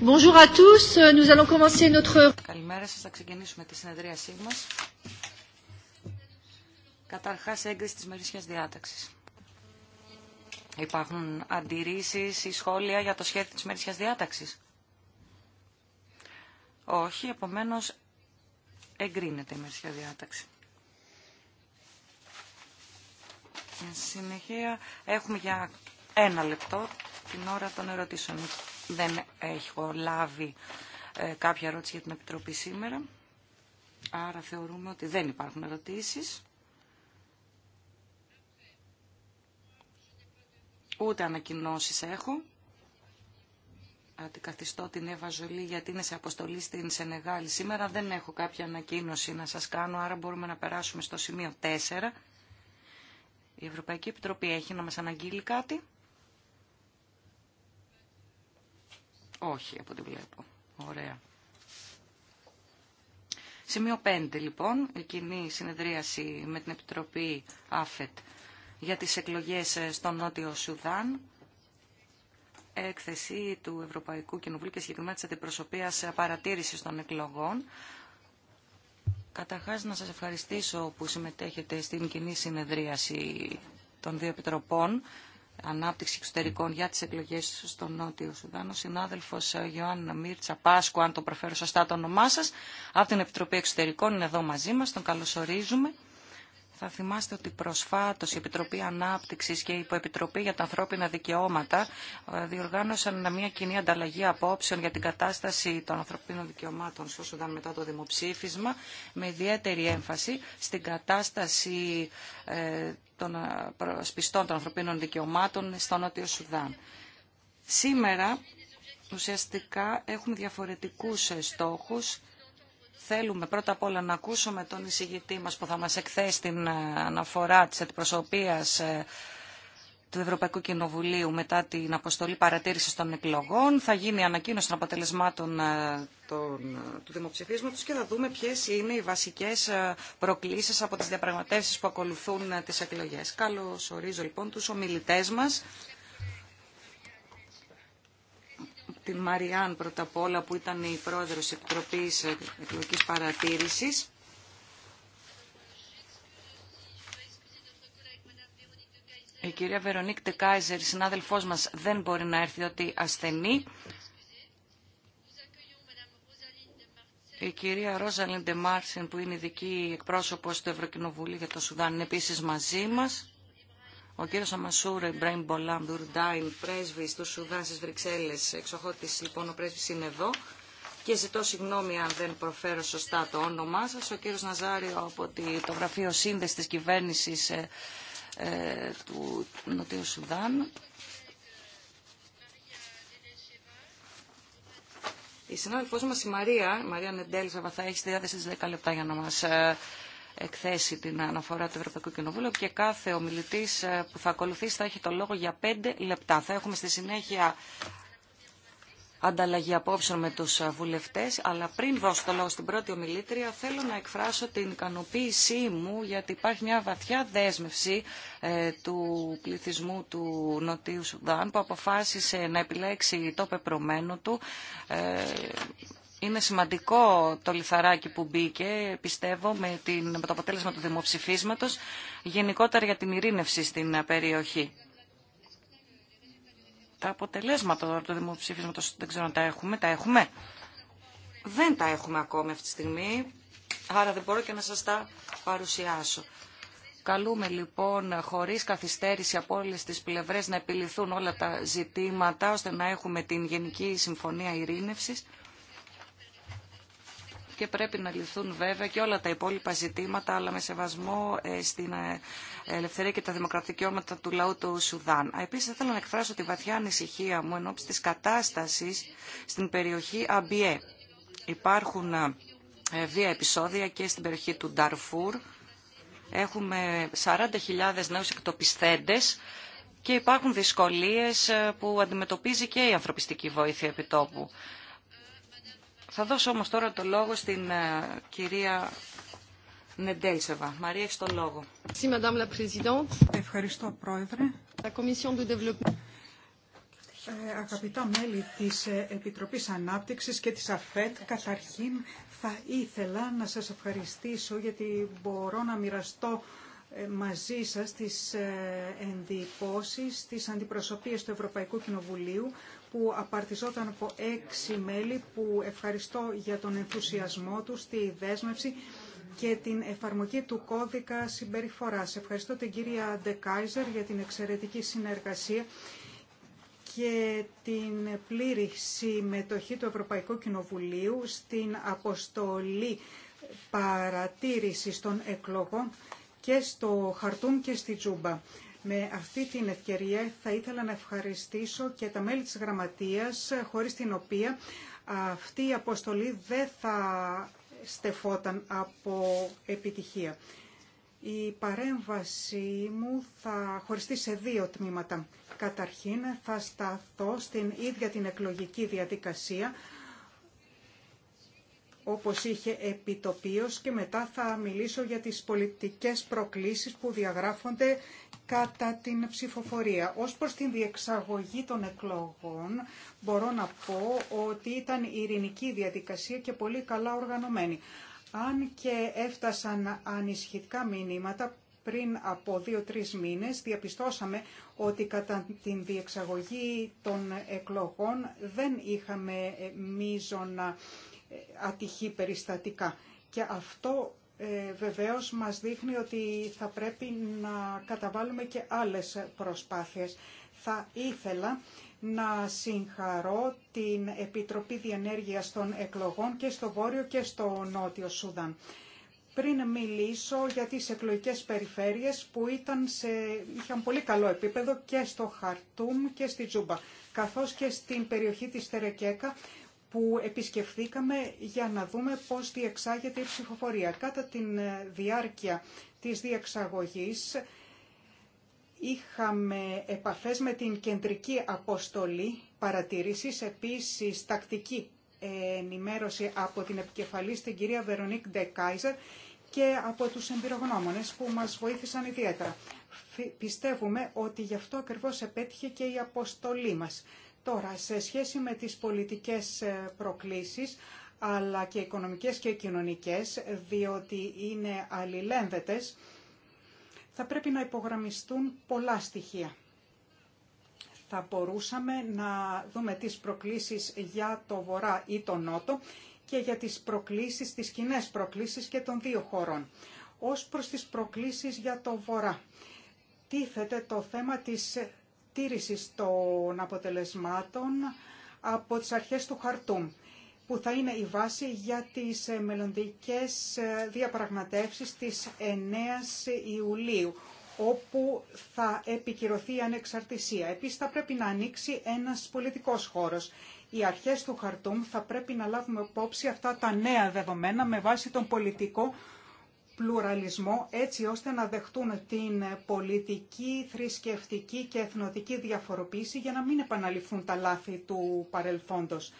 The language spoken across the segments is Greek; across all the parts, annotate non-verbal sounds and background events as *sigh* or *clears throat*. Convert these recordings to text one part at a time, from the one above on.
Bonjour à tous, nous allons commencer notre... Καλημέρα σα θα ξεκινήσουμε τη συνεδρίασή μα. Καταρχάς, έγκριση της μερίσιας διάταξης. Υπάρχουν αντιρρήσεις ή σχόλια για το σχέδιο της μερίσιας διάταξης. Όχι, επομένω εγκρίνεται η μερίσια διάταξη. Στην συνεχεία έχουμε για ένα λεπτό την ώρα των ερωτήσεων. Δεν έχω λάβει ε, κάποια ερώτηση για την Επιτροπή σήμερα. Άρα θεωρούμε ότι δεν υπάρχουν ερωτήσεις. Ούτε ανακοινώσει έχω. Αντικαθιστώ την Εύα γιατί είναι σε αποστολή στην Σενεγάλη. Σήμερα δεν έχω κάποια ανακοίνωση να σας κάνω, άρα μπορούμε να περάσουμε στο σημείο 4. Η Ευρωπαϊκή Επιτροπή έχει να μας αναγγείλει κάτι. Όχι, από ό,τι βλέπω. Ωραία. Σημείο 5, λοιπόν, η κοινή συνεδρίαση με την Επιτροπή ΑΦΕΤ για τις εκλογές ε, στο Νότιο Σουδάν. Έκθεση του Ευρωπαϊκού Κοινοβουλίου και συγκεκριμένα της αντιπροσωπείας ε, παρατήρησης των εκλογών. Καταρχάς, να σας ευχαριστήσω που συμμετέχετε στην κοινή συνεδρίαση των δύο επιτροπών ανάπτυξη εξωτερικών για τις εκλογές στον Νότιο Σουδάν. Ο συνάδελφος ε, Ιωάννα Μίρτσα Πάσκου, αν το προφέρω σωστά το όνομά σας, από την Επιτροπή Εξωτερικών είναι εδώ μαζί μας, τον καλωσορίζουμε. Θα θυμάστε ότι προσφάτως η Επιτροπή Ανάπτυξης και η Υποεπιτροπή για τα Ανθρώπινα Δικαιώματα ε, διοργάνωσαν μια κοινή ανταλλαγή απόψεων για την κατάσταση των ανθρωπίνων δικαιωμάτων στο Σουδάν μετά το δημοψήφισμα με ιδιαίτερη έμφαση στην κατάσταση ε, των ε, προσπιστών των ανθρωπίνων δικαιωμάτων στο Νότιο Σουδάν. Σήμερα ουσιαστικά έχουμε διαφορετικούς στόχους θέλουμε πρώτα απ' όλα να ακούσουμε τον εισηγητή μας που θα μας εκθέσει την ε, αναφορά της αντιπροσωπείας ε, του Ευρωπαϊκού Κοινοβουλίου μετά την αποστολή παρατήρησης των εκλογών. Θα γίνει ανακοίνωση των αποτελεσμάτων ε, του δημοψηφίσματος και θα δούμε ποιες είναι οι βασικές προκλήσεις από τις διαπραγματεύσεις που ακολουθούν τις εκλογές. Καλώς ορίζω λοιπόν τους ομιλητές μας την Μαριάν πρώτα απ' όλα που ήταν η πρόεδρος της Επιτροπής Εκλογικής Παρατήρησης. Η κυρία Βερονίκ Τεκάιζερ, συνάδελφός μας, δεν μπορεί να έρθει ότι ασθενή. Η κυρία Ρόζαλιν Μάρσιν που είναι ειδική εκπρόσωπος του Ευρωκοινοβουλίου για το Σουδάν είναι επίσης μαζί μας. Ο κύριο Αμασούρ Εμπρέμ Μπολάμ Δουρντάιν, πρέσβη του Σουδάν στι Βρυξέλλες, εξοχώτης λοιπόν ο πρέσβη είναι εδώ και ζητώ συγγνώμη αν δεν προφέρω σωστά το όνομά σας. Ο κύριο Ναζάριο από το γραφείο σύνδεση της ε, ε, του Νοτιού Σουδάν. Η συνάδελφό μα, η Μαρία, η Μαρία Νεντέλη, θα έχει διάθεση 10 λεπτά για να μας ε, εκθέσει την αναφορά του Ευρωπαϊκού Κοινοβούλου και κάθε ομιλητής ε, που θα ακολουθήσει θα έχει το λόγο για πέντε λεπτά. Θα έχουμε στη συνέχεια ανταλλαγή απόψεων με τους ε, βουλευτές, αλλά πριν δώσω το λόγο στην πρώτη ομιλήτρια, θέλω να εκφράσω την ικανοποίησή μου, γιατί υπάρχει μια βαθιά δέσμευση ε, του πληθυσμού του Νοτίου Σουδάν, που αποφάσισε να επιλέξει το πεπρωμένο του είναι σημαντικό το λιθαράκι που μπήκε, πιστεύω, με, την, το αποτέλεσμα του δημοψηφίσματος, γενικότερα για την ειρήνευση στην περιοχή. Τα αποτελέσματα του δημοψήφισματος δεν ξέρω αν τα έχουμε. Τα έχουμε. Δεν τα έχουμε ακόμη αυτή τη στιγμή, άρα δεν μπορώ και να σας τα παρουσιάσω. Καλούμε λοιπόν χωρίς καθυστέρηση από όλες τις πλευρές να επιληθούν όλα τα ζητήματα ώστε να έχουμε την Γενική Συμφωνία Ειρήνευσης και πρέπει να λυθούν βέβαια και όλα τα υπόλοιπα ζητήματα, αλλά με σεβασμό ε, στην ε, ελευθερία και τα δημοκρατικιώματα του λαού του Σουδάν. Επίσης, θέλω να εκφράσω τη βαθιά ανησυχία μου ενώπιση της κατάστασης στην περιοχή Αμπιέ. Υπάρχουν ε, βία επεισόδια και στην περιοχή του Νταρφούρ. Έχουμε 40.000 νέους εκτοπιστέντες και υπάρχουν δυσκολίες που αντιμετωπίζει και η ανθρωπιστική βοήθεια επιτόπου. Θα δώσω όμως τώρα το λόγο στην ε, κυρία Νεντέλσεβα. Μαρία, έχεις το λόγο. Ευχαριστώ, Πρόεδρε. Ε, αγαπητά μέλη της ε, Επιτροπής Ανάπτυξης και της ΑΦΕΤ, καταρχήν θα ήθελα να σας ευχαριστήσω γιατί μπορώ να μοιραστώ ε, μαζί σας τις εντυπώσεις, τις αντιπροσωπείες του Ευρωπαϊκού Κοινοβουλίου που απαρτιζόταν από έξι μέλη που ευχαριστώ για τον ενθουσιασμό τους, τη δέσμευση και την εφαρμογή του κώδικα συμπεριφοράς. Ευχαριστώ την κυρία Ντεκάιζερ για την εξαιρετική συνεργασία και την πλήρη συμμετοχή του Ευρωπαϊκού Κοινοβουλίου στην αποστολή παρατήρησης των εκλογών και στο Χαρτούμ και στη Τζούμπα. Με αυτή την ευκαιρία θα ήθελα να ευχαριστήσω και τα μέλη της Γραμματείας, χωρίς την οποία αυτή η αποστολή δεν θα στεφόταν από επιτυχία. Η παρέμβασή μου θα χωριστεί σε δύο τμήματα. Καταρχήν θα σταθώ στην ίδια την εκλογική διαδικασία, όπως είχε επιτοπίως και μετά θα μιλήσω για τις πολιτικές προκλήσεις που διαγράφονται κατά την ψηφοφορία. Ως προς την διεξαγωγή των εκλογών μπορώ να πω ότι ήταν ειρηνική διαδικασία και πολύ καλά οργανωμένη. Αν και έφτασαν ανισχυτικά μηνύματα πριν από δύο-τρεις μήνες διαπιστώσαμε ότι κατά την διεξαγωγή των εκλογών δεν είχαμε μείζωνα ατυχή περιστατικά. Και αυτό ε, βεβαίως μας δείχνει ότι θα πρέπει να καταβάλουμε και άλλες προσπάθειες. Θα ήθελα να συγχαρώ την Επιτροπή Διενέργειας των Εκλογών και στο Βόρειο και στο Νότιο Σούδαν. Πριν μιλήσω για τις εκλογικές περιφέρειες που ήταν σε, είχαν πολύ καλό επίπεδο και στο Χαρτούμ και στη Τζούμπα, καθώς και στην περιοχή της Τερεκέκα που επισκεφθήκαμε για να δούμε πώς διεξάγεται η ψηφοφορία. Κατά τη ε, διάρκεια της διεξαγωγής είχαμε επαφές με την κεντρική αποστολή παρατηρήσεις, επίσης τακτική ενημέρωση από την επικεφαλή στην κυρία Βερονίκ Ντεκάιζερ και από τους εμπειρογνώμονες που μας βοήθησαν ιδιαίτερα. Πιστεύουμε ότι γι' αυτό ακριβώς επέτυχε και η αποστολή μας. Τώρα, σε σχέση με τις πολιτικές ε, προκλήσεις, αλλά και οικονομικές και κοινωνικές, διότι είναι αλληλένδετες, θα πρέπει να υπογραμμιστούν πολλά στοιχεία. Θα μπορούσαμε να δούμε τις προκλήσεις για το βορρά ή το νότο και για τις προκλήσεις, τις κοινέ προκλήσεις και των δύο χωρών. Ως προς τις προκλήσεις για το βορρά, τίθεται το θέμα της τήρησης των αποτελεσμάτων από τις αρχές του Χαρτούμ, που θα είναι η βάση για τις ε, μελλοντικές ε, διαπραγματεύσεις της 9 Ιουλίου, όπου θα επικυρωθεί η ανεξαρτησία. Επίσης θα πρέπει να ανοίξει ένας πολιτικός χώρος. Οι αρχές του Χαρτούμ θα πρέπει να λάβουμε υπόψη αυτά τα νέα δεδομένα με βάση τον πολιτικό πλουραλισμό έτσι ώστε να δεχτούν την πολιτική, θρησκευτική και εθνοτική διαφοροποίηση για να μην επαναληφθούν τα λάθη του παρελθόντος.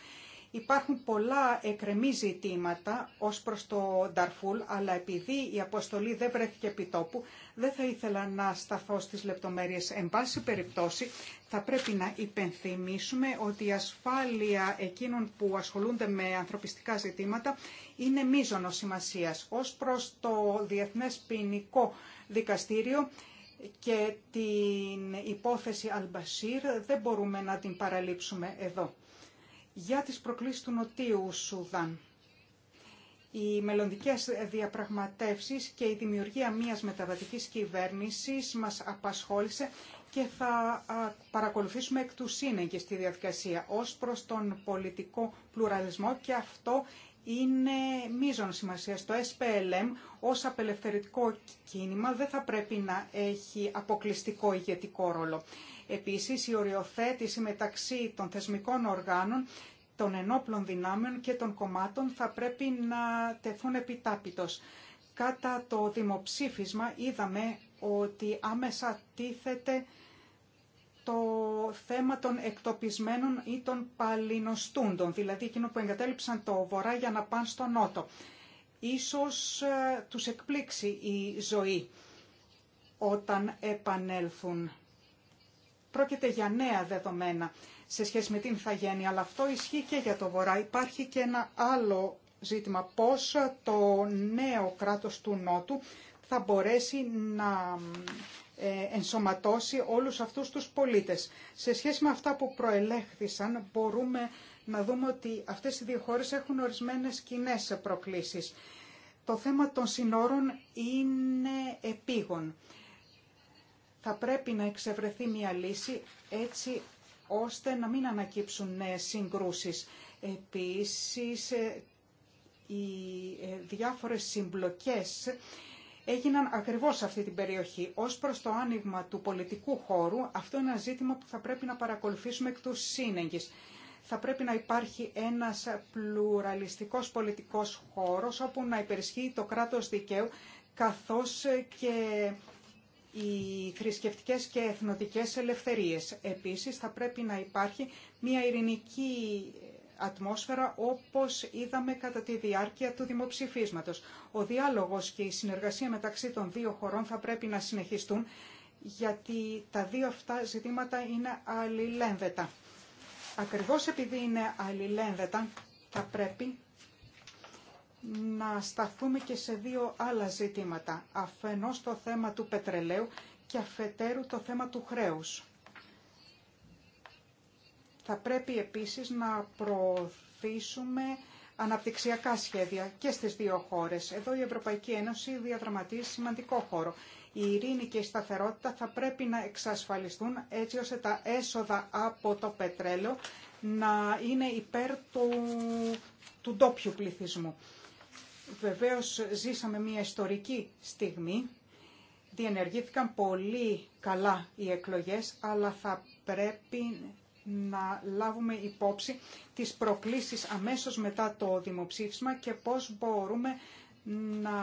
Υπάρχουν πολλά εκρεμή ζητήματα ως προς το Νταρφούλ, αλλά επειδή η αποστολή δεν βρέθηκε επιτόπου, δεν θα ήθελα να σταθώ στις λεπτομέρειες. Εν πάση περιπτώσει, θα πρέπει να υπενθυμίσουμε ότι η ασφάλεια εκείνων που ασχολούνται με ανθρωπιστικά ζητήματα είναι μείζονος σημασίας. Ως προς το Διεθνές Ποινικό Δικαστήριο και την υπόθεση Αλμπασίρ δεν μπορούμε να την παραλείψουμε εδώ. Για τις προκλήσεις του Νοτίου Σουδάν οι μελλοντικές διαπραγματεύσεις και η δημιουργία μιας μεταβατικής κυβέρνησης μας απασχόλησε και θα παρακολουθήσουμε εκ του και στη διαδικασία ως προς τον πολιτικό πλουραλισμό και αυτό είναι μείζον σημασία. Το SPLM ως απελευθερητικό κίνημα δεν θα πρέπει να έχει αποκλειστικό ηγετικό ρόλο. Επίσης, η οριοθέτηση μεταξύ των θεσμικών οργάνων των ενόπλων δυνάμεων και των κομμάτων θα πρέπει να τεθούν επιτάπητος. Κατά το δημοψήφισμα είδαμε ότι άμεσα τίθεται το θέμα των εκτοπισμένων ή των παλινοστούντων, δηλαδή εκείνο που εγκατέλειψαν το βορρά για να πάνε στο νότο. Ίσως ε, τους εκπλήξει η ζωή όταν επανέλθουν. Πρόκειται για νέα δεδομένα σε σχέση με την ηθαγένεια, αλλά αυτό ισχύει και για το Βορρά. Υπάρχει και ένα άλλο ζήτημα, πώς το νέο κράτος του Νότου θα μπορέσει να ε, ενσωματώσει όλους αυτούς τους πολίτες. Σε σχέση με αυτά που προελέχθησαν, μπορούμε να δούμε ότι αυτές οι δύο χώρες έχουν ορισμένες κοινέ προκλήσεις. Το θέμα των συνόρων είναι επίγον. Θα πρέπει να εξευρεθεί μια λύση έτσι ώστε να μην ανακύψουν ε, συγκρούσεις. Επίσης, ε, οι ε, διάφορες συμπλοκές έγιναν ακριβώς σε αυτή την περιοχή. Ως προς το άνοιγμα του πολιτικού χώρου, αυτό είναι ένα ζήτημα που θα πρέπει να παρακολουθήσουμε εκ του σύνεγγης. Θα πρέπει να υπάρχει ένας πλουραλιστικός πολιτικός χώρος όπου να υπερισχύει το κράτος δικαίου καθώς και οι θρησκευτικές και εθνοτικές ελευθερίες. Επίσης θα πρέπει να υπάρχει μια ειρηνική ατμόσφαιρα όπως είδαμε κατά τη διάρκεια του δημοψηφίσματος. Ο διάλογος και η συνεργασία μεταξύ των δύο χωρών θα πρέπει να συνεχιστούν γιατί τα δύο αυτά ζητήματα είναι αλληλένδετα. Ακριβώς επειδή είναι αλληλένδετα θα πρέπει να σταθούμε και σε δύο άλλα ζητήματα. Αφενός το θέμα του πετρελαίου και αφετέρου το θέμα του χρέους. Θα πρέπει επίσης να προωθήσουμε αναπτυξιακά σχέδια και στις δύο χώρες. Εδώ η Ευρωπαϊκή Ένωση διαδραματίζει σημαντικό χώρο. Η ειρήνη και η σταθερότητα θα πρέπει να εξασφαλιστούν έτσι ώστε τα έσοδα από το πετρέλαιο να είναι υπέρ του, του ντόπιου πληθυσμού. Βεβαίως ζήσαμε μια ιστορική στιγμή. Διενεργήθηκαν πολύ καλά οι εκλογές, αλλά θα πρέπει να λάβουμε υπόψη τις προκλήσεις αμέσως μετά το δημοψήφισμα και πώς μπορούμε να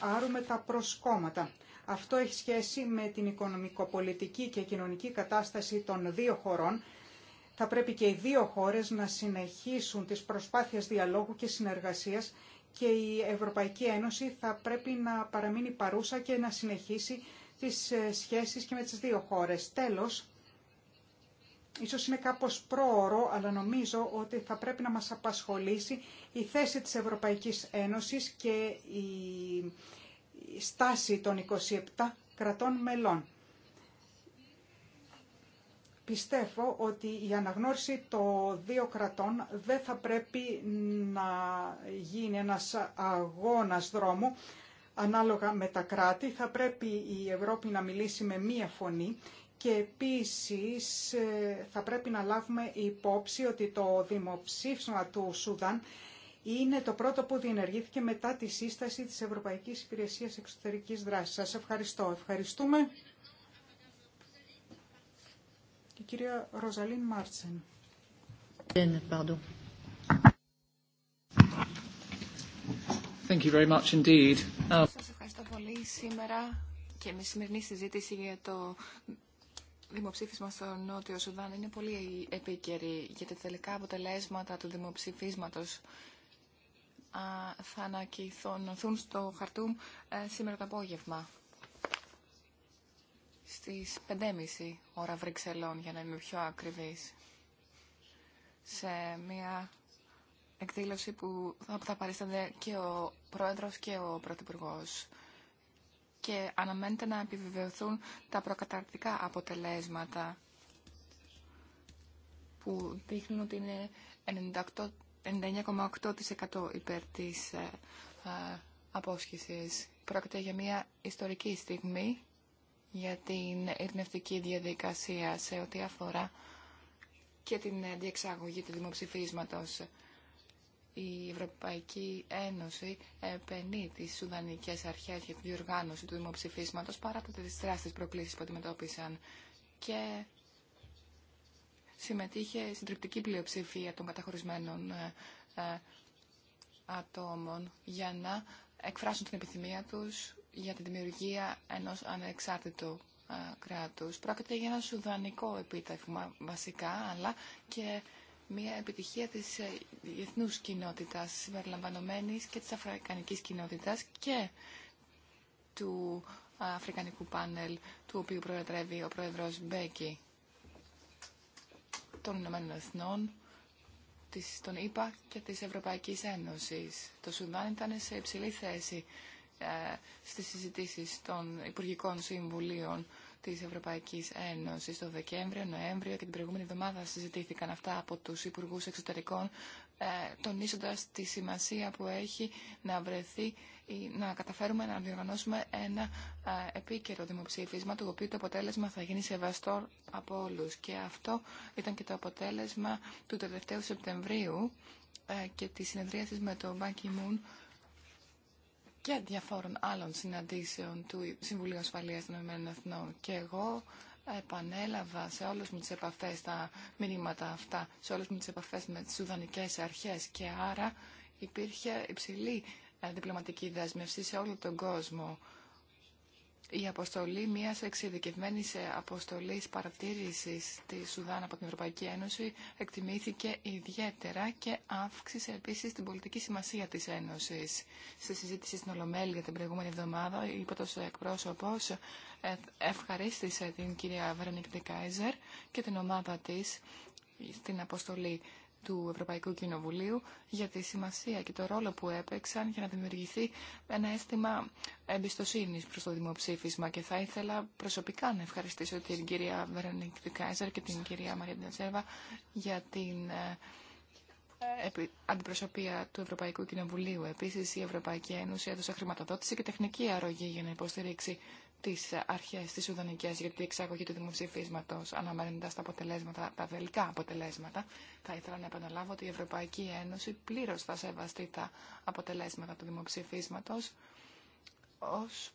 άρουμε τα προσκόμματα. Αυτό έχει σχέση με την οικονομικοπολιτική και κοινωνική κατάσταση των δύο χωρών, θα πρέπει και οι δύο χώρες να συνεχίσουν τις προσπάθειες διαλόγου και συνεργασίας και η Ευρωπαϊκή Ένωση θα πρέπει να παραμείνει παρούσα και να συνεχίσει τις ε, σχέσεις και με τις δύο χώρες. Τέλος, ίσως είναι κάπως πρόωρο, αλλά νομίζω ότι θα πρέπει να μας απασχολήσει η θέση της Ευρωπαϊκής Ένωσης και η στάση των 27 κρατών μελών. Πιστεύω ότι η αναγνώριση των δύο κρατών δεν θα πρέπει να γίνει ένας αγώνας δρόμου ανάλογα με τα κράτη. Θα πρέπει η Ευρώπη να μιλήσει με μία φωνή και επίσης ε, θα πρέπει να λάβουμε υπόψη ότι το δημοψήφισμα του Σουδάν είναι το πρώτο που διενεργήθηκε μετά τη σύσταση της Ευρωπαϊκής Υπηρεσίας Εξωτερικής Δράσης. Σας ευχαριστώ. Ευχαριστούμε η κυρία Ροζαλίν Μάρτσεν. Thank um, Σας ευχαριστώ πολύ σήμερα και με σημερινή συζήτηση για το δημοψήφισμα στο Νότιο Σουδάν είναι πολύ επίκαιρη για τα τελικά αποτελέσματα του δημοψηφίσματος θα ανακοινωθούν στο Χαρτούμ ε, σήμερα το απόγευμα στις 5.30 ώρα Βρυξελών, για να είμαι πιο ακριβής, σε μια εκδήλωση που θα παρίστανται και ο Πρόεδρος και ο Πρωθυπουργός και αναμένεται να επιβεβαιωθούν τα προκαταρκτικά αποτελέσματα που δείχνουν ότι είναι 99,8% υπέρ της ε, ε, απόσχησης. Πρόκειται για μια ιστορική στιγμή για την ειρνευτική διαδικασία σε ό,τι αφορά και την διεξαγωγή του δημοψηφίσματος. Η Ευρωπαϊκή Ένωση επενεί τις Σουδανικές Αρχές για την διοργάνωση του δημοψηφίσματος παρά από τις τεράστιες προκλήσεις που αντιμετώπισαν και συμμετείχε συντριπτική πλειοψηφία των καταχωρισμένων ε, ε, ατόμων για να εκφράσουν την επιθυμία τους για τη δημιουργία ενός ανεξάρτητου κράτους. Πρόκειται για ένα σουδανικό επίτευγμα βασικά, αλλά και μια επιτυχία της ε, εθνούς κοινότητας, συμπεριλαμβανομένης και της αφρικανικής κοινότητας και του αφρικανικού πάνελ, του οποίου προεδρεύει ο πρόεδρος Μπέκη των Ηνωμένων Εθνών, της, των ΙΠΑ και της Ευρωπαϊκής Ένωσης. Το Σουδάν ήταν σε υψηλή θέση ε, στις συζητήσεις των Υπουργικών Συμβουλίων της Ευρωπαϊκής Ένωσης το Δεκέμβριο, Νοέμβριο και την προηγούμενη εβδομάδα συζητήθηκαν αυτά από τους Υπουργούς Εξωτερικών ε, τονίζοντας τη σημασία που έχει να βρεθεί να καταφέρουμε να διοργανώσουμε ένα ε, επίκαιρο δημοψήφισμα το οποίο το αποτέλεσμα θα γίνει σεβαστό από όλους και αυτό ήταν και το αποτέλεσμα του τελευταίου Σεπτεμβρίου και της συνεδρίασης με τον Μπάκι Μουν και διαφόρων άλλων συναντήσεων του Συμβουλίου Ασφαλείας των Ηνωμένων Εθνών. Και εγώ επανέλαβα σε όλες μου τις επαφές τα μηνύματα αυτά, σε όλες μου τις επαφές με τις Σουδανικές αρχές και άρα υπήρχε υψηλή ε, διπλωματική δέσμευση σε όλο τον κόσμο η αποστολή μιας εξειδικευμένης αποστολής παρατήρησης τη Σουδάν από την Ευρωπαϊκή Ένωση εκτιμήθηκε ιδιαίτερα και αύξησε επίσης την πολιτική σημασία της Ένωσης. Στη συζήτηση στην Ολομέλεια την προηγούμενη εβδομάδα, η πρώτος εκπρόσωπος ε, ευχαρίστησε την κυρία Βερονίκ Ντεκάιζερ και την ομάδα της στην αποστολή του Ευρωπαϊκού Κοινοβουλίου για τη σημασία και το ρόλο που έπαιξαν για να δημιουργηθεί ένα αίσθημα εμπιστοσύνη προς το δημοψήφισμα και θα ήθελα προσωπικά να ευχαριστήσω την κυρία Βερονίκ Δικάιζερ και την κυρία Μαρία Ντατζέβα για την ε, αντιπροσωπεία του Ευρωπαϊκού Κοινοβουλίου. Επίση, η Ευρωπαϊκή Ένωση έδωσε χρηματοδότηση και τεχνική αρρωγή για να υποστηρίξει τις αρχές της Σουδανικές για την εξάγωγη του δημοψηφίσματος αναμένοντα τα αποτελέσματα, τα βελικά αποτελέσματα. Θα ήθελα να επαναλάβω ότι η Ευρωπαϊκή Ένωση πλήρως θα σεβαστεί τα αποτελέσματα του δημοψηφίσματος ως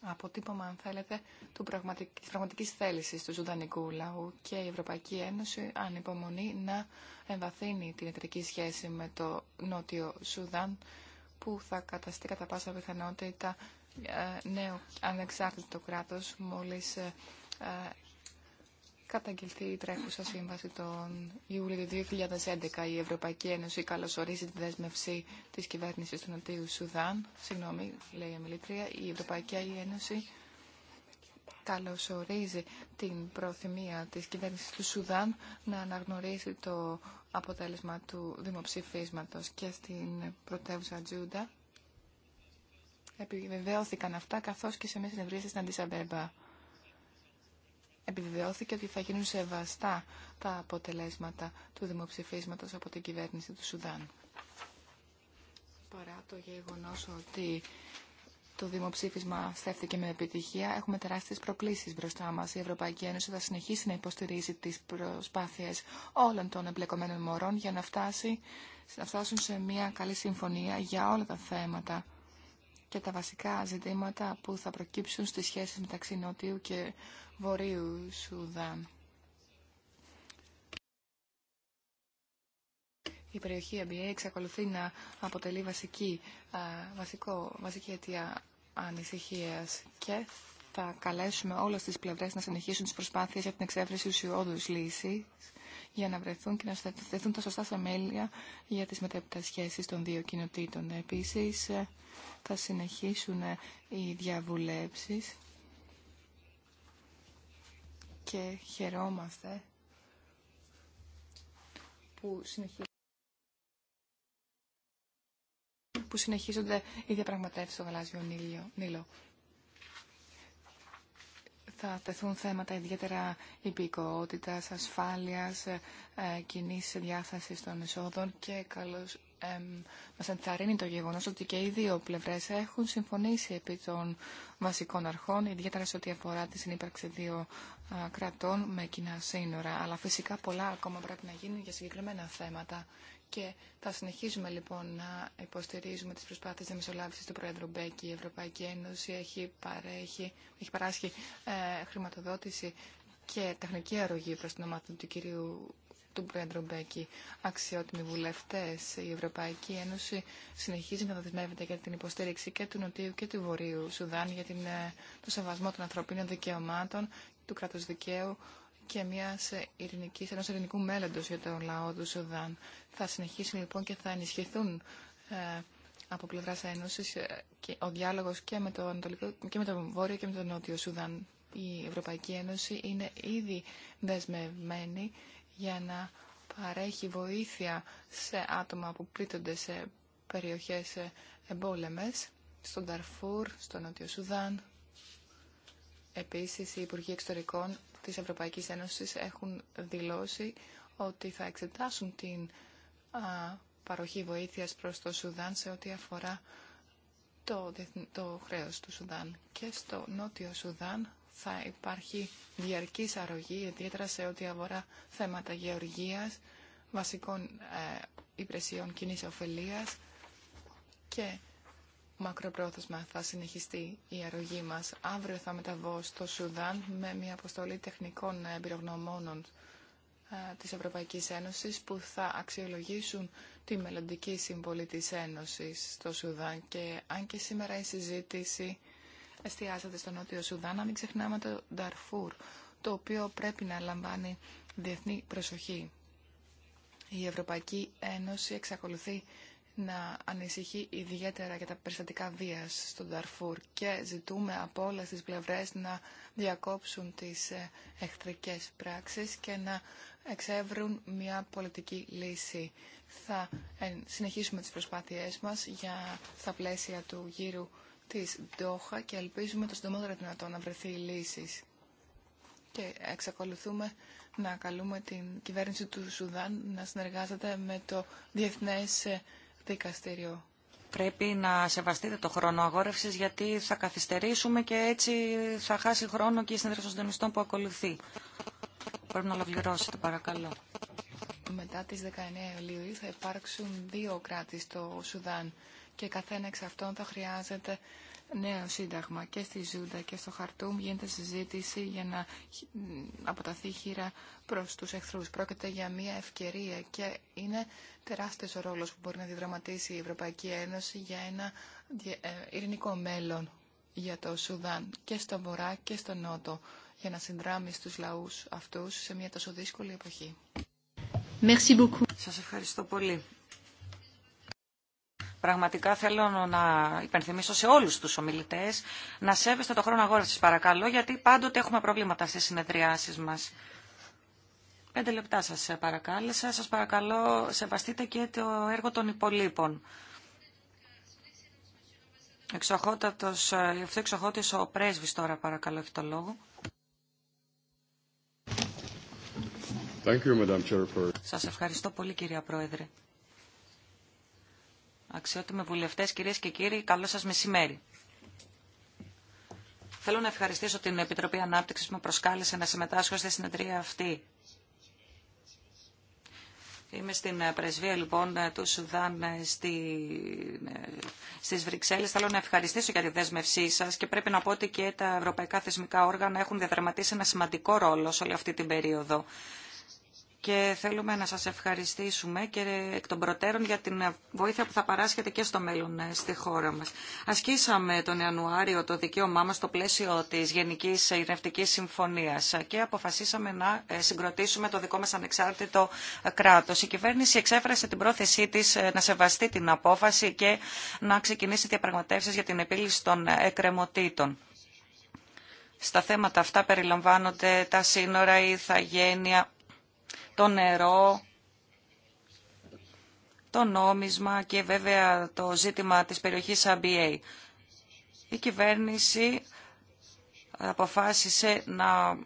αποτύπωμα, αν θέλετε, του πραγματικ της πραγματικής του Σουδανικού λαού και η Ευρωπαϊκή Ένωση ανυπομονεί να εμβαθύνει την εταιρική σχέση με το Νότιο Σουδάν που θα καταστεί κατά πάσα πιθανότητα ε, νέο ναι, ανεξάρτητο κράτος μόλις ε, ε, καταγγελθεί η τρέχουσα σύμβαση τον Ιούλιο του 2011. Η Ευρωπαϊκή Ένωση καλωσορίζει τη δέσμευση της κυβέρνησης του Νοτιού Σουδάν. Συγγνώμη, λέει η Αμιλήτρια. Η Ευρωπαϊκή Ένωση καλωσορίζει την προθυμία της κυβέρνησης του Σουδάν να αναγνωρίσει το αποτέλεσμα του δημοψηφίσματος και στην πρωτεύουσα Τζούντα επιβεβαιώθηκαν αυτά καθώς και σε μια συνευρία στην Αντισαμπέμπα. Επιβεβαιώθηκε ότι θα γίνουν σεβαστά τα αποτελέσματα του δημοψηφίσματος από την κυβέρνηση του Σουδάν. Παρά το γεγονός ότι το δημοψήφισμα στέφθηκε με επιτυχία. Έχουμε τεράστιες προκλήσεις μπροστά μας. Η Ευρωπαϊκή Ένωση θα συνεχίσει να υποστηρίζει τις προσπάθειες όλων των εμπλεκομένων μωρών για να, φτάσει, να φτάσουν σε μια καλή συμφωνία για όλα τα θέματα και τα βασικά ζητήματα που θα προκύψουν στις σχέσεις μεταξύ Νότιου και Βορείου Σουδάν. Η περιοχή MBA εξακολουθεί να αποτελεί βασική, βασικό, βασική αιτία ανησυχίας και θα καλέσουμε όλες τις πλευρές να συνεχίσουν τις προσπάθειες για την του ουσιώδους λύσης για να βρεθούν και να στεθούν τα σωστά θεμέλια για τις μετέπειτα σχέσεις των δύο κοινοτήτων. Επίσης, θα συνεχίσουν οι διαβουλέψεις και χαιρόμαστε που που συνεχίζονται οι διαπραγματεύσεις στο γαλάζιο νήλο. Θα τεθούν θέματα ιδιαίτερα υπηκότητας, ασφάλειας, ε, ε, κοινή διάθεσης των εσόδων και καλώς μα μας ενθαρρύνει το γεγονός ότι και οι δύο πλευρές έχουν συμφωνήσει επί των βασικών αρχών, ιδιαίτερα σε ό,τι αφορά τη συνύπαρξη δύο κρατών με κοινά σύνορα. Αλλά φυσικά πολλά ακόμα πρέπει να γίνουν για συγκεκριμένα θέματα. Και θα συνεχίσουμε λοιπόν να υποστηρίζουμε τις προσπάθειες διαμεσολάβησης του Πρόεδρου Μπέκη. Η Ευρωπαϊκή Ένωση έχει, παρέχει, παράσχει ε, χρηματοδότηση και τεχνική αρρωγή προς την ομάδα του κυρίου του Πέντρο Μπέκη, αξιότιμοι βουλευτέ. Η Ευρωπαϊκή Ένωση συνεχίζει να δεσμεύεται για την υποστήριξη και του Νοτίου και του Βορείου Σουδάν για την, ε, το σεβασμό των ανθρωπίνων δικαιωμάτων, του κράτου δικαίου και μια ε, ειρηνική, ενό ειρηνικού μέλλοντο για τον λαό του Σουδάν. Θα συνεχίσουν λοιπόν και θα ενισχυθούν ε, από πλευρά Ένωση ε, ο διάλογο και, με το με Βόρειο και με το Νότιο Σουδάν. Η Ευρωπαϊκή Ένωση είναι ήδη δεσμευμένη για να παρέχει βοήθεια σε άτομα που πλήττονται σε περιοχές εμπόλεμες, στον Ταρφούρ, στο Νότιο Σουδάν. Επίσης, οι Υπουργοί Εξωτερικών της Ευρωπαϊκής Ένωσης έχουν δηλώσει ότι θα εξετάσουν την παροχή βοήθειας προς το Σουδάν σε ό,τι αφορά το, το χρέος του Σουδάν. Και στο Νότιο Σουδάν θα υπάρχει διαρκής αρρωγή, ιδιαίτερα σε ό,τι αφορά θέματα γεωργίας, βασικών ε, υπηρεσιών κοινή ωφελία και μακροπρόθεσμα θα συνεχιστεί η αρρωγή μας. Αύριο θα μεταβώ στο Σουδάν με μια αποστολή τεχνικών εμπειρογνωμόνων ε, της Ευρωπαϊκής Ένωσης που θα αξιολογήσουν τη μελλοντική συμβολή της Ένωσης στο Σουδάν και αν και σήμερα η συζήτηση εστιάζεται στο Νότιο Σουδάν, να μην ξεχνάμε το Νταρφούρ, το οποίο πρέπει να λαμβάνει διεθνή προσοχή. Η Ευρωπαϊκή Ένωση εξακολουθεί να ανησυχεί ιδιαίτερα για τα περιστατικά βίας στο Νταρφούρ και ζητούμε από όλες τις πλευρές να διακόψουν τις ε, εχθρικές πράξεις και να εξεύρουν μια πολιτική λύση. Θα συνεχίσουμε τις προσπάθειές μας για, στα πλαίσια του γύρου της Ντόχα και ελπίζουμε το συντομότερο δυνατό να βρεθεί η λύση. Και εξακολουθούμε να καλούμε την κυβέρνηση του Σουδάν να συνεργάζεται με το Διεθνές Δικαστήριο. Πρέπει να σεβαστείτε το χρόνο αγόρευσης γιατί θα καθυστερήσουμε και έτσι θα χάσει χρόνο και η συνέντευξη των συντονιστών που ακολουθεί. Πρέπει να ολοκληρώσετε παρακαλώ. Μετά τις 19 Ιουλίου θα υπάρξουν δύο κράτη στο Σουδάν και καθένα εξ αυτών θα χρειάζεται νέο σύνταγμα. Και στη Ζούντα και στο Χαρτούμ γίνεται συζήτηση για να αποταθεί χείρα προς τους εχθρούς. Πρόκειται για μια ευκαιρία και είναι τεράστιος ο ρόλος που μπορεί να διδραματίσει η Ευρωπαϊκή Ένωση για ένα ε, ειρηνικό μέλλον για το Σουδάν και στο βορρά και στο νότο για να συνδράμει στους λαούς αυτούς σε μια τόσο δύσκολη εποχή. Σας ευχαριστώ πολύ. Πραγματικά θέλω να υπενθυμίσω σε όλους τους ομιλητές να σέβεστε το χρόνο αγόρασης, παρακαλώ, γιατί πάντοτε έχουμε προβλήματα στις συνεδριάσεις μας. Πέντε λεπτά σας παρακάλεσα. Σας παρακαλώ σεβαστείτε και το έργο των υπολείπων. Εξοχότατος, αυτό εξοχότης ο πρέσβης τώρα παρακαλώ έχει το λόγο. Thank Σας ευχαριστώ πολύ κυρία Πρόεδρε. Αξιότιμοι βουλευτές, κυρίες και κύριοι, καλό σας μεσημέρι. Θέλω να ευχαριστήσω την Επιτροπή Ανάπτυξης που με προσκάλεσε να συμμετάσχω στη συνεδρία αυτή. Είμαι στην πρεσβεία λοιπόν του Σουδάν στη... στις Βρυξέλλες. Θέλω να ευχαριστήσω για τη δέσμευσή σας και πρέπει να πω ότι και τα ευρωπαϊκά θεσμικά όργανα έχουν διαδραματίσει ένα σημαντικό ρόλο σε όλη αυτή την περίοδο και θέλουμε να σας ευχαριστήσουμε και εκ των προτέρων για την βοήθεια που θα παράσχετε και στο μέλλον ε, στη χώρα μας. Ασκήσαμε τον Ιανουάριο το δικαίωμά μας στο πλαίσιο της Γενικής Ειρηνευτικής Συμφωνίας και αποφασίσαμε να ε, συγκροτήσουμε το δικό μας ανεξάρτητο ε, κράτος. Η κυβέρνηση εξέφρασε την πρόθεσή της να σεβαστεί την απόφαση και να ξεκινήσει διαπραγματεύσεις για την επίλυση των εκκρεμωτήτων. Στα θέματα αυτά περιλαμβάνονται τα σύνορα, η ηθαγένεια, το νερό, το νόμισμα και βέβαια το ζήτημα της περιοχής ABA. Η κυβέρνηση αποφάσισε να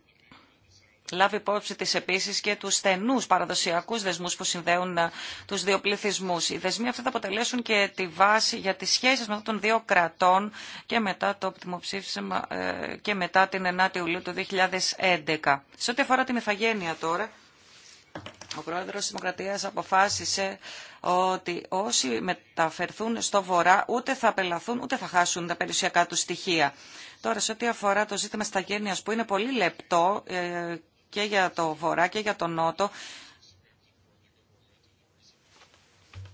λάβει υπόψη της επίσης και τους στενούς παραδοσιακούς δεσμούς που συνδέουν ε, τους δύο πληθυσμούς. Οι δεσμοί αυτοί θα αποτελέσουν και τη βάση για τις σχέσεις μεταξύ των δύο κρατών και μετά το δημοψήφισμα ε, και μετά την 9η Ιουλίου του 2011. Σε ό,τι αφορά την ηθαγένεια τώρα, ο πρόεδρος της Δημοκρατίας αποφάσισε ότι όσοι μεταφερθούν στο βορρά ούτε θα απελαθούν ούτε θα χάσουν τα περιουσιακά του στοιχεία. Τώρα, σε ό,τι αφορά το ζήτημα σταγένειας που είναι πολύ λεπτό ε, και για το βορρά και για τον νότο,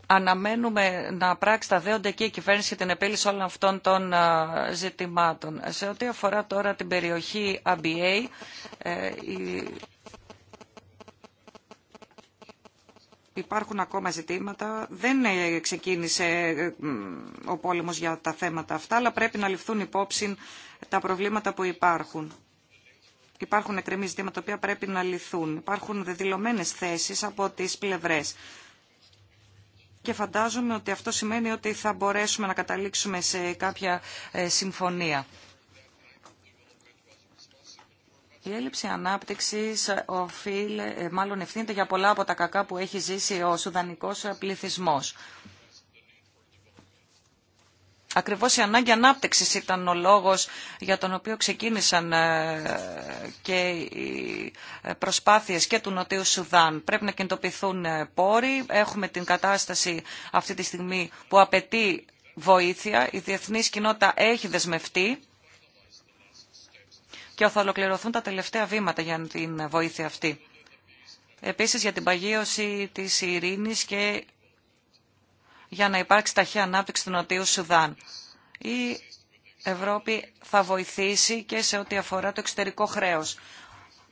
αναμένουμε να πράξει τα δέοντα και η κυβέρνηση για την επίλυση όλων αυτών των ε, ζητημάτων. Σε ό,τι αφορά τώρα την περιοχή ABA, υπάρχουν ακόμα ζητήματα. Δεν ε, ξεκίνησε ε, ο πόλεμος για τα θέματα αυτά, αλλά πρέπει να ληφθούν υπόψη τα προβλήματα που υπάρχουν. Υπάρχουν εκκρεμή ζητήματα τα οποία πρέπει να λυθούν. Υπάρχουν δεδηλωμένε θέσεις από τις πλευρές. Και φαντάζομαι ότι αυτό σημαίνει ότι θα μπορέσουμε να καταλήξουμε σε κάποια ε, συμφωνία. Η έλλειψη ανάπτυξης ε, οφείλε, ε, μάλλον ευθύνεται για πολλά από τα κακά που έχει ζήσει ο σουδανικός ε, πληθυσμό. Ακριβώς η ανάγκη ανάπτυξης ήταν ο λόγος για τον οποίο ξεκίνησαν και οι προσπάθειες και του Νοτιού Σουδάν. Πρέπει να κινητοποιηθούν πόροι. Έχουμε την κατάσταση αυτή τη στιγμή που απαιτεί βοήθεια. Η διεθνή κοινότητα έχει δεσμευτεί και θα ολοκληρωθούν τα τελευταία βήματα για την βοήθεια αυτή. Επίσης για την παγίωση της ειρήνης και για να υπάρξει ταχεία ανάπτυξη του Νοτιού Σουδάν. Η Ευρώπη θα βοηθήσει και σε ό,τι αφορά το εξωτερικό χρέος.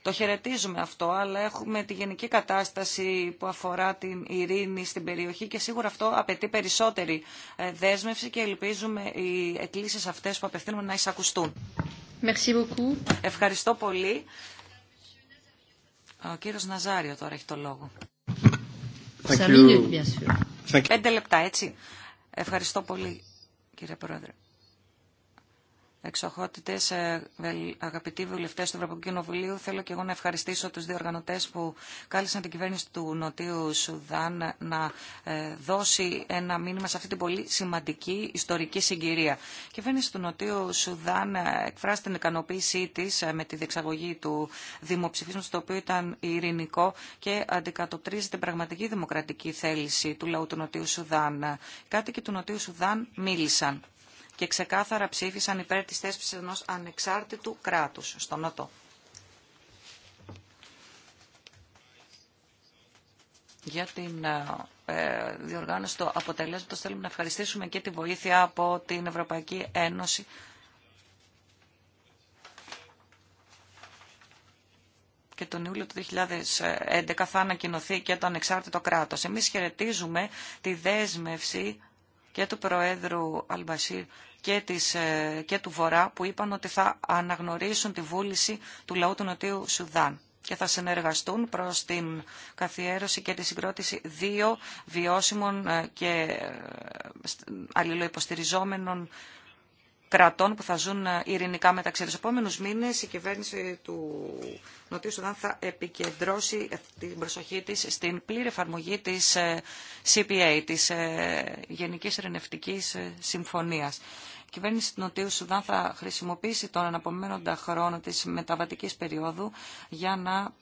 Το χαιρετίζουμε αυτό, αλλά έχουμε τη γενική κατάσταση που αφορά την ειρήνη στην περιοχή και σίγουρα αυτό απαιτεί περισσότερη ε, δέσμευση και ελπίζουμε οι εκκλήσεις αυτές που απευθύνουμε να εισακουστούν. Ευχαριστώ πολύ. Ο κύριος Ναζάριο τώρα έχει το λόγο. Πέντε λεπτά, έτσι. Ευχαριστώ πολύ, κύριε Πρόεδρε. Εξοχότητε, ε, αγαπητοί βουλευτέ του Ευρωπαϊκού Κοινοβουλίου, θέλω και εγώ να ευχαριστήσω του διοργανωτέ που κάλεσαν την κυβέρνηση του Νοτίου Σουδάν να ε, δώσει ένα μήνυμα σε αυτή την πολύ σημαντική ιστορική συγκυρία. Η κυβέρνηση του Νοτίου Σουδάν ε, εκφράσει την ικανοποίησή τη με τη διεξαγωγή του δημοψηφίσματο, το οποίο ήταν ειρηνικό και αντικατοπτρίζει την πραγματική δημοκρατική θέληση του λαού του Νοτίου Σουδάν. Οι κάτοικοι του Νοτίου Σουδάν μίλησαν και ξεκάθαρα ψήφισαν υπέρ της θέσπισης ενός ανεξάρτητου κράτους στο Νότο. για την ε, ε, διοργάνωση του αποτελέσματος. Θέλουμε να ευχαριστήσουμε και τη βοήθεια από την Ευρωπαϊκή Ένωση. Και τον Ιούλιο του 2011 θα ανακοινωθεί και το ανεξάρτητο κράτος. Εμείς χαιρετίζουμε τη δέσμευση και του Προέδρου Αλμπασίρ και, της, ε, και του Βορρά που είπαν ότι θα αναγνωρίσουν τη βούληση του λαού του Νοτιού Σουδάν και θα συνεργαστούν προς την καθιέρωση και τη συγκρότηση δύο βιώσιμων ε, και ε, αλληλοϊποστηριζόμενων κρατών που θα ζουν ε, ειρηνικά μεταξύ του. επόμενου μήνε, η κυβέρνηση του Νοτιού Σουδάν θα επικεντρώσει την προσοχή τη στην πλήρη εφαρμογή τη ε, CPA, τη ε, Γενική Ειρηνευτική Συμφωνία. Η κυβέρνηση του Νοτιού Σουδάν θα χρησιμοποιήσει τον αναπομένοντα χρόνο τη μεταβατική περίοδου για να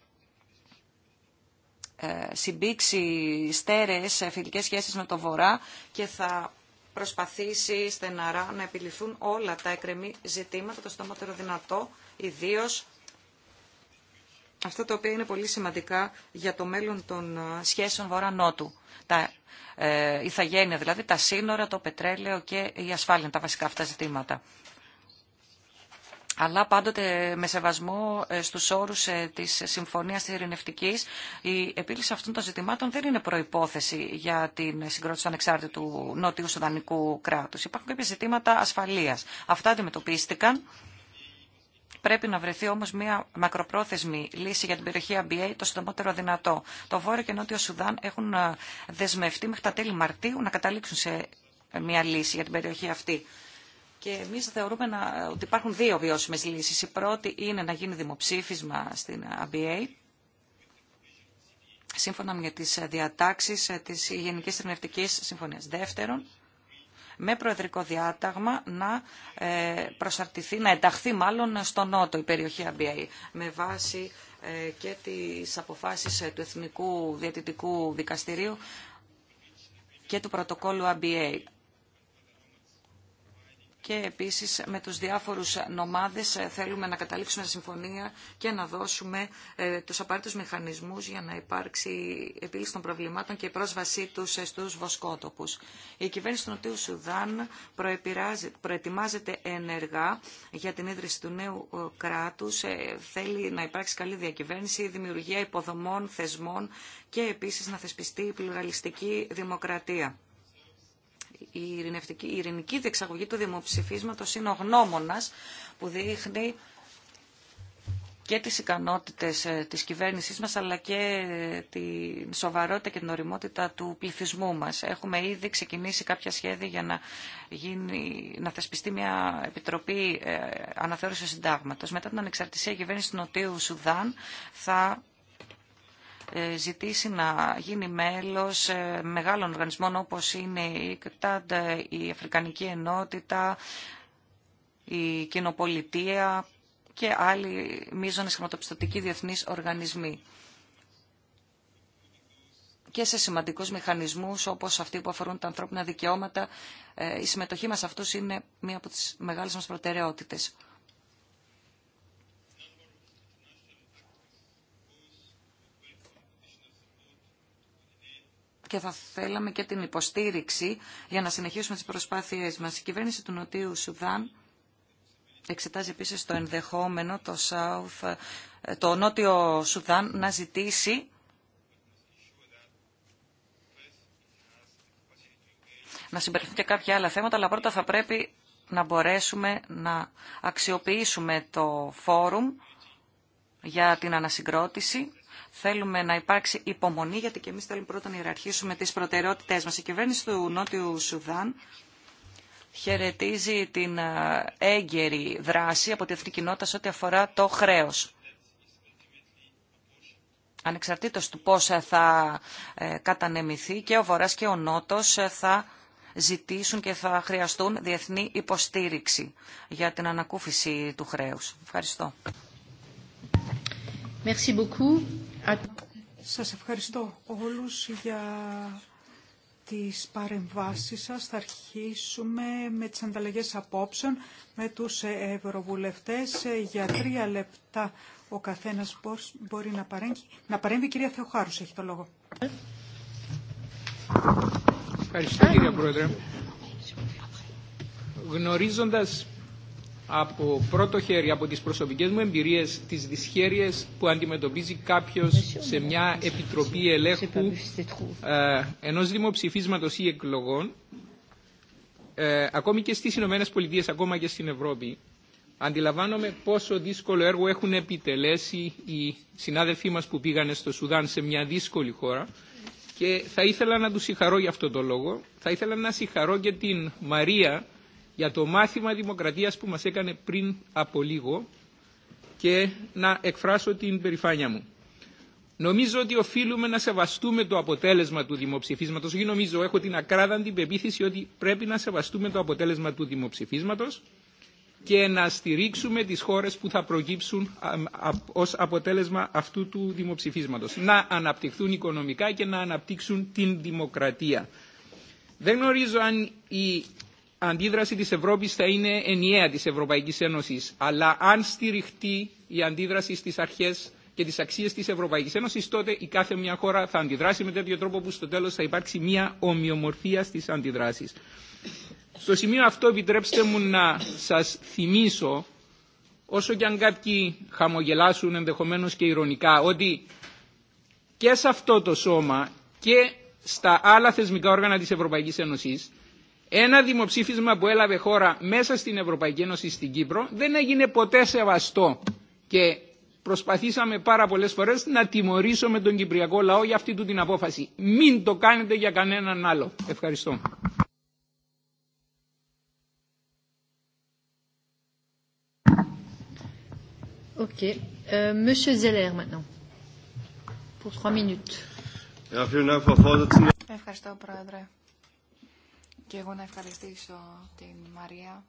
συμπήξει στέρεες φιλικές σχέσεις με το Βορρά και θα προσπαθήσει στεναρά να επιληθούν όλα τα εκρεμή ζητήματα το στόματερο δυνατό, ιδίω αυτά τα οποία είναι πολύ σημαντικά για το μέλλον των σχέσεων βορρά-νότου. Τα ε, δηλαδή, τα σύνορα, το πετρέλαιο και η ασφάλεια, τα βασικά αυτά ζητήματα αλλά πάντοτε με σεβασμό ε, στου όρου ε, τη συμφωνία τη Ειρηνευτικής, η επίλυση αυτών των ζητημάτων δεν είναι προπόθεση για την συγκρότηση του ανεξάρτητου νότιου Σουδανικού κράτου. Υπάρχουν κάποια ζητήματα ασφαλεία. Αυτά αντιμετωπίστηκαν. Πρέπει να βρεθεί όμω μια μακροπρόθεσμη λύση για την περιοχή ABA το συντομότερο δυνατό. Το Βόρειο και Νότιο Σουδάν έχουν ε, δεσμευτεί μέχρι τα τέλη Μαρτίου να καταλήξουν σε μια λύση για την περιοχή αυτή. Και εμεί θεωρούμε να, ότι υπάρχουν δύο βιώσιμε λύσει. Η πρώτη είναι να γίνει δημοψήφισμα στην ABA, σύμφωνα με τις διατάξεις της Γενικής Ειρηνευτικής Συμφωνίας. Δεύτερον, με προεδρικό διάταγμα να ε, προσαρτηθεί, να ενταχθεί μάλλον στο Νότο η περιοχή ΑΜΠΑ με βάση ε, και τις αποφάσεις του Εθνικού Διατητικού Δικαστηρίου και του πρωτοκόλου ABA και επίσης με τους διάφορους νομάδες ε, θέλουμε να καταλήξουμε σε συμφωνία και να δώσουμε ε, τους απαραίτητους μηχανισμούς για να υπάρξει επίλυση των προβλημάτων και η πρόσβασή τους ε, στους βοσκότοπους. Η κυβέρνηση του Νοτιού Σουδάν προετοιμάζεται ενεργά για την ίδρυση του νέου κράτους. Θέλει να υπάρξει καλή διακυβέρνηση, δημιουργία υποδομών, θεσμών και επίσης να θεσπιστεί η πλουραλιστική δημοκρατία η, η ειρηνική διεξαγωγή του δημοψηφίσματος είναι ο γνώμονας που δείχνει και τις ικανότητες ε, της κυβέρνησής μας, αλλά και ε, τη σοβαρότητα και την οριμότητα του πληθυσμού μας. Έχουμε ήδη ξεκινήσει κάποια σχέδια για να, γίνει, να θεσπιστεί μια επιτροπή ε, αναθεώρησης συντάγματος. Μετά την ανεξαρτησία η κυβέρνηση του Νοτίου Σουδάν θα ε, ζητήσει να γίνει μέλος ε, μεγάλων οργανισμών όπως είναι η ΚΤΑΝΤ, η Αφρικανική Ενότητα, η Κοινοπολιτεία και άλλοι μείζονες χρηματοπιστωτικοί διεθνείς οργανισμοί και σε σημαντικούς μηχανισμούς όπως αυτοί που αφορούν τα ανθρώπινα δικαιώματα. Ε, η συμμετοχή μας σε αυτούς είναι μία από τις μεγάλες μας προτεραιότητες. και θα θέλαμε και την υποστήριξη για να συνεχίσουμε τις προσπάθειές μας. Η κυβέρνηση του Νοτιού Σουδάν εξετάζει επίσης το ενδεχόμενο το, Νότιο Σουδάν να ζητήσει να συμπεριθούν και κάποια άλλα θέματα, αλλά πρώτα θα πρέπει να μπορέσουμε να αξιοποιήσουμε το φόρουμ για την ανασυγκρότηση Θέλουμε να υπάρξει υπομονή, γιατί και εμείς θέλουμε πρώτα να ιεραρχήσουμε τις προτεραιότητές μας. Η κυβέρνηση του Νότιου Σουδάν χαιρετίζει την ε, έγκαιρη δράση από τη εθνική κοινότητα σε ό,τι αφορά το χρέος. Ανεξαρτήτως του πώς ε, θα ε, κατανεμηθεί και ο Βορράς και ο Νότος θα ζητήσουν και θα χρειαστούν διεθνή υποστήριξη για την ανακούφιση του χρέους. Ευχαριστώ. Merci Σας ευχαριστώ όλους για τις παρεμβάσεις σας. Θα αρχίσουμε με τις ανταλλαγές απόψεων με τους ευρωβουλευτές. Για τρία λεπτά ο καθένας μπορεί να παρέμβει. Να παρέμβει η κυρία Θεοχάρους, έχει το λόγο. Ευχαριστώ κύριε Πρόεδρε. Γνωρίζοντας από πρώτο χέρι, από τις προσωπικές μου εμπειρίες, τις δυσχέρειες που αντιμετωπίζει κάποιος σε μια επιτροπή ελέγχου ε, ενός δημοψηφίσματος ή εκλογών, ε, ακόμη και στις Ηνωμένες Πολιτείες, ακόμα και στην Ευρώπη. Αντιλαμβάνομαι πόσο δύσκολο έργο έχουν επιτελέσει οι συνάδελφοί μας που πήγανε στο Σουδάν σε μια δύσκολη χώρα και θα ήθελα να τους συγχαρώ για αυτό το λόγο. Θα ήθελα να συγχαρώ και την Μαρία για το μάθημα δημοκρατίας που μας έκανε πριν από λίγο και να εκφράσω την περηφάνεια μου. Νομίζω ότι οφείλουμε να σεβαστούμε το αποτέλεσμα του δημοψηφίσματος. Όχι νομίζω, έχω την ακράδαντη πεποίθηση ότι πρέπει να σεβαστούμε το αποτέλεσμα του δημοψηφίσματος και να στηρίξουμε τις χώρες που θα προκύψουν ως αποτέλεσμα αυτού του δημοψηφίσματος. Να αναπτυχθούν οικονομικά και να αναπτύξουν την δημοκρατία. Δεν γνωρίζω αν η αντίδραση της Ευρώπης θα είναι ενιαία της Ευρωπαϊκής Ένωσης. Αλλά αν στηριχτεί η αντίδραση στις αρχές και τις αξίες της Ευρωπαϊκής Ένωσης, τότε η κάθε μια χώρα θα αντιδράσει με τέτοιο τρόπο που στο τέλος θα υπάρξει μια ομοιομορφία στις αντιδράσεις. Στο σημείο αυτό επιτρέψτε μου να σας θυμίσω, όσο και αν κάποιοι χαμογελάσουν ενδεχομένως και ηρωνικά, ότι και σε αυτό το σώμα και στα άλλα θεσμικά όργανα της Ευρωπαϊκής Ένωσης ένα δημοψήφισμα που έλαβε χώρα μέσα στην Ευρωπαϊκή Ένωση στην Κύπρο δεν έγινε ποτέ σεβαστό και προσπαθήσαμε πάρα πολλές φορές να τιμωρήσουμε τον Κυπριακό λαό για αυτή του την απόφαση. Μην το κάνετε για κανέναν άλλο. Ευχαριστώ. Euh, Ευχαριστώ, Πρόεδρε και εγώ να ευχαριστήσω την Μαρία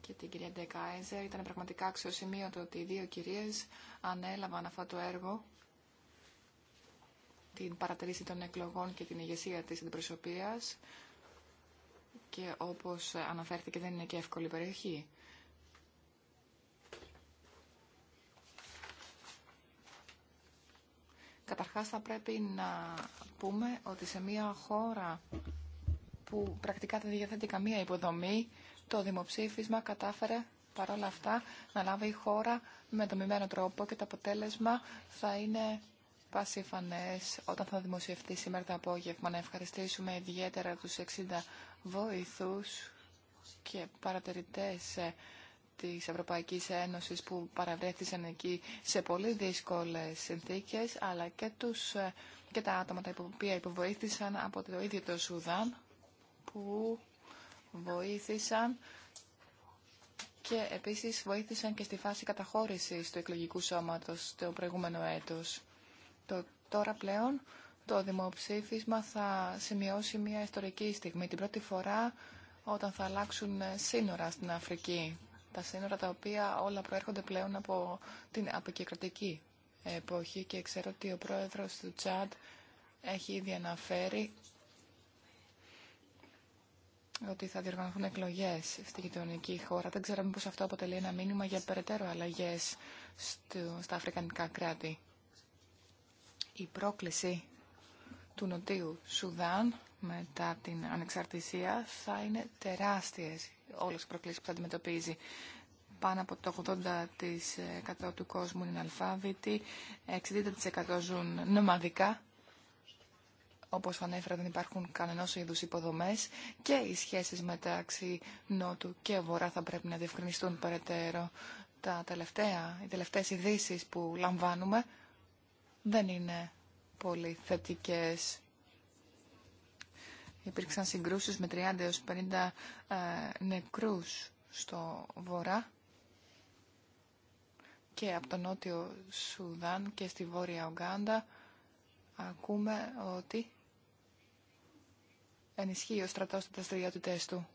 και την κυρία Ντεκάιζερ. Ήταν πραγματικά αξιοσημείωτο ότι οι δύο κυρίες ανέλαβαν αυτό το έργο την παρατηρήση των εκλογών και την ηγεσία της αντιπροσωπείας και όπως αναφέρθηκε δεν είναι και εύκολη περιοχή. Καταρχάς θα πρέπει να πούμε ότι σε μια χώρα που πρακτικά δεν διαθέτει καμία υποδομή, το δημοψήφισμα κατάφερε παρόλα αυτά να λάβει η χώρα με δομημένο τρόπο και το αποτέλεσμα θα είναι πασιφανές όταν θα δημοσιευτεί σήμερα το απόγευμα. Να ευχαριστήσουμε ιδιαίτερα τους 60 βοηθούς και παρατηρητές ε, της Ευρωπαϊκής Ένωσης που παραβρέθησαν εκεί σε πολύ δύσκολες συνθήκες, αλλά και, τους, ε, και τα άτομα τα οποία υποβοήθησαν από το ίδιο το Σουδάν που βοήθησαν και επίσης βοήθησαν και στη φάση καταχώρησης του εκλογικού σώματος το προηγούμενο έτος. Το, τώρα πλέον το δημοψήφισμα θα σημειώσει μια ιστορική στιγμή. Την πρώτη φορά όταν θα αλλάξουν σύνορα στην Αφρική. Τα σύνορα τα οποία όλα προέρχονται πλέον από την αποκεκρατική εποχή και ξέρω ότι ο πρόεδρος του Τσάντ έχει ήδη αναφέρει ότι θα διοργανωθούν εκλογέ στη γειτονική χώρα. Δεν ξέραμε πώ αυτό αποτελεί ένα μήνυμα για περαιτέρω αλλαγέ στα αφρικανικά κράτη. Η πρόκληση του Νοτίου Σουδάν μετά την ανεξαρτησία θα είναι τεράστιε όλε οι προκλήσει που θα αντιμετωπίζει. Πάνω από το 80% του κόσμου είναι αλφάβητοι, 60% ζουν νομαδικά όπως ανέφερα δεν υπάρχουν κανενός είδους υποδομές και οι σχέσεις μεταξύ Νότου και Βορρά θα πρέπει να διευκρινιστούν περαιτέρω. Τα τελευταία, οι τελευταίες ειδήσει που λαμβάνουμε δεν είναι πολύ θετικές. Υπήρξαν συγκρούσεις με 30 έως 50 ε, νεκρούς στο Βορρά και από το νότιο Σουδάν και στη βόρεια Ουγκάντα ακούμε ότι ενισχύει ο στρατός τα δραστηριότητε του.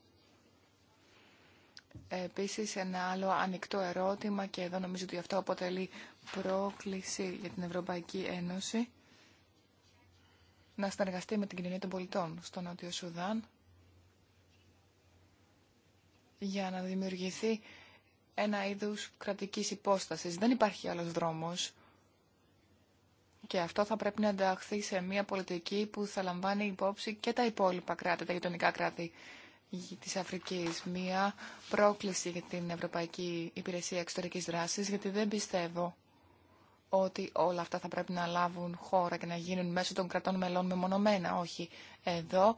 Επίσης, ένα άλλο ανοιχτό ερώτημα και εδώ νομίζω ότι αυτό αποτελεί πρόκληση για την Ευρωπαϊκή Ένωση να συνεργαστεί με την κοινωνία των πολιτών στο Νότιο Σουδάν για να δημιουργηθεί ένα είδους κρατικής υπόστασης. Δεν υπάρχει άλλος δρόμος. Και αυτό θα πρέπει να ενταχθεί σε μια πολιτική που θα λαμβάνει υπόψη και τα υπόλοιπα κράτη, τα γειτονικά κράτη της Αφρικής. Μια πρόκληση για την Ευρωπαϊκή Υπηρεσία Εξωτερικής Δράσης, γιατί δεν πιστεύω ότι όλα αυτά θα πρέπει να λάβουν χώρα και να γίνουν μέσω των κρατών μελών μεμονωμένα. Όχι. Εδώ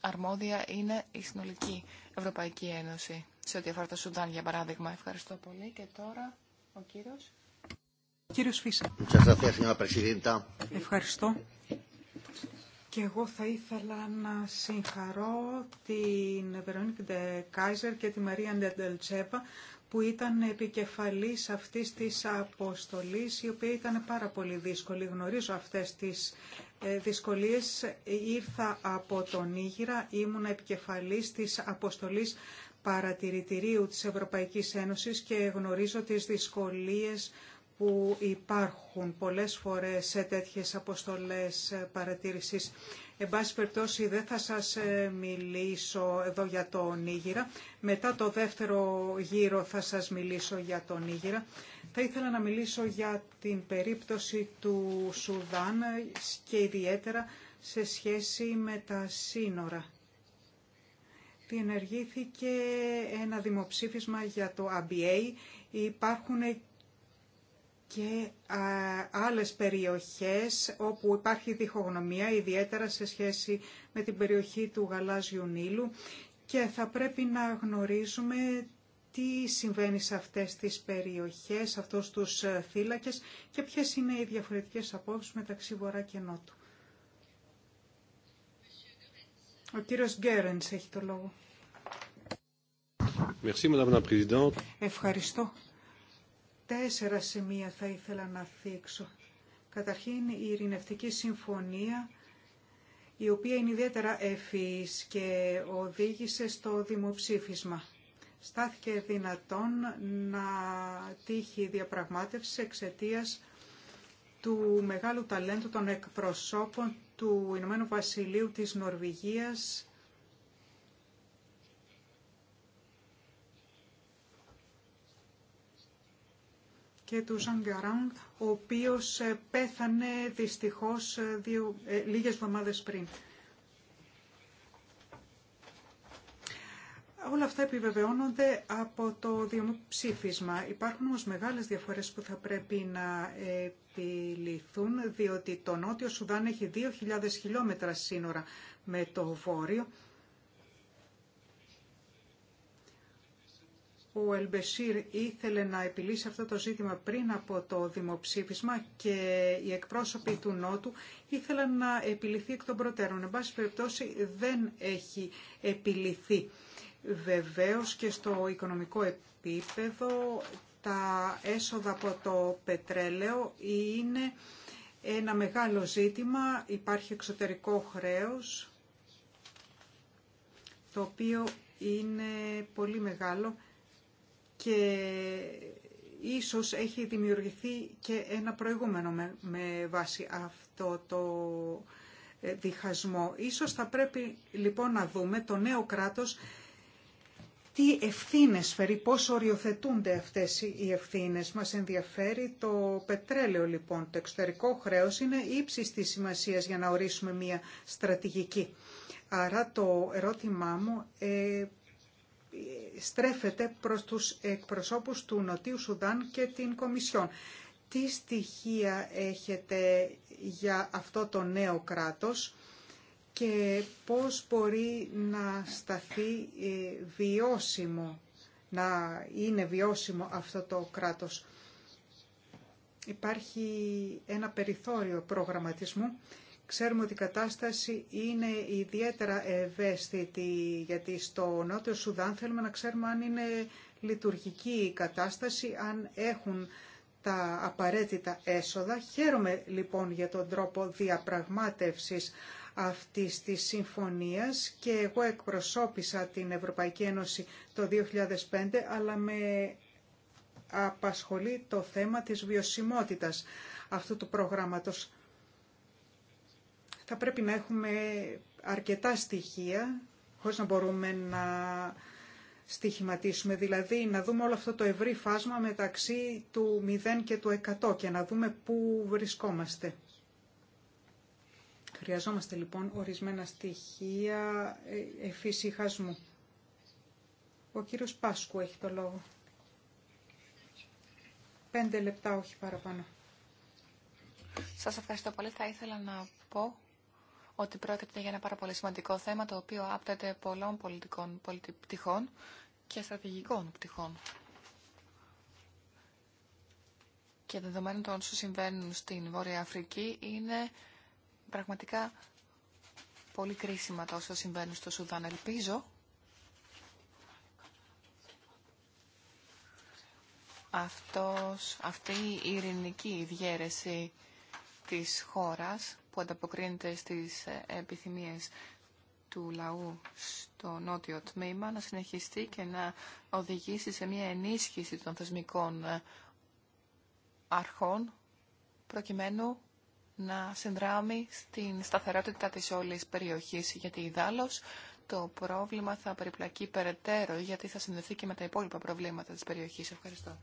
αρμόδια είναι η συνολική Ευρωπαϊκή Ένωση. Σε ό,τι αφορά το Σουδάν, για παράδειγμα. Ευχαριστώ πολύ. Και τώρα ο κύριος. Ευχαριστώ. Και εγώ θα ήθελα να συγχαρώ την Βερονίκη Ντε Κάιζερ και τη Μαρία Ντελτσέπα που ήταν επικεφαλής αυτής της αποστολής, η οποία ήταν πάρα πολύ δύσκολη. Γνωρίζω αυτές τις ε, δυσκολίες. Ήρθα από τον Ήγηρα, ήμουν επικεφαλής της αποστολής παρατηρητηρίου της Ευρωπαϊκής Ένωσης και γνωρίζω τις δυσκολίες που υπάρχουν πολλές φορές σε τέτοιες αποστολές παρατήρησης. Εν πάση περιπτώσει δεν θα σας ε, μιλήσω εδώ για το Νίγηρα. Μετά το δεύτερο γύρο θα σας μιλήσω για το Νίγηρα. Θα ήθελα να μιλήσω για την περίπτωση του Σουδάν και ιδιαίτερα σε σχέση με τα σύνορα. Διενεργήθηκε ένα δημοψήφισμα για το ABA. Υπάρχουν και άλλες περιοχές όπου υπάρχει διχογνωμία, ιδιαίτερα σε σχέση με την περιοχή του Γαλάζιου Νείλου και θα πρέπει να γνωρίζουμε τι συμβαίνει σε αυτές τις περιοχές, σε αυτούς τους ε, θύλακες και ποιες είναι οι διαφορετικές απόψεις μεταξύ Βορρά και Νότου. Ο κύριος Γκέρενς έχει το λόγο. Ευχαριστώ, Τέσσερα σημεία θα ήθελα να θίξω. Καταρχήν η Ειρηνευτική Συμφωνία, η οποία είναι ιδιαίτερα ευφυής και οδήγησε στο δημοψήφισμα. Στάθηκε δυνατόν να τύχει διαπραγμάτευση εξαιτία του μεγάλου ταλέντου των εκπροσώπων του Ηνωμένου Βασιλείου της Νορβηγίας και του Ζανγκαράγκ, ο οποίος ε, πέθανε δυστυχώ ε, δύο, ε, λίγες εβδομάδες πριν. Όλα αυτά επιβεβαιώνονται από το δημοψήφισμα. Υπάρχουν όμως μεγάλες διαφορές που θα πρέπει να επιληθούν, διότι το Νότιο Σουδάν έχει 2.000 χιλιόμετρα σύνορα με το Βόρειο ο Ελμπεσίρ ήθελε να επιλύσει αυτό το ζήτημα πριν από το δημοψήφισμα και οι εκπρόσωποι του Νότου ήθελαν να επιληθεί εκ των προτέρων. Εν πάση περιπτώσει δεν έχει επιληθεί. Βεβαίως και στο οικονομικό επίπεδο τα έσοδα από το πετρέλαιο είναι ένα μεγάλο ζήτημα. Υπάρχει εξωτερικό χρέος το οποίο είναι πολύ μεγάλο και ίσως έχει δημιουργηθεί και ένα προηγούμενο με, βάση αυτό το ε, διχασμό. Ίσως θα πρέπει λοιπόν να δούμε το νέο κράτος τι ευθύνες φέρει, πώς οριοθετούνται αυτές οι ευθύνες. Μας ενδιαφέρει το πετρέλαιο λοιπόν. Το εξωτερικό χρέος είναι ύψης της σημασίας για να ορίσουμε μια στρατηγική. Άρα το ερώτημά μου ε, στρέφεται προς τους εκπροσώπους του Νοτίου Σουδάν και την Κομισιόν. Τι στοιχεία έχετε για αυτό το νέο κράτος και πώς μπορεί να σταθεί ε, βιώσιμο, να είναι βιώσιμο αυτό το κράτος. Υπάρχει ένα περιθώριο προγραμματισμού Ξέρουμε ότι η κατάσταση είναι ιδιαίτερα ευαίσθητη, γιατί στο Νότιο Σουδάν θέλουμε να ξέρουμε αν είναι λειτουργική η κατάσταση, αν έχουν τα απαραίτητα έσοδα. Χαίρομαι λοιπόν για τον τρόπο διαπραγμάτευσης αυτής της συμφωνίας και εγώ εκπροσώπησα την Ευρωπαϊκή Ένωση το 2005 αλλά με απασχολεί το θέμα της βιωσιμότητας αυτού του προγράμματος θα πρέπει να έχουμε αρκετά στοιχεία, χωρίς να μπορούμε να στοιχηματίσουμε, δηλαδή να δούμε όλο αυτό το ευρύ φάσμα μεταξύ του 0 και του 100 και να δούμε πού βρισκόμαστε. Χρειαζόμαστε λοιπόν ορισμένα στοιχεία ε, εφησυχασμού. Ο κύριος Πάσκου έχει το λόγο. Πέντε λεπτά, όχι παραπάνω. Σας ευχαριστώ πολύ. Θα ήθελα να πω ότι πρόκειται για ένα πάρα πολύ σημαντικό θέμα το οποίο άπτεται πολλών πολιτικών πτυχών και στρατηγικών πτυχών. Και δεδομένων των όσων συμβαίνουν στην Βόρεια Αφρική είναι πραγματικά πολύ κρίσιμα τα όσα συμβαίνουν στο Σουδάν. Ελπίζω αυτός, αυτή η ειρηνική διέρεση της χώρας που ανταποκρίνεται στις ε, επιθυμίες του λαού στο νότιο τμήμα να συνεχιστεί και να οδηγήσει σε μια ενίσχυση των θεσμικών ε, αρχών προκειμένου να συνδράμει στην σταθερότητα της όλης περιοχής γιατί η το πρόβλημα θα περιπλακεί περαιτέρω γιατί θα συνδεθεί και με τα υπόλοιπα προβλήματα της περιοχής. Ευχαριστώ.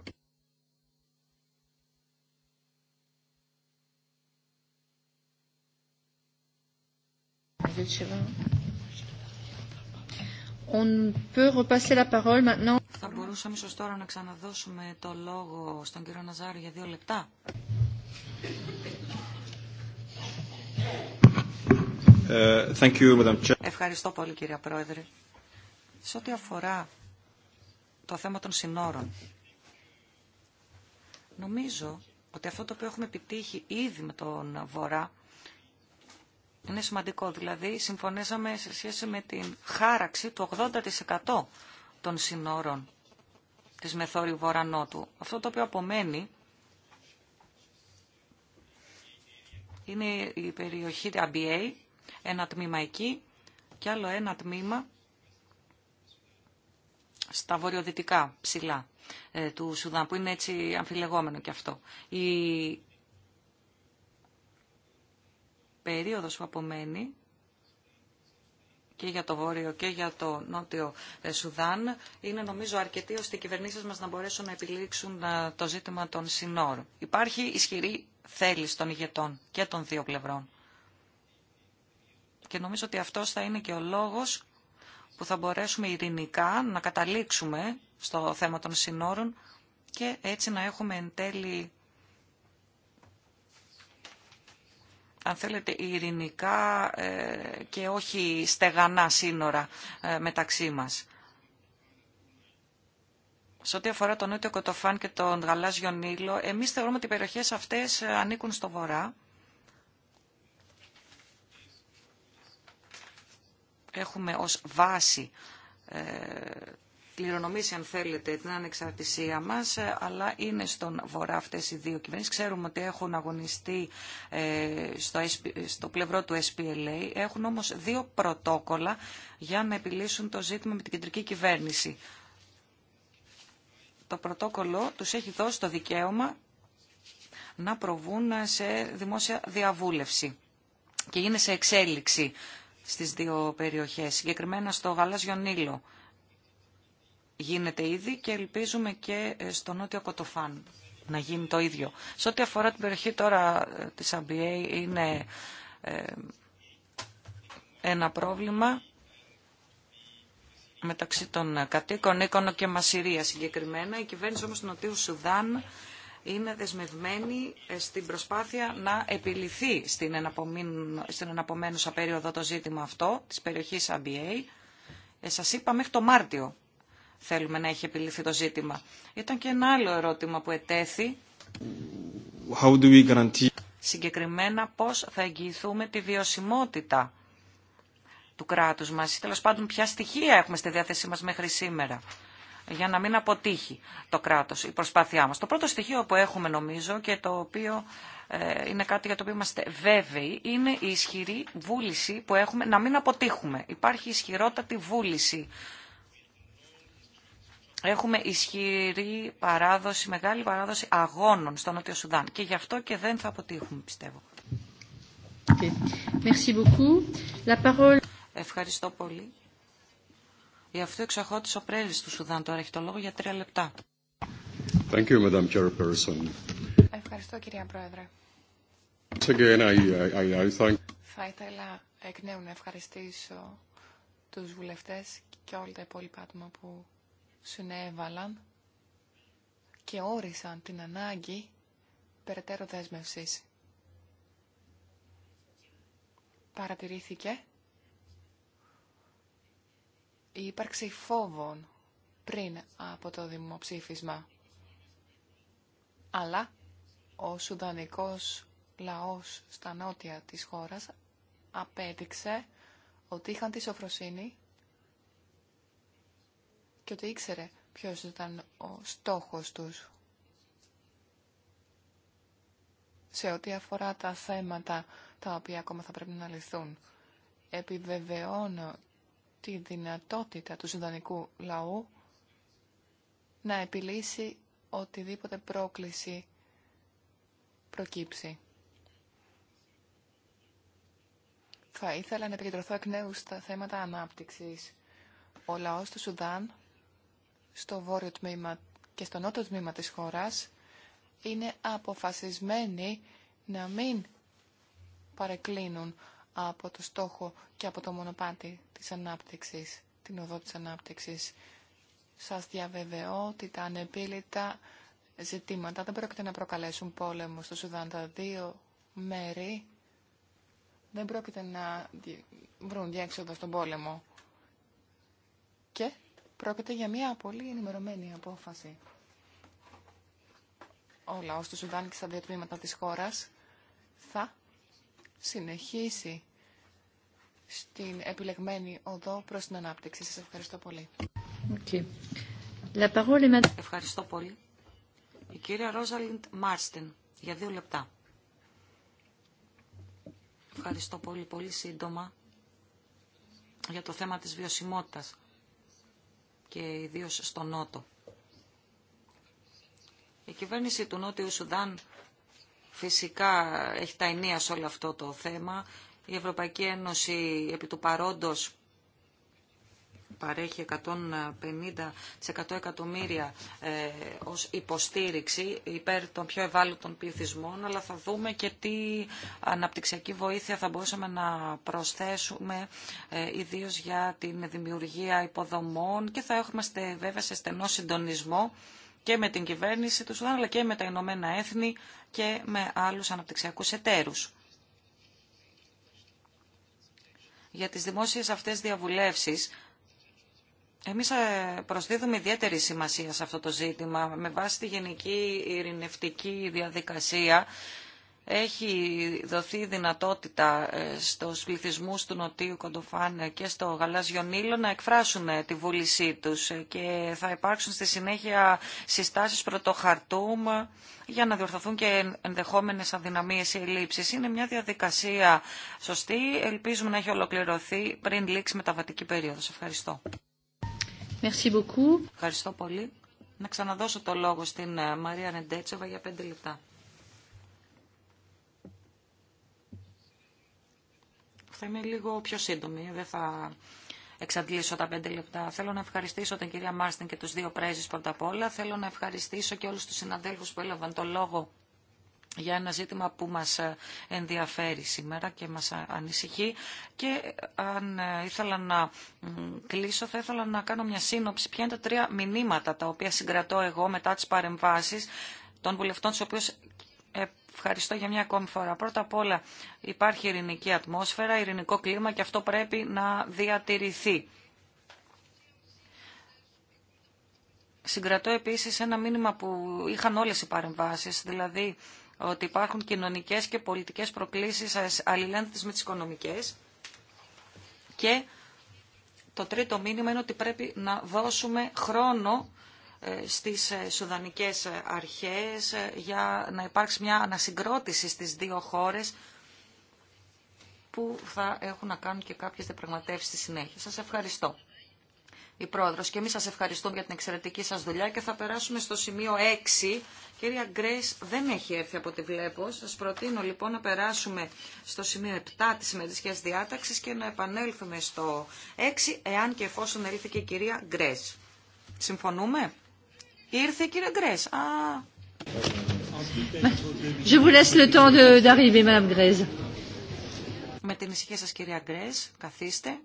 Θα μπορούσαμε ίσως τώρα να ξαναδώσουμε το λόγο στον κύριο Ναζάρη για δύο λεπτά. Ε, Ευχαριστώ πολύ κύριε Πρόεδρε. Σε ό,τι αφορά το θέμα των συνόρων, νομίζω ότι αυτό το οποίο έχουμε επιτύχει ήδη με τον Βορρά είναι σημαντικό δηλαδή, συμφωνήσαμε σε σχέση με την χάραξη του 80% των συνόρων της Μεθόριου Βορανότου. Αυτό το οποίο απομένει είναι η περιοχή ABA, ένα τμήμα εκεί και άλλο ένα τμήμα στα βορειοδυτικά ψηλά ε, του Σουδάν, που είναι έτσι αμφιλεγόμενο και αυτό. Η περίοδος που απομένει και για το Βόρειο και για το Νότιο ε, Σουδάν είναι νομίζω αρκετή ώστε οι κυβερνήσεις μας να μπορέσουν να επιλήξουν ε, το ζήτημα των συνόρων. Υπάρχει ισχυρή θέληση των ηγετών και των δύο πλευρών. Και νομίζω ότι αυτός θα είναι και ο λόγος που θα μπορέσουμε ειρηνικά να καταλήξουμε στο θέμα των συνόρων και έτσι να έχουμε εν τέλει αν θέλετε, ειρηνικά ε, και όχι στεγανά σύνορα ε, μεταξύ μας. Σε ό,τι αφορά τον Νότιο Κοτοφάν και τον Γαλάζιο Νείλο, εμείς θεωρούμε ότι οι περιοχές αυτές ε, ανήκουν στο βορρά. Έχουμε ως βάση κληρονομήσει, αν θέλετε, την ανεξαρτησία μας, ε, αλλά είναι στον βορρά αυτές οι δύο κυβερνήσεις. Ξέρουμε ότι έχουν αγωνιστεί ε, στο, στο πλευρό του SPLA. Έχουν όμως δύο πρωτόκολλα για να επιλύσουν το ζήτημα με την κεντρική κυβέρνηση. Το πρωτόκολλο τους έχει δώσει το δικαίωμα να προβούν σε δημόσια διαβούλευση και είναι σε εξέλιξη στις δύο περιοχές, συγκεκριμένα στο Γαλάζιο γίνεται ήδη και ελπίζουμε και ε, στο νότιο Κοτοφάν να γίνει το ίδιο. Σε ό,τι αφορά την περιοχή τώρα ε, της ABA είναι ε, ένα πρόβλημα μεταξύ των κατοίκων, Οίκονο και Μασυρία συγκεκριμένα. Η κυβέρνηση όμως του Νοτιού Σουδάν είναι δεσμευμένη στην προσπάθεια να επιληθεί στην, στην εναπομένουσα περίοδο το ζήτημα αυτό της περιοχής ABA. Ε, σας είπα μέχρι το Μάρτιο θέλουμε να έχει επιληθεί το ζήτημα. Ήταν και ένα άλλο ερώτημα που ετέθη. How do we guarantee... Συγκεκριμένα πώς θα εγγυηθούμε τη βιωσιμότητα του κράτους μας ή τέλος πάντων ποια στοιχεία έχουμε στη διάθεσή μας μέχρι σήμερα για να μην αποτύχει το κράτος, η προσπάθειά μας. Το πρώτο στοιχείο που έχουμε νομίζω και το οποίο ε, είναι κάτι για το οποίο είμαστε βέβαιοι, είναι η ισχυρή βούληση που έχουμε να μην αποτύχουμε. Υπάρχει ισχυρότατη βούληση έχουμε ισχυρή παράδοση, μεγάλη παράδοση αγώνων στο Νότιο Σουδάν και γι' αυτό και δεν θα αποτύχουμε πιστεύω. parole... Ευχαριστώ πολύ. Γι' αυτό εξαχώτησε ο πρέλης του Σουδάν τώρα έχει το λόγο για τρία λεπτά. Thank you, Madam Ευχαριστώ κυρία Πρόεδρε. Again, I, I, I thank... Θα ήθελα εκ νέου να ευχαριστήσω τους βουλευτές και όλα τα υπόλοιπα άτομα που συνέβαλαν και όρισαν την ανάγκη περαιτέρω δέσμευσης. Παρατηρήθηκε η ύπαρξη φόβων πριν από το δημοψήφισμα. Αλλά ο Σουδανικός λαός στα νότια της χώρας απέδειξε ότι είχαν τη σοφροσύνη και ότι ήξερε ποιος ήταν ο στόχος τους σε ό,τι αφορά τα θέματα τα οποία ακόμα θα πρέπει να λυθούν. Επιβεβαιώνω τη δυνατότητα του Σουδανικού λαού να επιλύσει οτιδήποτε πρόκληση προκύψει. Θα ήθελα να επικεντρωθώ εκ νέου στα θέματα ανάπτυξης. Ο λαός του Σουδάν στο βόρειο τμήμα και στο νότο τμήμα της χώρας είναι αποφασισμένοι να μην παρεκκλίνουν από το στόχο και από το μονοπάτι της ανάπτυξης, την οδό της ανάπτυξης. Σας διαβεβαιώ ότι τα ανεπίλητα ζητήματα δεν πρόκειται να προκαλέσουν πόλεμο στο Σουδάν. Τα δύο μέρη δεν πρόκειται να βρουν διέξοδο στον πόλεμο. Και Πρόκειται για μια πολύ ενημερωμένη απόφαση. Ο λαός του Σουδάν και στα διατμήματα της χώρας θα συνεχίσει στην επιλεγμένη οδό προς την ανάπτυξη. Σας ευχαριστώ πολύ. Okay. Ευχαριστώ πολύ. Η κυρία Ρόζαλιντ Μάρστιν, για δύο λεπτά. Ευχαριστώ πολύ, πολύ σύντομα για το θέμα της βιωσιμότητας και ιδίως στο Νότο. Η κυβέρνηση του Νότιου Σουδάν φυσικά έχει τα ενία σε όλο αυτό το θέμα. Η Ευρωπαϊκή Ένωση επί του παρόντος παρέχει 150% εκατομμύρια ε, ως υποστήριξη υπέρ των πιο ευάλωτων πληθυσμών, αλλά θα δούμε και τι αναπτυξιακή βοήθεια θα μπορούσαμε να προσθέσουμε, ε, ιδίως για την δημιουργία υποδομών και θα έχουμε βέβαια σε στενό συντονισμό και με την κυβέρνηση του Σουδάν, αλλά και με τα Ηνωμένα Έθνη και με άλλους αναπτυξιακούς εταίρους. Για τις δημόσιες αυτές διαβουλεύσεις εμείς ε, προσδίδουμε ιδιαίτερη σημασία σε αυτό το ζήτημα. Με βάση τη γενική ειρηνευτική διαδικασία έχει δοθεί δυνατότητα ε, στους πληθυσμού του Νοτίου Κοντοφάν και στο Γαλάζιο Νείλο να εκφράσουν ε, τη βούλησή τους και θα υπάρξουν στη συνέχεια συστάσεις πρωτοχαρτούμ για να διορθωθούν και ενδεχόμενες αδυναμίες ή ελλείψεις. Είναι μια διαδικασία σωστή. Ελπίζουμε να έχει ολοκληρωθεί πριν λήξει μεταβατική περίοδος. Ευχαριστώ. Merci Ευχαριστώ πολύ. Να ξαναδώσω το λόγο στην ε, Μαρία Νεντέτσεβα για πέντε λεπτά. Θα είμαι λίγο πιο σύντομη, δεν θα εξαντλήσω τα πέντε λεπτά. Θέλω να ευχαριστήσω την κυρία Μάρστιν και τους δύο πρέσβεις πρώτα απ' όλα. Θέλω να ευχαριστήσω και όλους τους συναδέλφους που έλαβαν το λόγο για ένα ζήτημα που μας ε, ενδιαφέρει σήμερα και μας ε, ανησυχεί και ε, αν ήθελα να κλείσω θα ήθελα να κάνω μια σύνοψη ποια είναι τα τρία μηνύματα τα οποία συγκρατώ εγώ μετά τις παρεμβάσεις των βουλευτών τους οποίους ευχαριστώ για μια ακόμη φορά. Πρώτα απ' όλα υπάρχει ειρηνική ατμόσφαιρα, ειρηνικό κλίμα και αυτό πρέπει να διατηρηθεί. Συγκρατώ επίσης ένα μήνυμα που είχαν όλες οι παρεμβάσεις, δηλαδή ότι υπάρχουν κοινωνικές και πολιτικές προκλήσεις αλληλένδετες με τις οικονομικές. Και το τρίτο μήνυμα είναι ότι πρέπει να δώσουμε χρόνο ε, στις ε, Σουδανικές ε, αρχές για να υπάρξει μια ανασυγκρότηση στις δύο χώρες που θα έχουν να κάνουν και κάποιες διαπραγματεύσεις στη συνέχεια. Σας ευχαριστώ η πρόεδρο. Και εμεί σα ευχαριστούμε για την εξαιρετική σα δουλειά και θα περάσουμε στο σημείο 6. Κυρία Γκρέις δεν έχει έρθει από ό,τι βλέπω. Σα προτείνω λοιπόν να περάσουμε στο σημείο 7 τη σημερινή διάταξη και να επανέλθουμε στο 6 εάν και εφόσον έρθει και η κυρία Γκρέις. Συμφωνούμε? Ήρθε η κυρία Γκρέις. Α, Je vous laisse le temps d'arriver, Madame Grèze. Με την ησυχία σας, κυρία Γκρέ, καθίστε.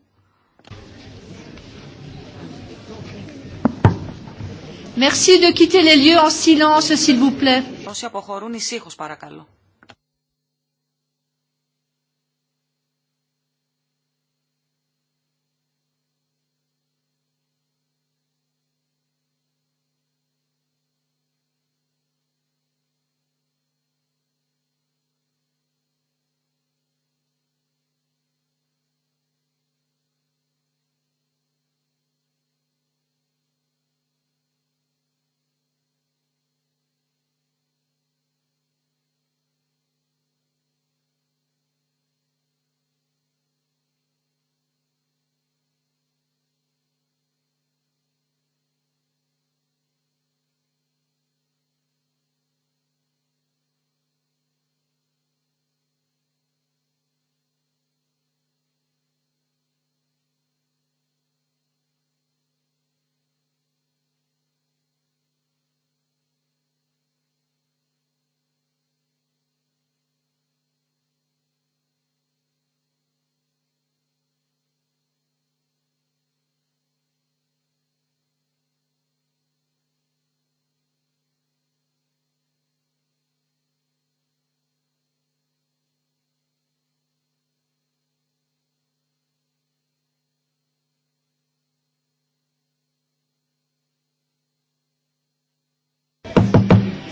Merci de quitter les lieux en silence, s'il vous plaît. Όσοι αποχωρούν ησύχως παρακαλώ.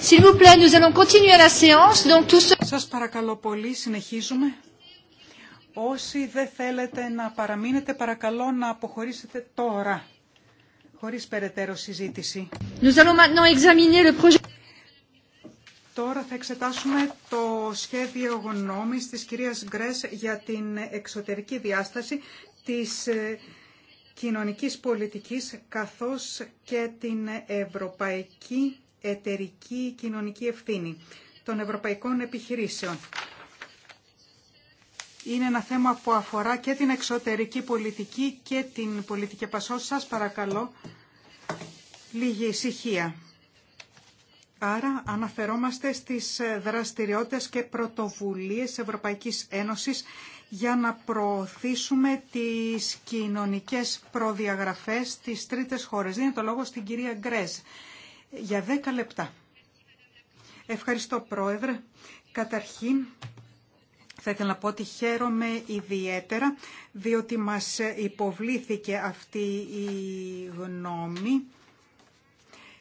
S'il Σας παρακαλώ πολύ, συνεχίζουμε. Όσοι δεν θέλετε να παραμείνετε, παρακαλώ να αποχωρήσετε τώρα, χωρίς περαιτέρω συζήτηση. Nous allons Τώρα θα εξετάσουμε το σχέδιο γνώμης της κυρίας Γκρές για την εξωτερική διάσταση της ε, κοινωνικής πολιτικής καθώς και την ευρωπαϊκή εταιρική κοινωνική ευθύνη των ευρωπαϊκών επιχειρήσεων. Είναι ένα θέμα που αφορά και την εξωτερική πολιτική και την πολιτική πασό. Σας παρακαλώ λίγη ησυχία. Άρα αναφερόμαστε στις δραστηριότητες και πρωτοβουλίες Ευρωπαϊκής Ένωσης για να προωθήσουμε τις κοινωνικές προδιαγραφές στις τρίτες χώρες. Δίνει το λόγο στην κυρία Γκρέζ για 10 λεπτά. Ευχαριστώ Πρόεδρε. Καταρχήν θα ήθελα να πω ότι χαίρομαι ιδιαίτερα διότι μας υποβλήθηκε αυτή η γνώμη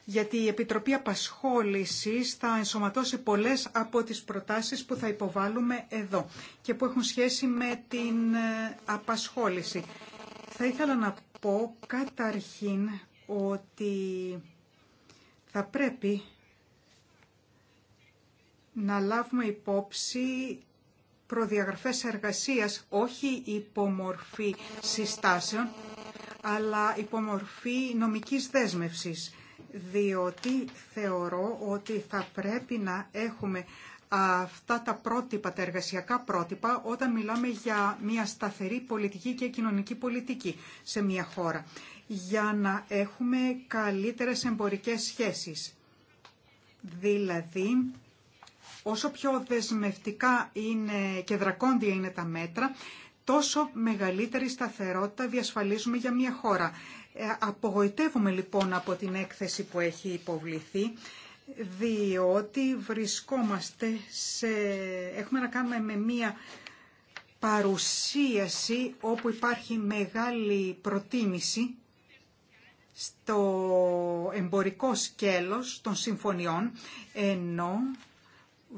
γιατί η Επιτροπή Απασχόλησης θα ενσωματώσει πολλές από τις προτάσεις που θα υποβάλουμε εδώ και που έχουν σχέση με την ε, απασχόληση. Θα ήθελα να πω καταρχήν ότι θα πρέπει να λάβουμε υπόψη προδιαγραφές εργασίας, όχι υπομορφή συστάσεων, αλλά υπομορφή νομικής δέσμευσης, διότι θεωρώ ότι θα πρέπει να έχουμε αυτά τα πρότυπα, τα εργασιακά πρότυπα, όταν μιλάμε για μια σταθερή πολιτική και κοινωνική πολιτική σε μια χώρα για να έχουμε καλύτερες εμπορικές σχέσεις. Δηλαδή, όσο πιο δεσμευτικά είναι και δρακόντια είναι τα μέτρα, τόσο μεγαλύτερη σταθερότητα διασφαλίζουμε για μια χώρα. Ε, Απογοητεύουμε λοιπόν από την έκθεση που έχει υποβληθεί, διότι βρισκόμαστε σε... έχουμε να κάνουμε με μια παρουσίαση όπου υπάρχει μεγάλη προτίμηση στο εμπορικό σκέλος των συμφωνιών, ενώ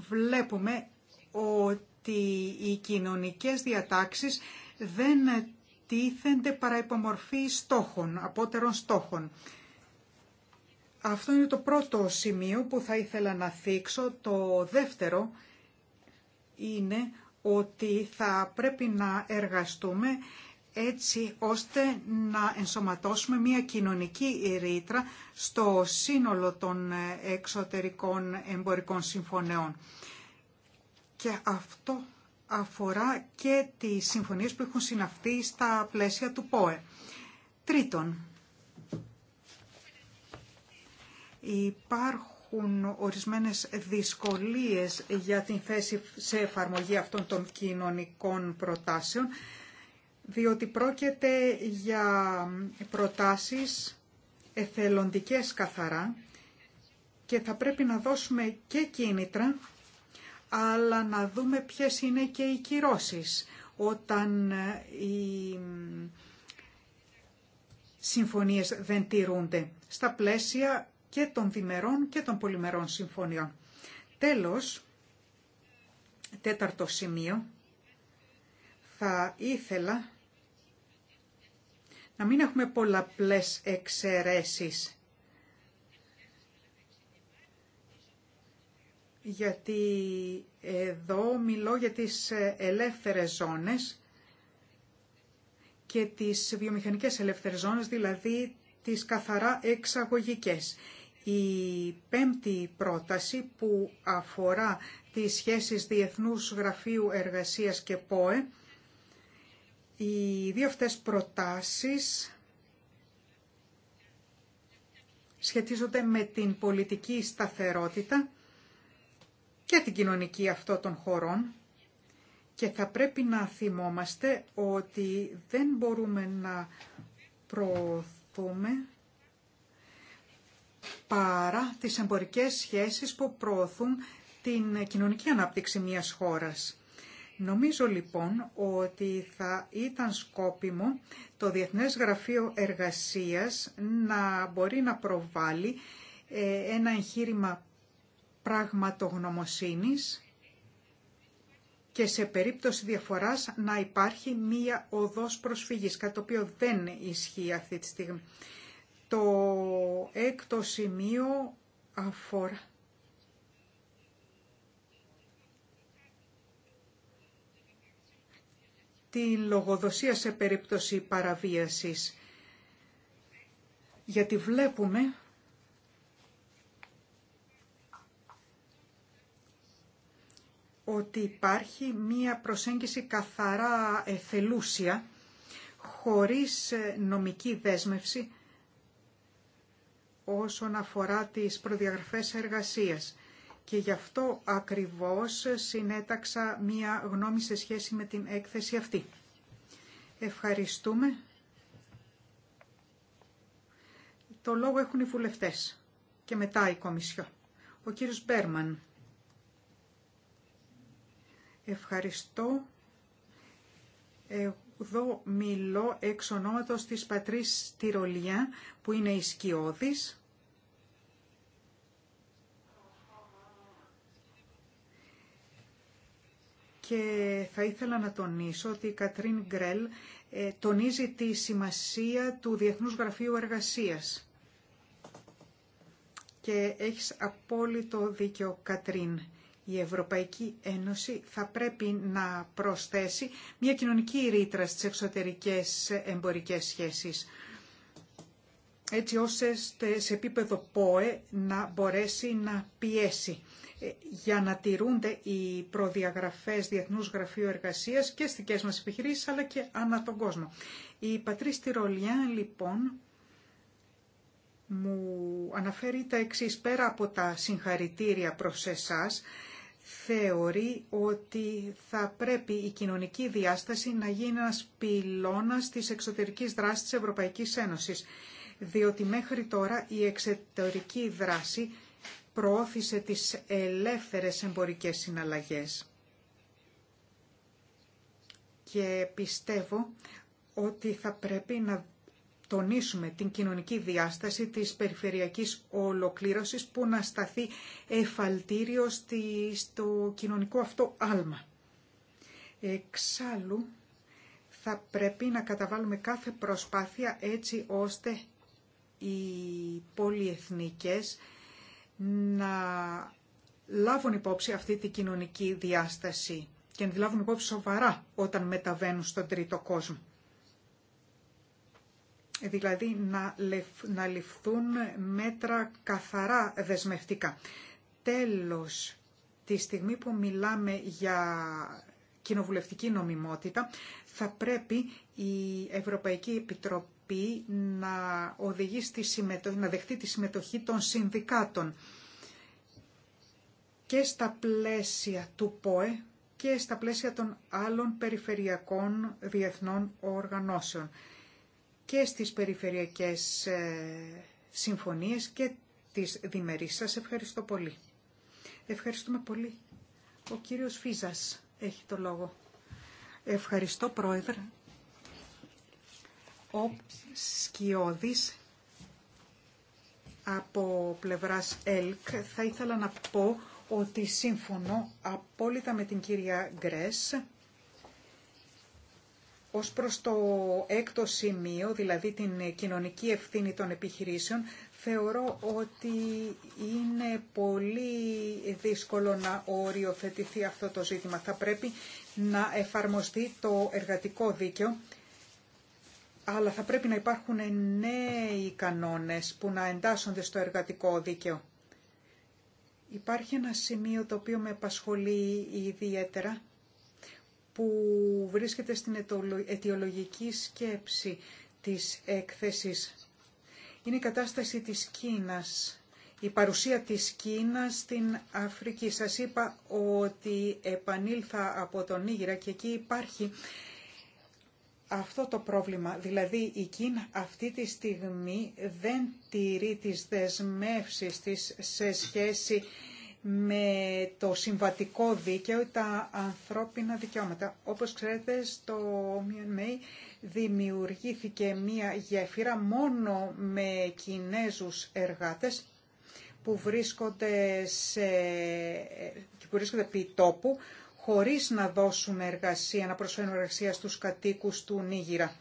βλέπουμε ότι οι κοινωνικές διατάξεις δεν τίθενται παρά υπομορφή στόχων, απότερων στόχων. Αυτό είναι το πρώτο σημείο που θα ήθελα να θίξω. Το δεύτερο είναι ότι θα πρέπει να εργαστούμε έτσι ώστε να ενσωματώσουμε μια κοινωνική ρήτρα στο σύνολο των εξωτερικών εμπορικών συμφωνιών. Και αυτό αφορά και τις συμφωνίες που έχουν συναυτεί στα πλαίσια του ΠΟΕ. Τρίτον, υπάρχουν ορισμένες δυσκολίες για την θέση σε εφαρμογή αυτών των κοινωνικών προτάσεων διότι πρόκειται για προτάσεις εθελοντικές καθαρά και θα πρέπει να δώσουμε και κίνητρα, αλλά να δούμε ποιες είναι και οι κυρώσεις όταν ε, οι συμφωνίες δεν τηρούνται στα πλαίσια και των διμερών και των πολυμερών συμφωνιών. Τέλος, τέταρτο σημείο, θα ήθελα να μην έχουμε πολλαπλές εξαιρέσεις. Γιατί εδώ μιλώ για τις ελεύθερες ζώνες και τις βιομηχανικές ελεύθερες ζώνες, δηλαδή τις καθαρά εξαγωγικές. Η πέμπτη πρόταση που αφορά τις σχέσεις Διεθνούς Γραφείου Εργασίας και ΠΟΕ οι δύο αυτές προτάσεις σχετίζονται με την πολιτική σταθερότητα και την κοινωνική αυτών των χωρών και θα πρέπει να θυμόμαστε ότι δεν μπορούμε να προωθούμε παρά τις εμπορικές σχέσεις που προωθούν την κοινωνική ανάπτυξη μιας χώρας. Νομίζω λοιπόν ότι θα ήταν σκόπιμο το Διεθνές Γραφείο Εργασίας να μπορεί να προβάλλει ε, ένα εγχείρημα πραγματογνωμοσύνης και σε περίπτωση διαφοράς να υπάρχει μία οδός προσφυγής, κάτι το οποίο δεν ισχύει αυτή τη στιγμή. Το έκτο σημείο αφορά τη λογοδοσία σε περίπτωση παραβίασης. Γιατί βλέπουμε ότι υπάρχει μία προσέγγιση καθαρά εθελούσια, χωρίς νομική δέσμευση όσον αφορά τις προδιαγραφές εργασίας. Και γι' αυτό ακριβώς συνέταξα μία γνώμη σε σχέση με την έκθεση αυτή. Ευχαριστούμε. Το λόγο έχουν οι βουλευτές και μετά η Κομισιό. Ο κύριος Μπέρμαν. Ευχαριστώ. Εδώ μιλώ εξ ονόματος της Πατρίς Τυρολιά που είναι η και θα ήθελα να τονίσω ότι η Κατρίν Γκρέλ ε, τονίζει τη σημασία του Διεθνούς Γραφείου Εργασίας. Και έχεις απόλυτο δίκιο, Κατρίν. Η Ευρωπαϊκή Ένωση θα πρέπει να προσθέσει μια κοινωνική ρήτρα στις εξωτερικές εμπορικές σχέσεις έτσι ώστε σε επίπεδο ΠΟΕ να μπορέσει να πιέσει για να τηρούνται οι προδιαγραφές Διεθνούς Γραφείου Εργασίας και στις μας επιχειρήσεις αλλά και ανά τον κόσμο. Η Πατρίς Τυρολία, λοιπόν μου αναφέρει τα εξή πέρα από τα συγχαρητήρια προς εσάς θεωρεί ότι θα πρέπει η κοινωνική διάσταση να γίνει ένας πυλώνας της εξωτερικής δράσης της Ευρωπαϊκής Ένωσης, διότι μέχρι τώρα η εξωτερική δράση προώθησε τις ελεύθερες εμπορικές συναλλαγές. Και πιστεύω ότι θα πρέπει να τονίσουμε την κοινωνική διάσταση της περιφερειακής ολοκλήρωσης που να σταθεί εφαλτήριο στο κοινωνικό αυτό άλμα. Εξάλλου, θα πρέπει να καταβάλουμε κάθε προσπάθεια έτσι ώστε οι πολυεθνικές να λάβουν υπόψη αυτή τη κοινωνική διάσταση και να τη λάβουν υπόψη σοβαρά όταν μεταβαίνουν στον τρίτο κόσμο. Ε, δηλαδή να, να ληφθούν μέτρα καθαρά δεσμευτικά. Τέλος, τη στιγμή που μιλάμε για κοινοβουλευτική νομιμότητα, θα πρέπει η Ευρωπαϊκή Επιτροπή να, συμμετοχή, να δεχτεί τη συμμετοχή των συνδικάτων και στα πλαίσια του ΠΟΕ και στα πλαίσια των άλλων περιφερειακών διεθνών οργανώσεων και στις περιφερειακές ε, συμφωνίες και τις διμερείς. Σας ευχαριστώ πολύ. Ευχαριστούμε πολύ. Ο κύριος Φίζας έχει το λόγο. Ευχαριστώ, Πρόεδρε ο Σκιώδης από πλευράς ΕΛΚ θα ήθελα να πω ότι σύμφωνο απόλυτα με την κυρία Γκρές ως προς το έκτο σημείο, δηλαδή την κοινωνική ευθύνη των επιχειρήσεων, θεωρώ ότι είναι πολύ δύσκολο να οριοθετηθεί αυτό το ζήτημα. Θα πρέπει να εφαρμοστεί το εργατικό δίκαιο αλλά θα πρέπει να υπάρχουν νέοι κανόνες που να εντάσσονται στο εργατικό δίκαιο. Υπάρχει ένα σημείο το οποίο με απασχολεί ιδιαίτερα, που βρίσκεται στην αιτιολογική σκέψη της έκθεσης. Είναι η κατάσταση της Κίνας, η παρουσία της Κίνας στην Αφρική. Σας είπα ότι επανήλθα από τον Ήγηρα και εκεί υπάρχει αυτό το πρόβλημα. Δηλαδή η Κίνα αυτή τη στιγμή δεν τηρεί τις δεσμεύσεις της σε σχέση με το συμβατικό δίκαιο ή τα ανθρώπινα δικαιώματα. Όπως ξέρετε στο Μιονμέι δημιουργήθηκε μία γέφυρα μόνο με Κινέζους εργάτες που βρίσκονται, σε, που βρίσκονται επί τόπου χωρίς να δώσουμε εργασία, να προσφέρουμε εργασία στους κατοίκους του Νίγηρα.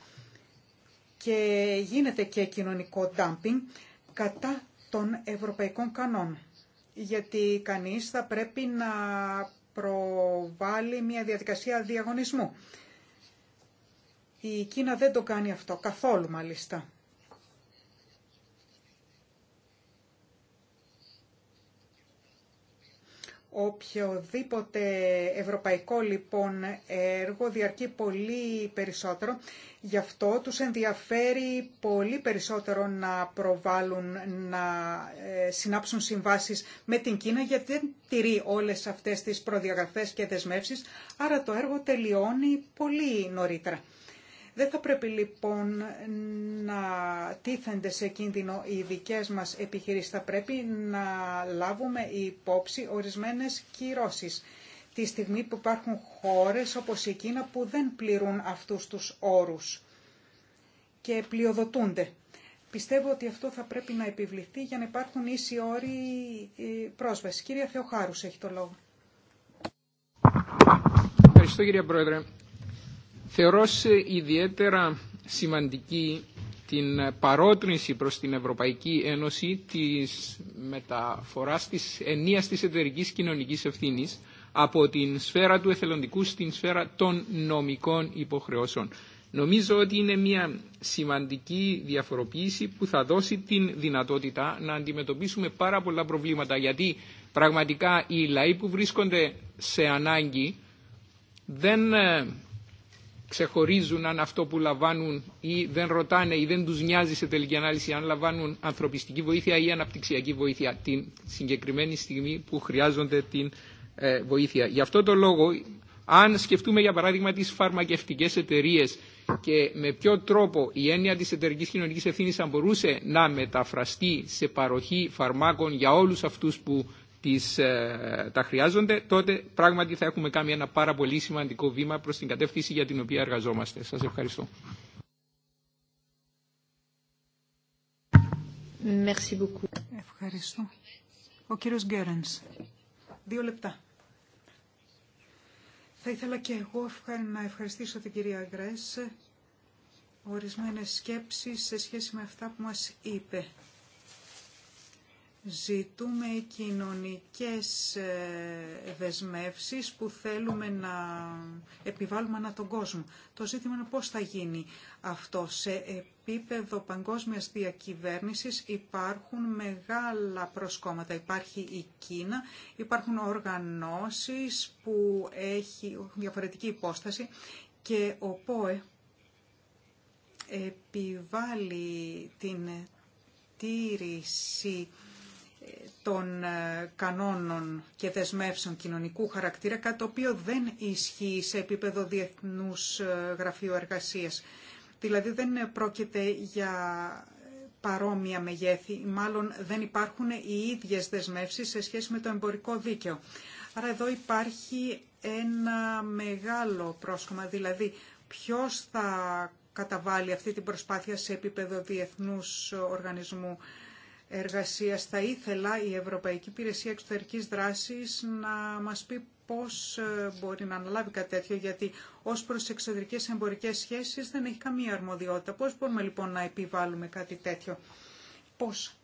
Και γίνεται και κοινωνικό dumping κατά των ευρωπαϊκών κανόνων. Γιατί κανείς θα πρέπει να προβάλλει μια διαδικασία διαγωνισμού. Η Κίνα δεν το κάνει αυτό, καθόλου μάλιστα. Οποιοδήποτε ευρωπαϊκό λοιπόν έργο διαρκεί πολύ περισσότερο, γι' αυτό τους ενδιαφέρει πολύ περισσότερο να προβάλλουν, να ε, συνάψουν συμβάσεις με την Κίνα, γιατί δεν τηρεί όλες αυτές τις προδιαγραφές και δεσμεύσεις, άρα το έργο τελειώνει πολύ νωρίτερα. Δεν θα πρέπει λοιπόν να τίθενται σε κίνδυνο οι δικέ μας επιχειρήσεις. Θα πρέπει να λάβουμε υπόψη ορισμένες κυρώσεις τη στιγμή που υπάρχουν χώρες όπως η Κίνα που δεν πληρούν αυτούς τους όρους και πλειοδοτούνται. Πιστεύω ότι αυτό θα πρέπει να επιβληθεί για να υπάρχουν ίσοι όροι ε, πρόσβαση. Κύρια Θεοχάρους έχει το λόγο. Ευχαριστώ κύριε Πρόεδρε. Θεωρώ ιδιαίτερα σημαντική την παρότρινση προς την Ευρωπαϊκή Ένωση της μεταφοράς της ενίας της εταιρικής κοινωνικής ευθύνης από την σφαίρα του εθελοντικού στην σφαίρα των νομικών υποχρεώσεων. Νομίζω ότι είναι μια σημαντική διαφοροποίηση που θα δώσει την δυνατότητα να αντιμετωπίσουμε πάρα πολλά προβλήματα γιατί πραγματικά οι λαοί που βρίσκονται σε ανάγκη δεν ε, ξεχωρίζουν αν αυτό που λαμβάνουν ή δεν ρωτάνε ή δεν τους νοιάζει σε τελική ανάλυση αν λαμβάνουν ανθρωπιστική βοήθεια ή αναπτυξιακή βοήθεια την συγκεκριμένη στιγμή που χρειάζονται την ε, βοήθεια. Γι' αυτό το λόγο, αν σκεφτούμε για παράδειγμα τις φαρμακευτικές εταιρείε και με ποιο τρόπο η έννοια της εταιρικής κοινωνικής ευθύνης θα μπορούσε να μεταφραστεί σε παροχή φαρμάκων για όλους αυτούς που τις, ε, τα χρειάζονται, τότε πράγματι θα έχουμε κάνει ένα πάρα πολύ σημαντικό βήμα προς την κατεύθυνση για την οποία εργαζόμαστε. Σας ευχαριστώ. Merci beaucoup. Ευχαριστώ. Ο κύριος Γκέρενς. Δύο λεπτά. Θα ήθελα και εγώ να ευχαριστήσω την κυρία Γκρέσ ορισμένες σκέψεις σε σχέση με αυτά που μας είπε. Ζητούμε κοινωνικές ε, δεσμεύσεις που θέλουμε να επιβάλλουμε ανά τον κόσμο. Το ζήτημα είναι πώς θα γίνει αυτό. Σε επίπεδο παγκόσμιας διακυβέρνησης υπάρχουν μεγάλα προσκόμματα. Υπάρχει η Κίνα, υπάρχουν οργανώσεις που έχει διαφορετική υπόσταση και ο ΠΟΕ επιβάλλει την τήρηση των ε, κανόνων και δεσμεύσεων κοινωνικού χαρακτήρα, κάτι το οποίο δεν ισχύει σε επίπεδο διεθνούς ε, γραφείου εργασίας. Δηλαδή δεν πρόκειται για παρόμοια μεγέθη, μάλλον δεν υπάρχουν οι ίδιες δεσμεύσεις σε σχέση με το εμπορικό δίκαιο. Άρα εδώ υπάρχει ένα μεγάλο πρόσχομα. δηλαδή ποιος θα καταβάλει αυτή την προσπάθεια σε επίπεδο διεθνούς οργανισμού εργασίας. Θα ήθελα η Ευρωπαϊκή Υπηρεσία Εξωτερικής Δράσης να μας πει πώς ε, μπορεί να αναλάβει κάτι τέτοιο, γιατί ως προς εξωτερικές εμπορικές σχέσεις δεν έχει καμία αρμοδιότητα. Πώς μπορούμε λοιπόν να επιβάλλουμε κάτι τέτοιο. Πώς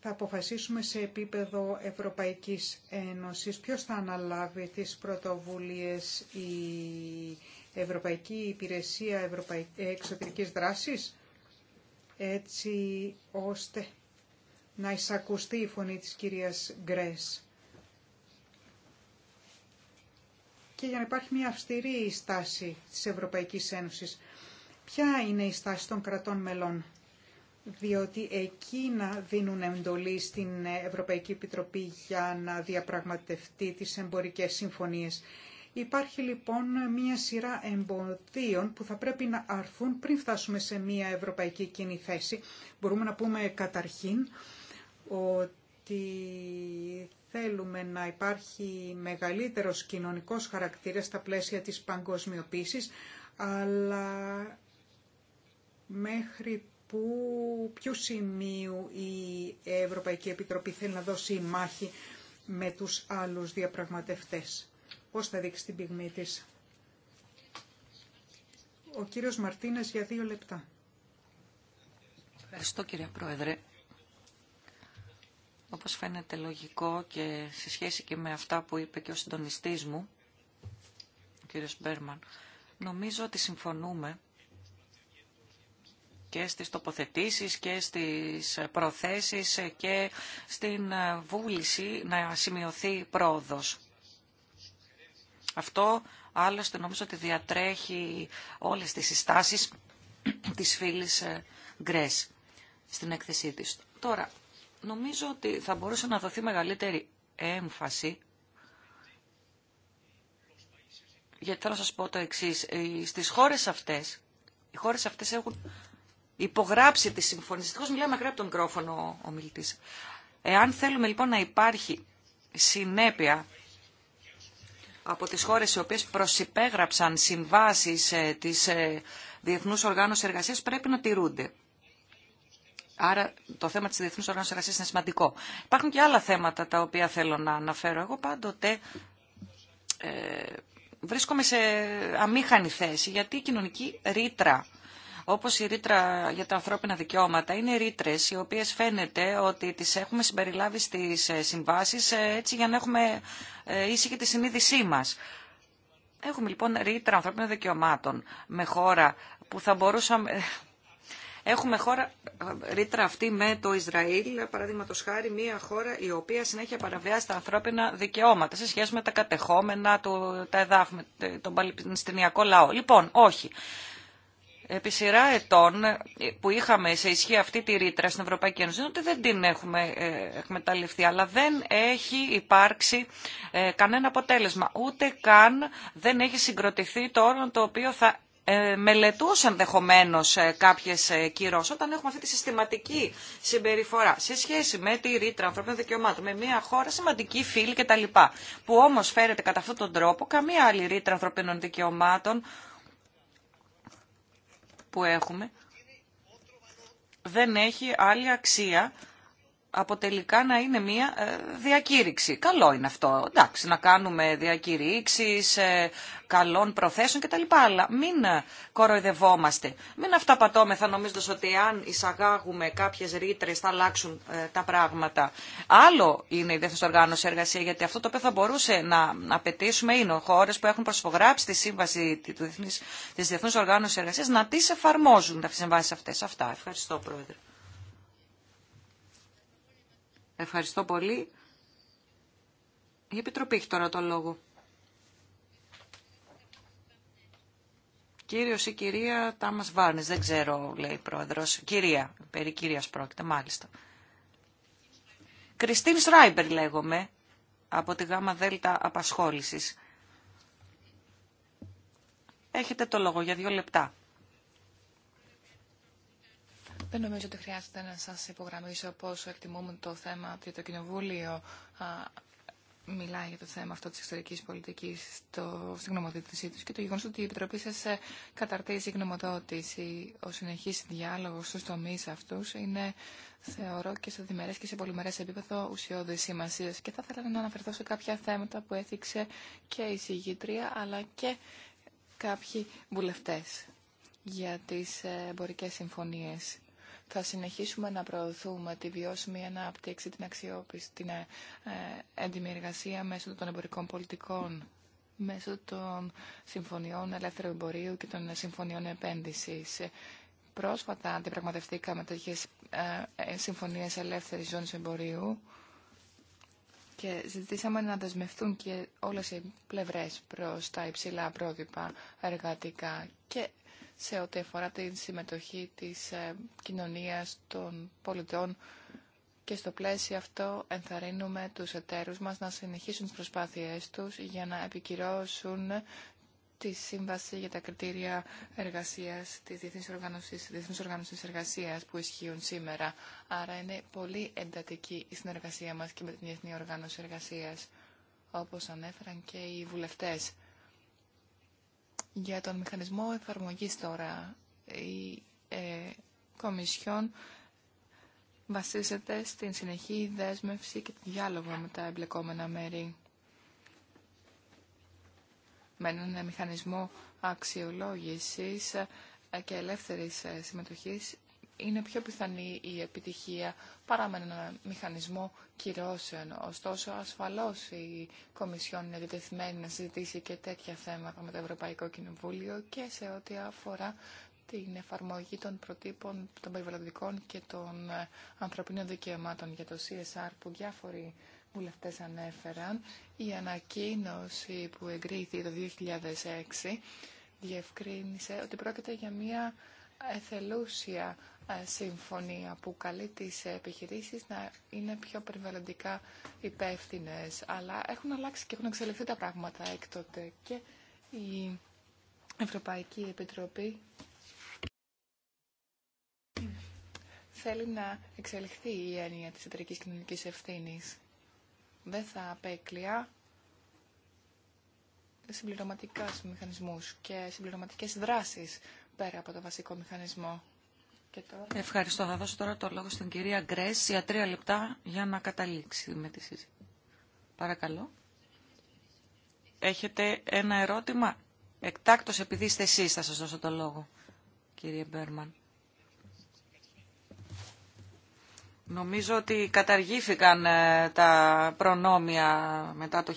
θα αποφασίσουμε σε επίπεδο Ευρωπαϊκής Ένωσης ποιος θα αναλάβει τις πρωτοβουλίες η Ευρωπαϊκή Υπηρεσία Ευρωπαϊ... Εξωτερικής Δράσης έτσι ώστε να εισακουστεί η φωνή της κυρίας Γκρές. Και για να υπάρχει μια αυστηρή στάση της Ευρωπαϊκής Ένωσης. Ποια είναι η στάση των κρατών μελών, διότι εκείνα δίνουν εντολή στην Ευρωπαϊκή Επιτροπή για να διαπραγματευτεί τις εμπορικές συμφωνίες. Υπάρχει λοιπόν μία σειρά εμποδίων που θα πρέπει να αρθούν πριν φτάσουμε σε μία ευρωπαϊκή κοινή θέση. Μπορούμε να πούμε καταρχήν ότι θέλουμε να υπάρχει μεγαλύτερος κοινωνικός χαρακτήρας στα πλαίσια της παγκοσμιοποίησης, αλλά μέχρι που, ποιο σημείου η Ευρωπαϊκή Επιτροπή θέλει να δώσει μάχη με τους άλλους διαπραγματευτές πώς θα δείξει την πυγμή της. Ο κύριος Μαρτίνες για δύο λεπτά. Ευχαριστώ κύριε Πρόεδρε. Όπως φαίνεται λογικό και σε σχέση και με αυτά που είπε και ο συντονιστής μου, ο κύριος Μπέρμαν, νομίζω ότι συμφωνούμε και στις τοποθετήσεις και στις προθέσεις και στην βούληση να σημειωθεί πρόοδος. Αυτό άλλωστε νομίζω ότι διατρέχει όλες τις συστάσεις της φίλης ε, Γκρές στην έκθεσή της. Τώρα, νομίζω ότι θα μπορούσε να δοθεί μεγαλύτερη έμφαση γιατί θέλω να σας πω το εξής. Ε, στις χώρες αυτές, οι χώρες αυτές έχουν υπογράψει τη συμφωνία. Συνήθως μιλάμε μακριά από το μικρόφωνο ο μιλητής. Εάν θέλουμε λοιπόν να υπάρχει συνέπεια από τις χώρες οι οποίες προσυπέγραψαν συμβάσεις ε, της ε, Διεθνούς Οργάνωσης Εργασίας πρέπει να τηρούνται. Άρα το θέμα της Διεθνούς Οργάνωσης Εργασίας είναι σημαντικό. Υπάρχουν και άλλα θέματα τα οποία θέλω να αναφέρω. Εγώ πάντοτε ε, βρίσκομαι σε αμήχανη θέση γιατί η κοινωνική ρήτρα όπως η ρήτρα για τα ανθρώπινα δικαιώματα. Είναι ρήτρε οι οποίες φαίνεται ότι τις έχουμε συμπεριλάβει στις ε, συμβάσεις ε, έτσι για να έχουμε ε, ήσυχη τη συνείδησή μας. Έχουμε λοιπόν ρήτρα ανθρώπινων δικαιωμάτων με χώρα που θα μπορούσαμε... Έχουμε χώρα, ρήτρα αυτή με το Ισραήλ, παραδείγματο χάρη, μια χώρα η οποία συνέχεια παραβιάζει τα ανθρώπινα δικαιώματα σε σχέση με τα κατεχόμενα, το, τα εδάφη, τον Παλαιστινιακό λαό. Λοιπόν, όχι επί σειρά ετών ε, που είχαμε σε ισχύ αυτή τη ρήτρα στην Ευρωπαϊκή Ένωση, ότι δεν την έχουμε εκμεταλλευτεί, αλλά δεν έχει υπάρξει ε, κανένα αποτέλεσμα. Ούτε καν δεν έχει συγκροτηθεί το όρο το οποίο θα ε, μελετούσε ενδεχομένω κάποιε κυρώσει όταν έχουμε αυτή τη συστηματική συμπεριφορά σε σχέση με τη ρήτρα ανθρωπίνων δικαιωμάτων, με μια χώρα σημαντική φίλη κτλ. Που όμω φέρεται κατά αυτόν τον τρόπο καμία άλλη ρήτρα ανθρωπίνων δικαιωμάτων που έχουμε δεν έχει άλλη αξία αποτελικά να είναι μια ε, διακήρυξη. Καλό είναι αυτό, εντάξει, να κάνουμε διακήρυξεις ε, καλών προθέσεων κτλ. Αλλά μην ε, κοροϊδευόμαστε. Μην αυταπατώμεθα νομίζοντας ότι αν εισαγάγουμε κάποιες ρήτρε θα αλλάξουν τα πράγματα. Άλλο είναι η δεύτερη οργάνωση εργασία, γιατί αυτό το οποίο θα μπορούσε να απαιτήσουμε είναι χώρε που έχουν προσφογράψει τη σύμβαση της Διεθνούς Οργάνωσης Εργασίας να τις εφαρμόζουν τα συμβάσεις αυτές. Αυτά. Ευχαριστώ, Πρόεδρε. Ευχαριστώ πολύ. Η Επιτροπή έχει τώρα το λόγο. Κύριος ή κυρία Τάμας Βάρνης, δεν ξέρω, λέει η πρόεδρος. Κυρία, περί κυρίας πρόκειται, μάλιστα. Κριστίν Σράιμπερ λέγομαι, από τη ΓΑΜΑ ΔΕΛΤΑ Απασχόλησης. Έχετε το λόγο για δύο λεπτά. Δεν νομίζω ότι χρειάζεται να σας υπογραμμίσω πόσο εκτιμούμε το θέμα ότι το Κοινοβούλιο μιλάει για το θέμα αυτό της εξωτερικής πολιτικής στο, στην γνωμοδότησή του και το γεγονός ότι η Επιτροπή σας ε, καταρτίζει γνωμοδότηση, ο συνεχής διάλογος στους τομείς αυτούς είναι, θεωρώ, και σε διμερές και σε πολυμερές επίπεδο ουσιώδης σημασία. Και θα ήθελα να αναφερθώ σε κάποια θέματα που έθιξε και η συγγήτρια, αλλά και κάποιοι βουλευτές για τις ε, εμπορικές συμφωνίες. Θα συνεχίσουμε να προωθούμε τη βιώσιμη ανάπτυξη, την αξιόπιστη, την ε, έντιμη εργασία μέσω των εμπορικών πολιτικών, μέσω των συμφωνιών ελεύθερου εμπορίου και των συμφωνιών επένδυσης. Πρόσφατα αντιπραγματευτήκαμε τέτοιε ε, ε, συμφωνίες ελεύθερης ζώνης εμπορίου και ζητήσαμε να δεσμευτούν και όλες οι πλευρές προς τα υψηλά πρότυπα εργατικά και σε ό,τι αφορά την συμμετοχή της ε, κοινωνίας των πολιτών και στο πλαίσιο αυτό ενθαρρύνουμε τους εταίρους μας να συνεχίσουν τις προσπάθειές τους για να επικυρώσουν τη Σύμβαση για τα Κριτήρια Εργασίας της Διεθνής Οργάνωσης, Διεθνής Οργάνωσης Εργασίας που ισχύουν σήμερα. Άρα είναι πολύ εντατική η συνεργασία μας και με την Διεθνή Οργάνωση Εργασίας, όπως ανέφεραν και οι βουλευτές. Για τον μηχανισμό εφαρμογής τώρα, η ε, Κομισιόν βασίζεται στην συνεχή δέσμευση και διάλογο με τα εμπλεκόμενα μέρη. Με έναν μηχανισμό αξιολόγησης και ελεύθερης συμμετοχής είναι πιο πιθανή η επιτυχία παρά με έναν μηχανισμό κυρώσεων. Ωστόσο, ασφαλώς η Κομισιόν είναι διτεθειμένη να συζητήσει και τέτοια θέματα με το Ευρωπαϊκό Κοινοβούλιο και σε ό,τι αφορά την εφαρμογή των προτύπων των περιβαλλοντικών και των ε, ανθρωπίνων δικαιωμάτων για το CSR που διάφοροι βουλευτές ανέφεραν. Η ανακοίνωση που εγκρίθηκε το 2006 διευκρίνησε ότι πρόκειται για μια εθελούσια ε, συμφωνία που καλεί τις επιχειρήσεις να είναι πιο περιβαλλοντικά υπεύθυνε, αλλά έχουν αλλάξει και έχουν εξελιχθεί τα πράγματα έκτοτε και η Ευρωπαϊκή Επιτροπή θέλει να εξελιχθεί η έννοια της εταιρική κοινωνικής ευθύνης. Δεν θα απέκλεια συμπληρωματικά μηχανισμούς και συμπληρωματικές δράσεις πέρα από το βασικό μηχανισμό. Και Ευχαριστώ. Θα δώσω τώρα το λόγο στην κυρία Γκρέσ για τρία λεπτά για να καταλήξει με τη συζήτηση. Παρακαλώ. Έχετε ένα ερώτημα. Εκτάκτως επειδή είστε εσείς θα σας δώσω το λόγο, κύριε Μπέρμαν. Νομίζω ότι καταργήθηκαν ε, τα προνόμια μετά το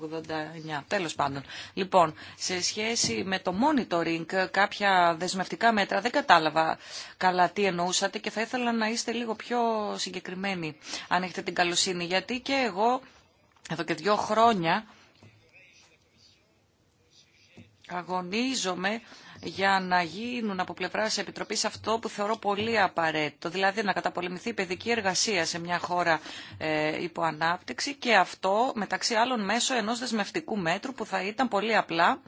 89. Τέλος πάντων. Λοιπόν, σε σχέση με το monitoring, κάποια δεσμευτικά μέτρα, δεν κατάλαβα καλά τι εννοούσατε και θα ήθελα να είστε λίγο πιο συγκεκριμένοι, αν έχετε την καλοσύνη. Γιατί και εγώ, εδώ και δύο χρόνια, αγωνίζομαι για να γίνουν από πλευρά τη Επιτροπή αυτό που θεωρώ πολύ απαραίτητο, δηλαδή να καταπολεμηθεί η παιδική εργασία σε μια χώρα ε, υπό ανάπτυξη και αυτό μεταξύ άλλων μέσω ενό δεσμευτικού μέτρου που θα ήταν πολύ απλά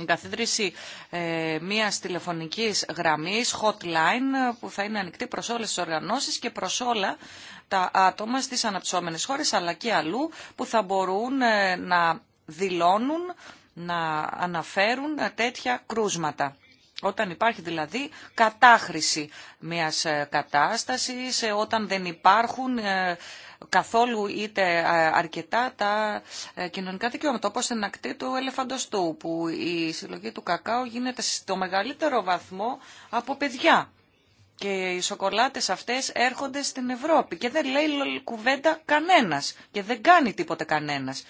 η καθίδρυση ε, μιας τηλεφωνικής γραμμής, hotline, που θα είναι ανοιχτή προς όλες τις οργανώσεις και προς όλα τα άτομα στις αναπτυσσόμενες χώρες, αλλά και αλλού, που θα μπορούν ε, να δηλώνουν να αναφέρουν τέτοια κρούσματα. Όταν υπάρχει δηλαδή κατάχρηση μιας ε, κατάστασης, ε, όταν δεν υπάρχουν ε, καθόλου είτε αρκετά τα κοινωνικά δικαιώματα, όπως στην ακτή του ελεφαντοστού, που η συλλογή του κακάου γίνεται στο μεγαλύτερο βαθμό από παιδιά. Και οι σοκολάτες αυτές έρχονται στην Ευρώπη και δεν λέει κουβέντα κανένας και δεν κάνει τίποτε κανένας.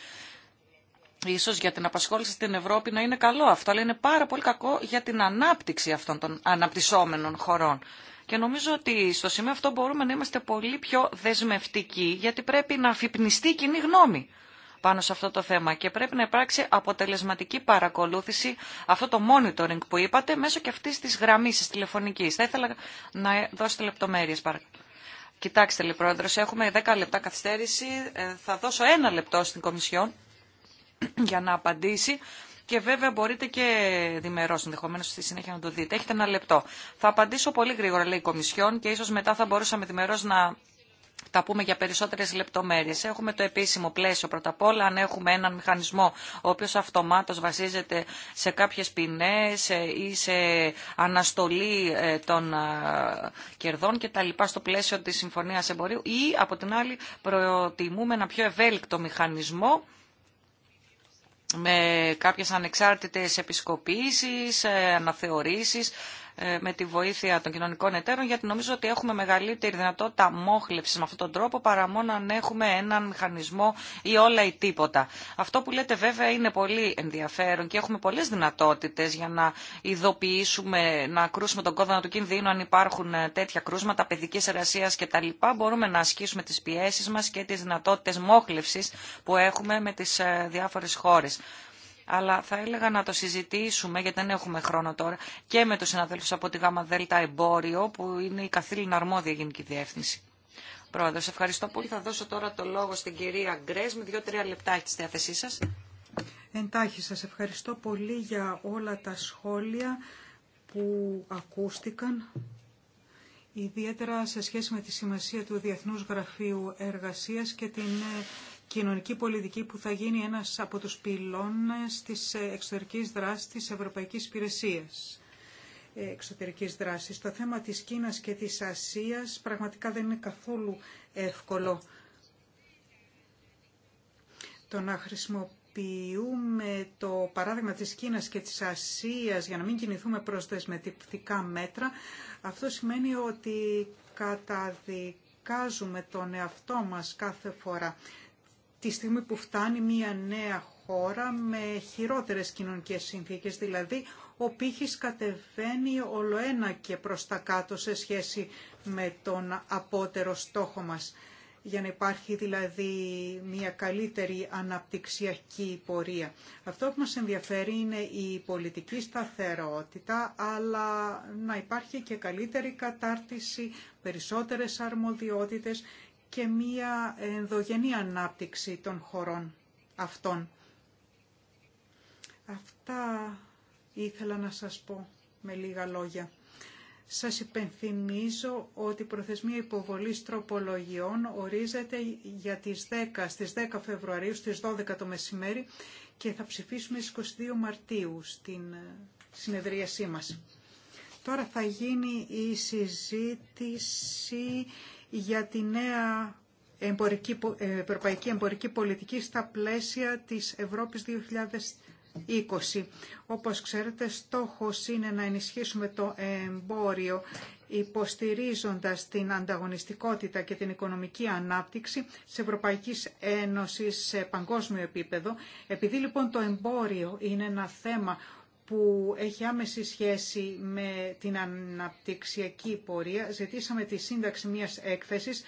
Ίσως για την απασχόληση στην Ευρώπη να είναι καλό αυτό, αλλά είναι πάρα πολύ κακό για την ανάπτυξη αυτών των αναπτυσσόμενων χωρών. Και νομίζω ότι στο σημείο αυτό μπορούμε να είμαστε πολύ πιο δεσμευτικοί, γιατί πρέπει να αφυπνιστεί η κοινή γνώμη πάνω σε αυτό το θέμα και πρέπει να υπάρξει αποτελεσματική παρακολούθηση, αυτό το monitoring που είπατε, μέσω και αυτή τη γραμμή τη τηλεφωνική. Θα ήθελα να δώσετε λεπτομέρειε, παρακαλώ. Κοιτάξτε, λοιπόν, πρόεδρο, έχουμε 10 λεπτά καθυστέρηση. Ε, θα δώσω ένα λεπτό στην Κομισιόν *clears throat* για να απαντήσει. Και βέβαια μπορείτε και διμερό ενδεχομένω στη συνέχεια να το δείτε. Έχετε ένα λεπτό. Θα απαντήσω πολύ γρήγορα, λέει η Κομισιόν, και ίσω μετά θα μπορούσαμε διμερό να τα πούμε για περισσότερε λεπτομέρειε. Έχουμε το επίσημο πλαίσιο πρώτα απ' όλα. Αν έχουμε έναν μηχανισμό ο οποίο αυτομάτω βασίζεται σε κάποιε ποινέ ε, ή σε αναστολή ε, των ε, κερδών κτλ. στο πλαίσιο τη Συμφωνία Εμπορίου ή από την άλλη προτιμούμε ένα πιο ευέλικτο μηχανισμό με κάποιες ανεξάρτητες επισκοπήσεις, ε, αναθεωρήσεις, ε, με τη βοήθεια των κοινωνικών εταίρων, γιατί νομίζω ότι έχουμε μεγαλύτερη δυνατότητα μόχλευσης με αυτόν τον τρόπο παρά μόνο αν έχουμε έναν μηχανισμό ή όλα ή τίποτα. Αυτό που λέτε βέβαια είναι πολύ ενδιαφέρον και έχουμε πολλές δυνατότητες για να ειδοποιήσουμε, να κρούσουμε τον κόδωνα του κινδύνου αν υπάρχουν ε, τέτοια κρούσματα παιδικής εργασίας κτλ. Μπορούμε να ασκήσουμε τις πιέσεις μας και τις δυνατότητες μόχλευσης που έχουμε με τις ε, διάφορες χώρες αλλά θα έλεγα να το συζητήσουμε, γιατί δεν έχουμε χρόνο τώρα, και με τους συναδέλφους από τη ΓΑΜΑ ΔΕΛΤΑ Εμπόριο, που είναι η καθήλυνα αρμόδια γενική διεύθυνση. Πρόεδρο, ευχαριστώ πολύ. Θα δώσω τώρα το λόγο στην κυρία Γκρέσ με δύο-τρία λεπτά έχει τη διάθεσή σα. Εντάχει, σα ευχαριστώ πολύ για όλα τα σχόλια που ακούστηκαν, ιδιαίτερα σε σχέση με τη σημασία του Διεθνούς Γραφείου Εργασίας και την ε, κοινωνική πολιτική που θα γίνει ένας από τους πυλώνες της ε, εξωτερικής δράσης της Ευρωπαϊκής Υπηρεσίας ε, εξωτερικής δράσης. Το θέμα της Κίνας και της Ασίας πραγματικά δεν είναι καθόλου εύκολο. Το να χρησιμοποιούμε το παράδειγμα της Κίνας και της Ασίας για να μην κινηθούμε προς δεσμετυπτικά μέτρα, αυτό σημαίνει ότι καταδικάζουμε τον εαυτό μας κάθε φορά τη στιγμή που φτάνει μια νέα χώρα με χειρότερες κοινωνικές συνθήκες, δηλαδή ο πύχης κατεβαίνει ολοένα και προς τα κάτω σε σχέση με τον απότερο στόχο μας, για να υπάρχει δηλαδή μια καλύτερη αναπτυξιακή πορεία. Αυτό που μας ενδιαφέρει είναι η πολιτική σταθερότητα, αλλά να υπάρχει και καλύτερη κατάρτιση, περισσότερες αρμοδιότητες και μία ενδογενή ανάπτυξη των χωρών αυτών. Αυτά ήθελα να σας πω με λίγα λόγια. Σας υπενθυμίζω ότι η προθεσμία υποβολής τροπολογιών ορίζεται για τις 10, στις 10 Φεβρουαρίου στις 12 το μεσημέρι και θα ψηφίσουμε στις 22 Μαρτίου στην ε, συνεδρίασή μας. Τώρα θα γίνει η συζήτηση για τη νέα εμπορική, ε, ευρωπαϊκή εμπορική πολιτική στα πλαίσια της Ευρώπης 2020. Όπως ξέρετε, στόχος είναι να ενισχύσουμε το εμπόριο υποστηρίζοντας την ανταγωνιστικότητα και την οικονομική ανάπτυξη της Ευρωπαϊκής Ένωσης σε παγκόσμιο επίπεδο. Επειδή λοιπόν το εμπόριο είναι ένα θέμα που έχει άμεση σχέση με την αναπτυξιακή πορεία, ζητήσαμε τη σύνταξη μιας έκθεσης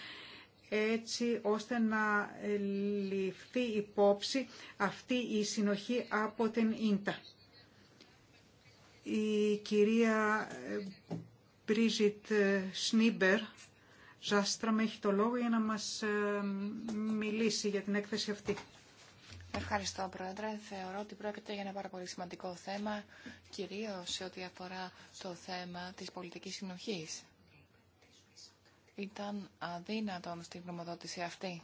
έτσι ώστε να ληφθεί υπόψη αυτή η συνοχή από την ίντα. Η κυρία ε, Μπρίζιτ ε, Σνίμπερ Ζάστρα με έχει το λόγο για να μας ε, μιλήσει για την έκθεση αυτή. Ευχαριστώ, Πρόεδρε. Θεωρώ ότι πρόκειται για ένα πάρα πολύ σημαντικό θέμα, κυρίως σε ό,τι αφορά το θέμα της πολιτικής συνοχής. Ήταν αδύνατον στην γνωμοδότηση αυτή,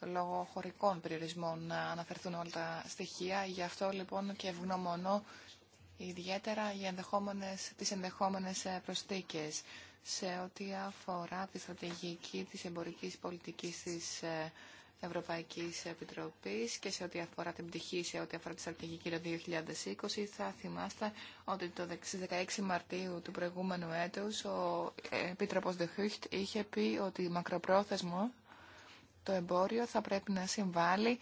λόγω χωρικών περιορισμών, να αναφερθούν όλα τα στοιχεία. Γι' αυτό, λοιπόν, και ευγνωμονώ ιδιαίτερα για ενδεχόμενες, τις ενδεχόμενες ε, προσθήκες σε ό,τι αφορά τη στρατηγική της εμπορικής πολιτικής της ε, Ευρωπαϊκής Επιτροπής και σε ό,τι αφορά την πτυχή, σε ό,τι αφορά τη στρατηγική το 2020, θα θυμάστε ότι το 16 Μαρτίου του προηγούμενου έτους ο ε, Επίτροπος Δεχούχτ είχε πει ότι μακροπρόθεσμο το εμπόριο θα πρέπει να συμβάλλει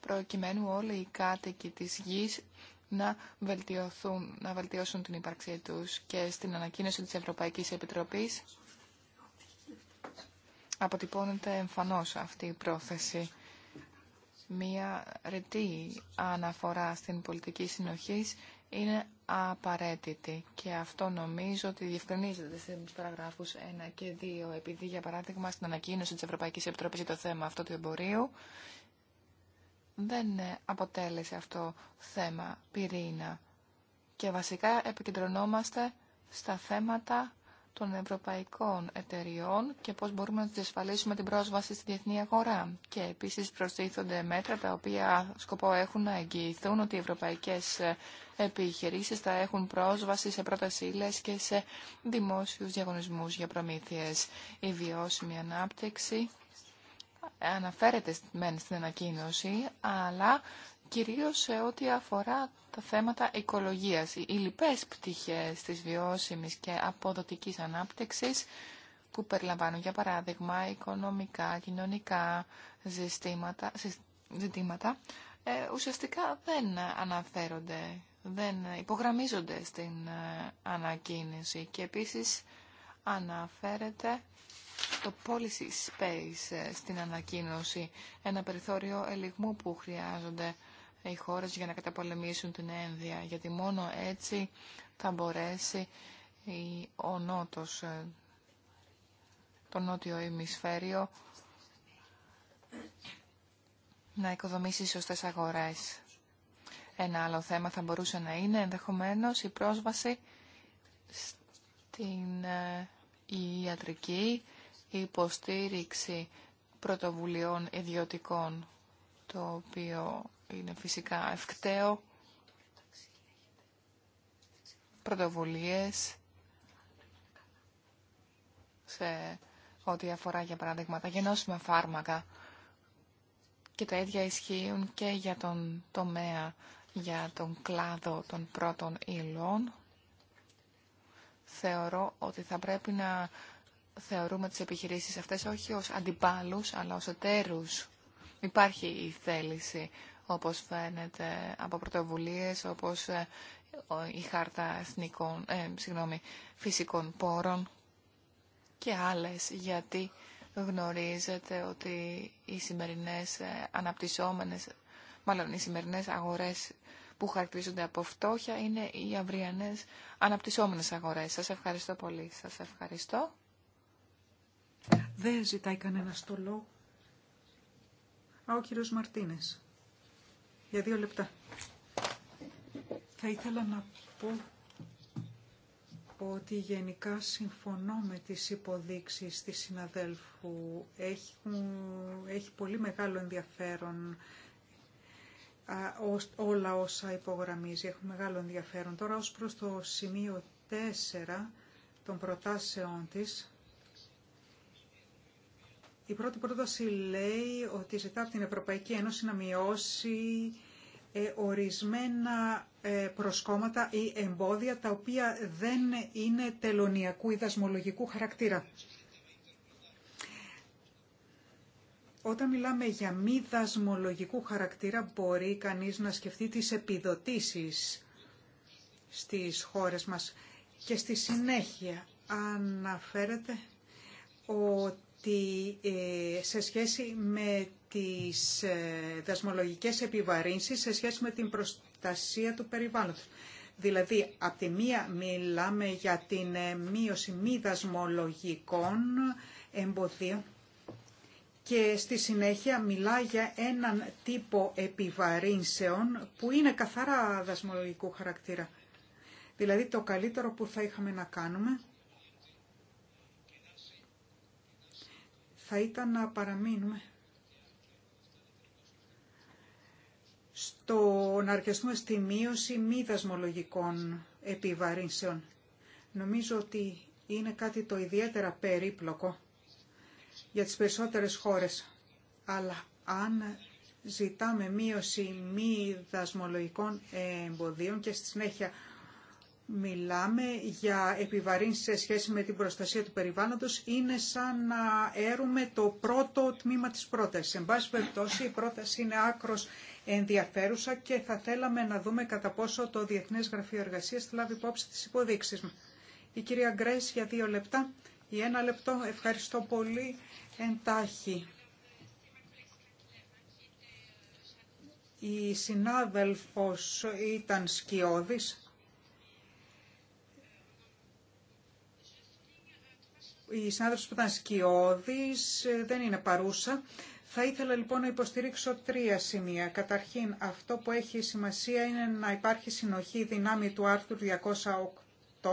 προκειμένου όλοι οι κάτοικοι της γης να, να βελτιώσουν την ύπαρξή τους και στην ανακοίνωση της Ευρωπαϊκής Επιτροπής αποτυπώνεται εμφανώς αυτή η πρόθεση. Μία ρητή αναφορά στην πολιτική συνοχής είναι απαραίτητη και αυτό νομίζω ότι διευκρινίζεται στους παραγράφους 1 και 2 επειδή για παράδειγμα στην ανακοίνωση της Ευρωπαϊκής Επιτροπής για το θέμα αυτό του εμπορίου δεν αποτέλεσε αυτό θέμα πυρήνα και βασικά επικεντρωνόμαστε στα θέματα των ευρωπαϊκών εταιριών και πώς μπορούμε να διασφαλίσουμε την πρόσβαση στη διεθνή αγορά. Και επίσης προστίθονται μέτρα τα οποία σκοπό έχουν να εγγυηθούν ότι οι ευρωπαϊκές επιχειρήσεις θα έχουν πρόσβαση σε πρώτες ύλες και σε δημόσιους διαγωνισμούς για προμήθειες. Η βιώσιμη ανάπτυξη αναφέρεται μεν στην ανακοίνωση, αλλά κυρίως σε ό,τι αφορά τα θέματα οικολογίας. Οι λοιπές πτυχές της βιώσιμης και αποδοτικής ανάπτυξης που περιλαμβάνουν για παράδειγμα οικονομικά, κοινωνικά ζητήματα, ζητήματα ε, ουσιαστικά δεν αναφέρονται, δεν υπογραμμίζονται στην ε, ανακοίνηση και επίσης αναφέρεται το policy space ε, στην ανακοίνωση, ένα περιθώριο ελιγμού που χρειάζονται οι χώρες για να καταπολεμήσουν την ένδια, γιατί μόνο έτσι θα μπορέσει ο νότος, ε, το νότιο ημισφαίριο να οικοδομήσει σωστές αγορές. Ένα άλλο θέμα θα μπορούσε να είναι ενδεχομένως η πρόσβαση στην ε, η ιατρική υποστήριξη πρωτοβουλειών ιδιωτικών, το οποίο είναι φυσικά ευκταίο. Πρωτοβουλίες σε ό,τι αφορά για παράδειγμα τα γενώσιμα φάρμακα και τα ίδια ισχύουν και για τον τομέα, για τον κλάδο των πρώτων ήλων. Θεωρώ ότι θα πρέπει να θεωρούμε τις επιχειρήσεις αυτές όχι ως αντιπάλους αλλά ως εταίρους. Υπάρχει η θέληση όπως φαίνεται από πρωτοβουλίες, όπως ε, η χάρτα εθνικών, ε, φυσικών πόρων και άλλες, γιατί γνωρίζετε ότι οι σημερινές ε, αναπτυσσόμενες, μάλλον οι σημερινές αγορές που χαρακτηρίζονται από φτώχεια είναι οι αυριανές αναπτυσσόμενες αγορές. Σας ευχαριστώ πολύ. Σας ευχαριστώ. Δεν ζητάει κανένα το λόγο. ο κύριος Μαρτίνες για δύο λεπτά. Θα ήθελα να πω ότι γενικά συμφωνώ με τις υποδείξεις της συναδέλφου. Έχει, έχει πολύ μεγάλο ενδιαφέρον όλα όσα υπογραμμίζει. Έχουν μεγάλο ενδιαφέρον. Τώρα ως προς το σημείο 4 των προτάσεών της, η πρώτη πρόταση λέει ότι ζητά από την Ευρωπαϊκή Ένωση να μειώσει ε, ορισμένα ε, προσκόμματα ή εμπόδια τα οποία δεν είναι τελωνιακού ή δασμολογικού χαρακτήρα. Όταν μιλάμε για μη δασμολογικού χαρακτήρα μπορεί κανείς να σκεφτεί τις επιδοτήσεις στις χώρες μας και στη συνέχεια αναφέρεται ότι ότι ε, σε σχέση με τις ε, δασμολογικές επιβαρύνσεις, σε σχέση με την προστασία του περιβάλλοντος. Δηλαδή, από τη μία μιλάμε για την ε, μείωση μη δασμολογικών εμποδίων και στη συνέχεια μιλά για έναν τύπο επιβαρύνσεων που είναι καθαρά δασμολογικού χαρακτήρα. Δηλαδή, το καλύτερο που θα είχαμε να κάνουμε θα ήταν να παραμείνουμε στο να αρκεστούμε στη μείωση μη δασμολογικών επιβαρύνσεων. Νομίζω ότι είναι κάτι το ιδιαίτερα περίπλοκο για τις περισσότερες χώρες. Αλλά αν ζητάμε μείωση μη δασμολογικών εμποδίων και στη συνέχεια μιλάμε για επιβαρύνσεις σε σχέση με την προστασία του περιβάλλοντος είναι σαν να έρουμε το πρώτο τμήμα της πρότασης. Εν πάση περιπτώσει η πρόταση είναι άκρος ενδιαφέρουσα και θα θέλαμε να δούμε κατά πόσο το Διεθνές Γραφείο Εργασίας θα λάβει υπόψη τις υποδείξεις Η κυρία Γκρέσ για δύο λεπτά ή ένα λεπτό. Ευχαριστώ πολύ εντάχει. Η συνάδελφος ήταν σκιώδης η συνάδελφος που ήταν σκιώδης ε, δεν είναι παρούσα. Θα ήθελα λοιπόν να υποστηρίξω τρία σημεία. Καταρχήν, αυτό που έχει σημασία είναι να υπάρχει συνοχή δυνάμει του άρθρου 208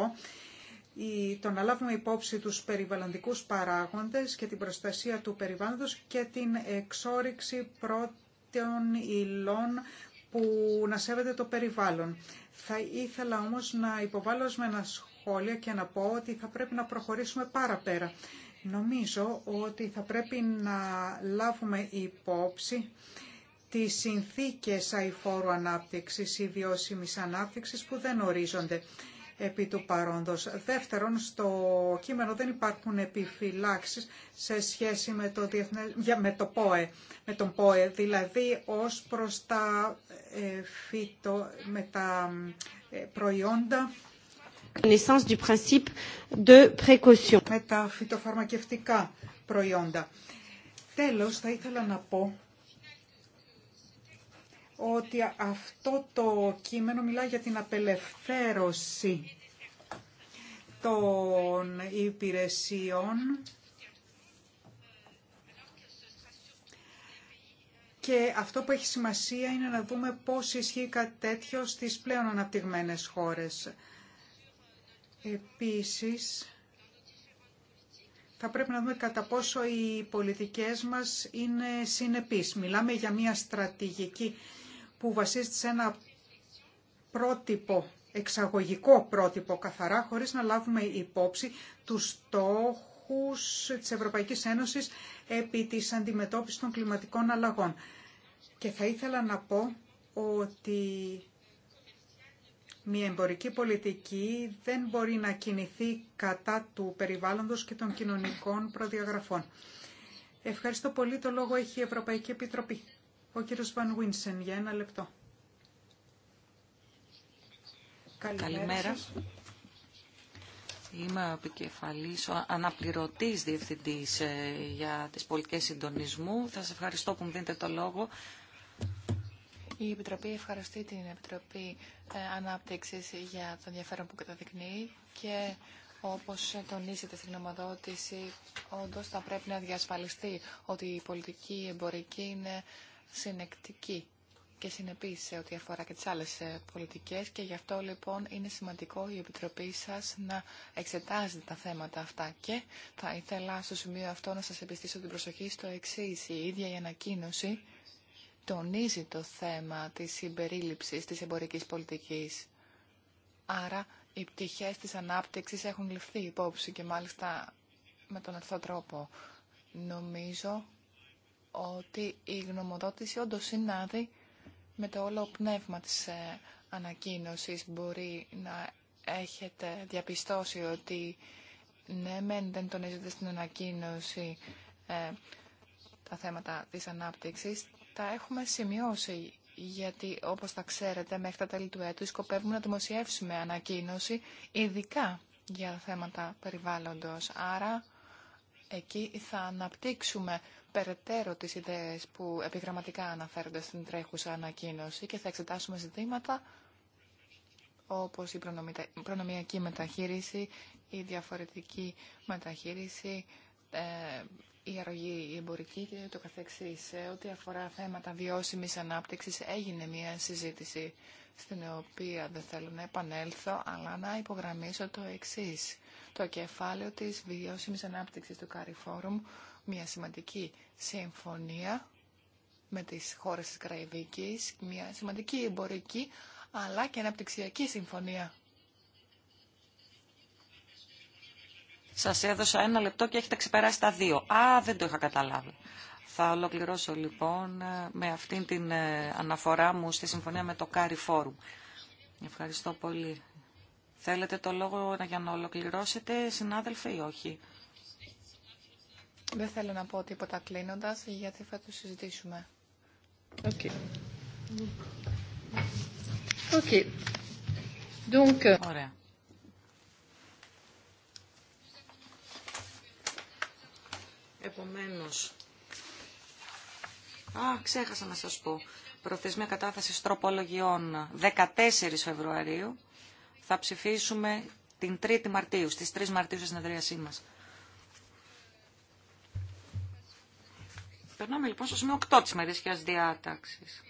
το να λάβουμε υπόψη τους περιβαλλοντικούς παράγοντες και την προστασία του περιβάλλοντος και την εξόριξη πρώτων υλών που να σέβεται το περιβάλλον. Θα ήθελα όμως να υποβάλω με ένα σχόλιο και να πω ότι θα πρέπει να προχωρήσουμε παραπέρα. Νομίζω ότι θα πρέπει να λάβουμε υπόψη τις συνθήκες αηφόρου ανάπτυξης ή βιώσιμης ανάπτυξης που δεν ορίζονται επί του παρόντος. Δεύτερον, στο κείμενο δεν υπάρχουν επιφυλάξεις σε σχέση με το, με το ΠΟΕ, με τον ΠΟΕ, δηλαδή ως προς τα, ε, φυτο, τα ε, προϊόντα connaissance du de précaution. Με τα φυτοφαρμακευτικά προϊόντα. Τέλος, θα ήθελα να πω ότι αυτό το κείμενο μιλά για την απελευθέρωση των υπηρεσιών Και αυτό που έχει σημασία είναι να δούμε πώς ισχύει κάτι τέτοιο στις πλέον αναπτυγμένες χώρες. Επίσης, θα πρέπει να δούμε κατά πόσο οι πολιτικές μας είναι συνεπείς. Μιλάμε για μια στρατηγική που βασίζεται σε ένα πρότυπο, εξαγωγικό πρότυπο καθαρά, χωρίς να λάβουμε υπόψη τους στόχους της Ευρωπαϊκής Ένωσης επί της αντιμετώπισης των κλιματικών αλλαγών. Και θα ήθελα να πω ότι μια εμπορική πολιτική δεν μπορεί να κινηθεί κατά του περιβάλλοντος και των κοινωνικών προδιαγραφών. Ευχαριστώ πολύ. Το λόγο έχει η Ευρωπαϊκή Επιτροπή. Ο κύριος Βαν Βίνσεν για ένα λεπτό. Καλημέρα. Είμαι ο επικεφαλής, ο αναπληρωτής διευθυντής ε, για τις πολιτικές συντονισμού. Θα σας ευχαριστώ που μου δίνετε το λόγο. Η Επιτροπή ευχαριστεί την Επιτροπή ε, Ανάπτυξης για το ενδιαφέρον που καταδεικνύει και όπως τονίζεται στην ομαδότηση, όντως θα πρέπει να διασφαλιστεί ότι η πολιτική εμπορική είναι συνεκτική και συνεπής σε ό,τι αφορά και τις άλλες ε, πολιτικές και γι' αυτό λοιπόν είναι σημαντικό η Επιτροπή σας να εξετάζει τα θέματα αυτά και θα ήθελα στο σημείο αυτό να σας επιστήσω την προσοχή στο εξή η ίδια η ανακοίνωση τονίζει το θέμα της συμπερίληψης της εμπορικής πολιτικής. Άρα οι πτυχές της ανάπτυξης έχουν ληφθεί υπόψη και μάλιστα με τον αυτό τρόπο. Νομίζω ότι η γνωμοδότηση όντω συνάδει με το όλο πνεύμα της ε, ανακοίνωσης. Μπορεί να έχετε διαπιστώσει ότι ναι, μεν δεν τονίζονται στην ανακοίνωση ε, τα θέματα της ανάπτυξης τα έχουμε σημειώσει γιατί όπως θα ξέρετε μέχρι τα τέλη του έτου σκοπεύουμε να δημοσιεύσουμε ανακοίνωση ειδικά για θέματα περιβάλλοντος. Άρα εκεί θα αναπτύξουμε περαιτέρω τις ιδέες που επιγραμματικά αναφέρονται στην τρέχουσα ανακοίνωση και θα εξετάσουμε ζητήματα όπως η προνομιακή μεταχείριση, η διαφορετική μεταχείριση, ε, η αρρωγή, η εμπορική και το καθεξής. Σε ό,τι αφορά θέματα βιώσιμης ανάπτυξης έγινε μια συζήτηση στην οποία δεν θέλω να επανέλθω, αλλά να υπογραμμίσω το εξής. Το κεφάλαιο της βιώσιμης ανάπτυξης του Φόρουμ, μια σημαντική συμφωνία με τις χώρες της Κραϊβικής, μια σημαντική εμπορική αλλά και αναπτυξιακή συμφωνία Σας έδωσα ένα λεπτό και έχετε ξεπεράσει τα δύο. Α, δεν το είχα καταλάβει. Θα ολοκληρώσω λοιπόν ε, με αυτήν την ε, αναφορά μου στη συμφωνία με το Κάρι Φόρουμ. Ευχαριστώ πολύ. Θέλετε το λόγο για να ολοκληρώσετε, συνάδελφε, ή όχι. Δεν θέλω να πω τίποτα κλείνοντα, γιατί θα το συζητήσουμε. Okay. Okay. Euh, Ωραία. Επομένως, α, ξέχασα να σας πω, προθεσμία κατάθεσης τροπολογιών 14 Φεβρουαρίου, θα ψηφίσουμε την 3η Μαρτίου, στις 3 Μαρτίου στη συνεδρίασή μας. Περνάμε λοιπόν στο σημείο 8 της μερίσιας διάταξης.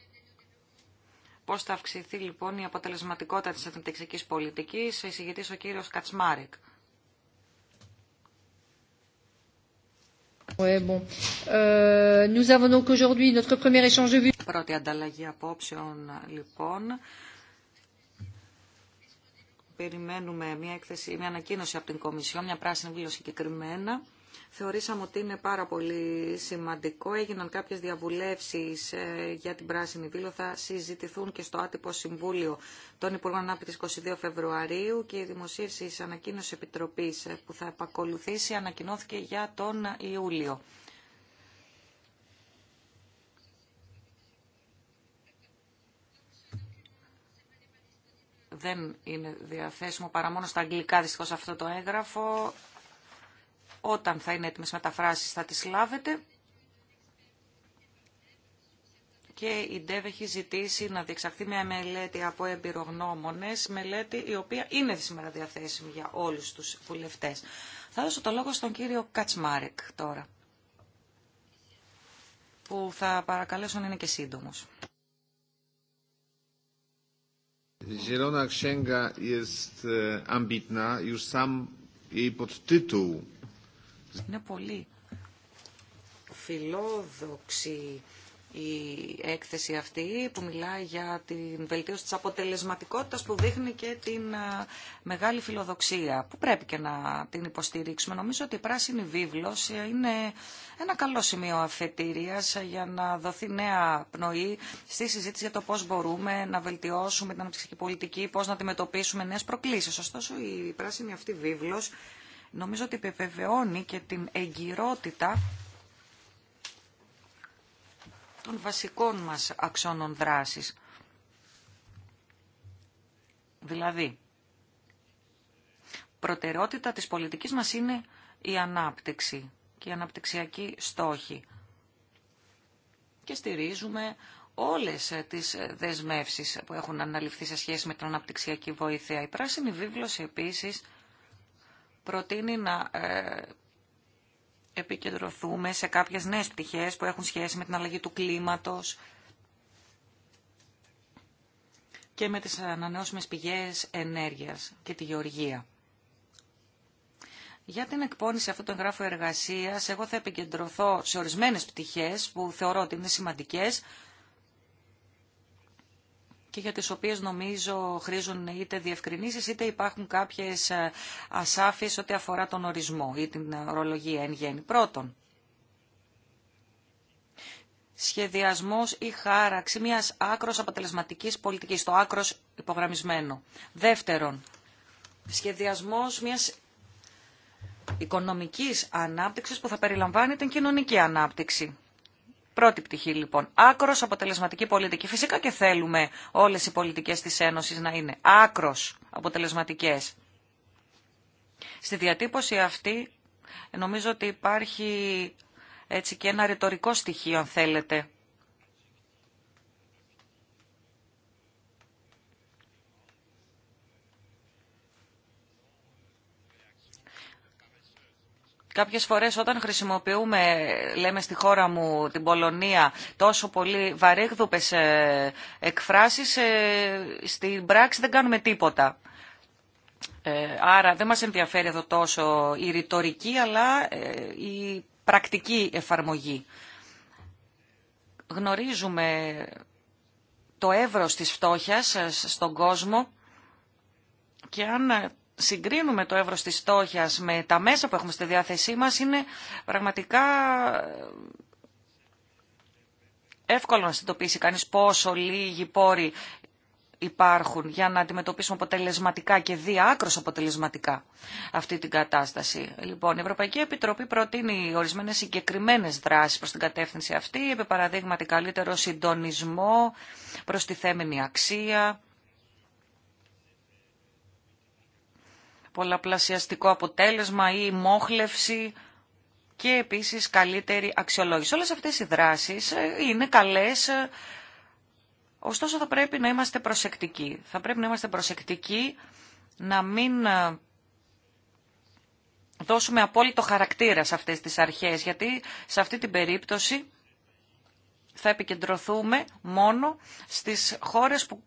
Πώς θα αυξηθεί λοιπόν η αποτελεσματικότητα της αθλητικής πολιτικής, εισηγητής ο κύριος Κατσμάρικ. Πρώτη ανταλλαγή απόψεων, λοιπόν. Περιμένουμε μια, έκθεση, μια ανακοίνωση από την Κομισιόν, μια πράσινη βίβλο συγκεκριμένα Θεωρήσαμε ότι είναι πάρα πολύ σημαντικό. Έγιναν κάποιες διαβουλεύσεις ε, για την Πράσινη Βήλο. Θα συζητηθούν και στο άτυπο Συμβούλιο των Υπουργών Ανάπτυξης 22 Φεβρουαρίου και η δημοσίευση της ανακοίνωσης Επιτροπής ε, που θα επακολουθήσει ανακοινώθηκε για τον Ιούλιο. δεν είναι διαθέσιμο παρά μόνο στα αγγλικά δυστυχώς αυτό το έγγραφο. Όταν θα είναι έτοιμες μεταφράσεις θα τις λάβετε. Και η ΝΤΕΒ έχει ζητήσει να διεξαχθεί μια μελέτη από εμπειρογνώμονες, μελέτη η οποία είναι σήμερα διαθέσιμη για όλους τους βουλευτές. Θα δώσω το λόγο στον κύριο Κατσμάρεκ τώρα, που θα παρακαλέσω να είναι και σύντομος. Zielona Księga jest e, ambitna, już sam είναι πολύ φιλόδοξη η έκθεση αυτή που μιλάει για την βελτίωση της αποτελεσματικότητας που δείχνει και την ε, μεγάλη φιλοδοξία που πρέπει και να την υποστηρίξουμε. Νομίζω ότι η πράσινη βίβλος είναι ένα καλό σημείο αφετηρίας για να δοθεί νέα πνοή στη συζήτηση για το πώς μπορούμε να βελτιώσουμε την αναπτυξιακή πολιτική, πώς να αντιμετωπίσουμε νέες προκλήσεις. Ωστόσο η πράσινη αυτή βίβλος νομίζω ότι επιβεβαιώνει και την εγκυρότητα των βασικών μας αξώνων δράσης. Δηλαδή, προτεραιότητα της πολιτικής μας είναι η ανάπτυξη και η αναπτυξιακή στόχη. Και στηρίζουμε όλες ε, τις ε, δεσμεύσεις που έχουν αναλυφθεί σε σχέση με την αναπτυξιακή βοήθεια. Η πράσινη βίβλωση επίσης προτείνει να ε, επικεντρωθούμε σε κάποιες νέες πτυχές που έχουν σχέση με την αλλαγή του κλίματος και με τις ανανεώσιμες πηγές ενέργειας και τη γεωργία. Για την εκπόνηση αυτού του εγγράφου εργασίας, εγώ θα επικεντρωθώ σε ορισμένες πτυχές που θεωρώ ότι είναι σημαντικές, και για τις οποίες νομίζω χρήζουν είτε διευκρινήσεις είτε υπάρχουν κάποιες ε, ασάφειες ό,τι αφορά τον ορισμό ή την ορολογία εν γέννη. Πρώτον, σχεδιασμός ή χάραξη μιας άκρος αποτελεσματικής πολιτικής, το άκρος υπογραμμισμένο. Δεύτερον, σχεδιασμός μιας οικονομικής ανάπτυξης που θα περιλαμβάνει την κοινωνική ανάπτυξη. Πρώτη πτυχή λοιπόν, άκρος αποτελεσματική πολιτική. Φυσικά και θέλουμε όλες οι πολιτικές της Ένωσης να είναι άκρος αποτελεσματικές. Στη διατύπωση αυτή νομίζω ότι υπάρχει έτσι και ένα ρητορικό στοιχείο αν θέλετε Κάποιες φορές όταν χρησιμοποιούμε, λέμε στη χώρα μου, την Πολωνία, τόσο πολύ βαρύγδουπες ε, εκφράσεις, ε, στην πράξη δεν κάνουμε τίποτα. Ε, άρα δεν μας ενδιαφέρει εδώ τόσο η ρητορική, αλλά η πρακτική εφαρμογή. Γνωρίζουμε το εύρος της φτώχειας στον κόσμο και αν συγκρίνουμε το εύρος της στόχιας με τα μέσα που έχουμε στη διάθεσή μας, είναι πραγματικά ε, εύκολο να συνειδητοποιήσει κανείς πόσο λίγοι πόροι υπάρχουν για να αντιμετωπίσουμε αποτελεσματικά και διάκρος αποτελεσματικά αυτή την κατάσταση. Λοιπόν, η Ευρωπαϊκή Επιτροπή προτείνει ορισμένες συγκεκριμένες δράσεις προς την κατεύθυνση αυτή, επί παραδείγματι καλύτερο συντονισμό, τη θέμενη αξία, πολλαπλασιαστικό αποτέλεσμα ή μόχλευση και επίσης καλύτερη αξιολόγηση. Όλες αυτές οι δράσεις ε, είναι καλές, ε, ωστόσο θα πρέπει να είμαστε προσεκτικοί. Θα πρέπει να είμαστε προσεκτικοί να μην ε, δώσουμε απόλυτο χαρακτήρα σε αυτές τις αρχές, γιατί σε αυτή την περίπτωση θα επικεντρωθούμε μόνο στις χώρες που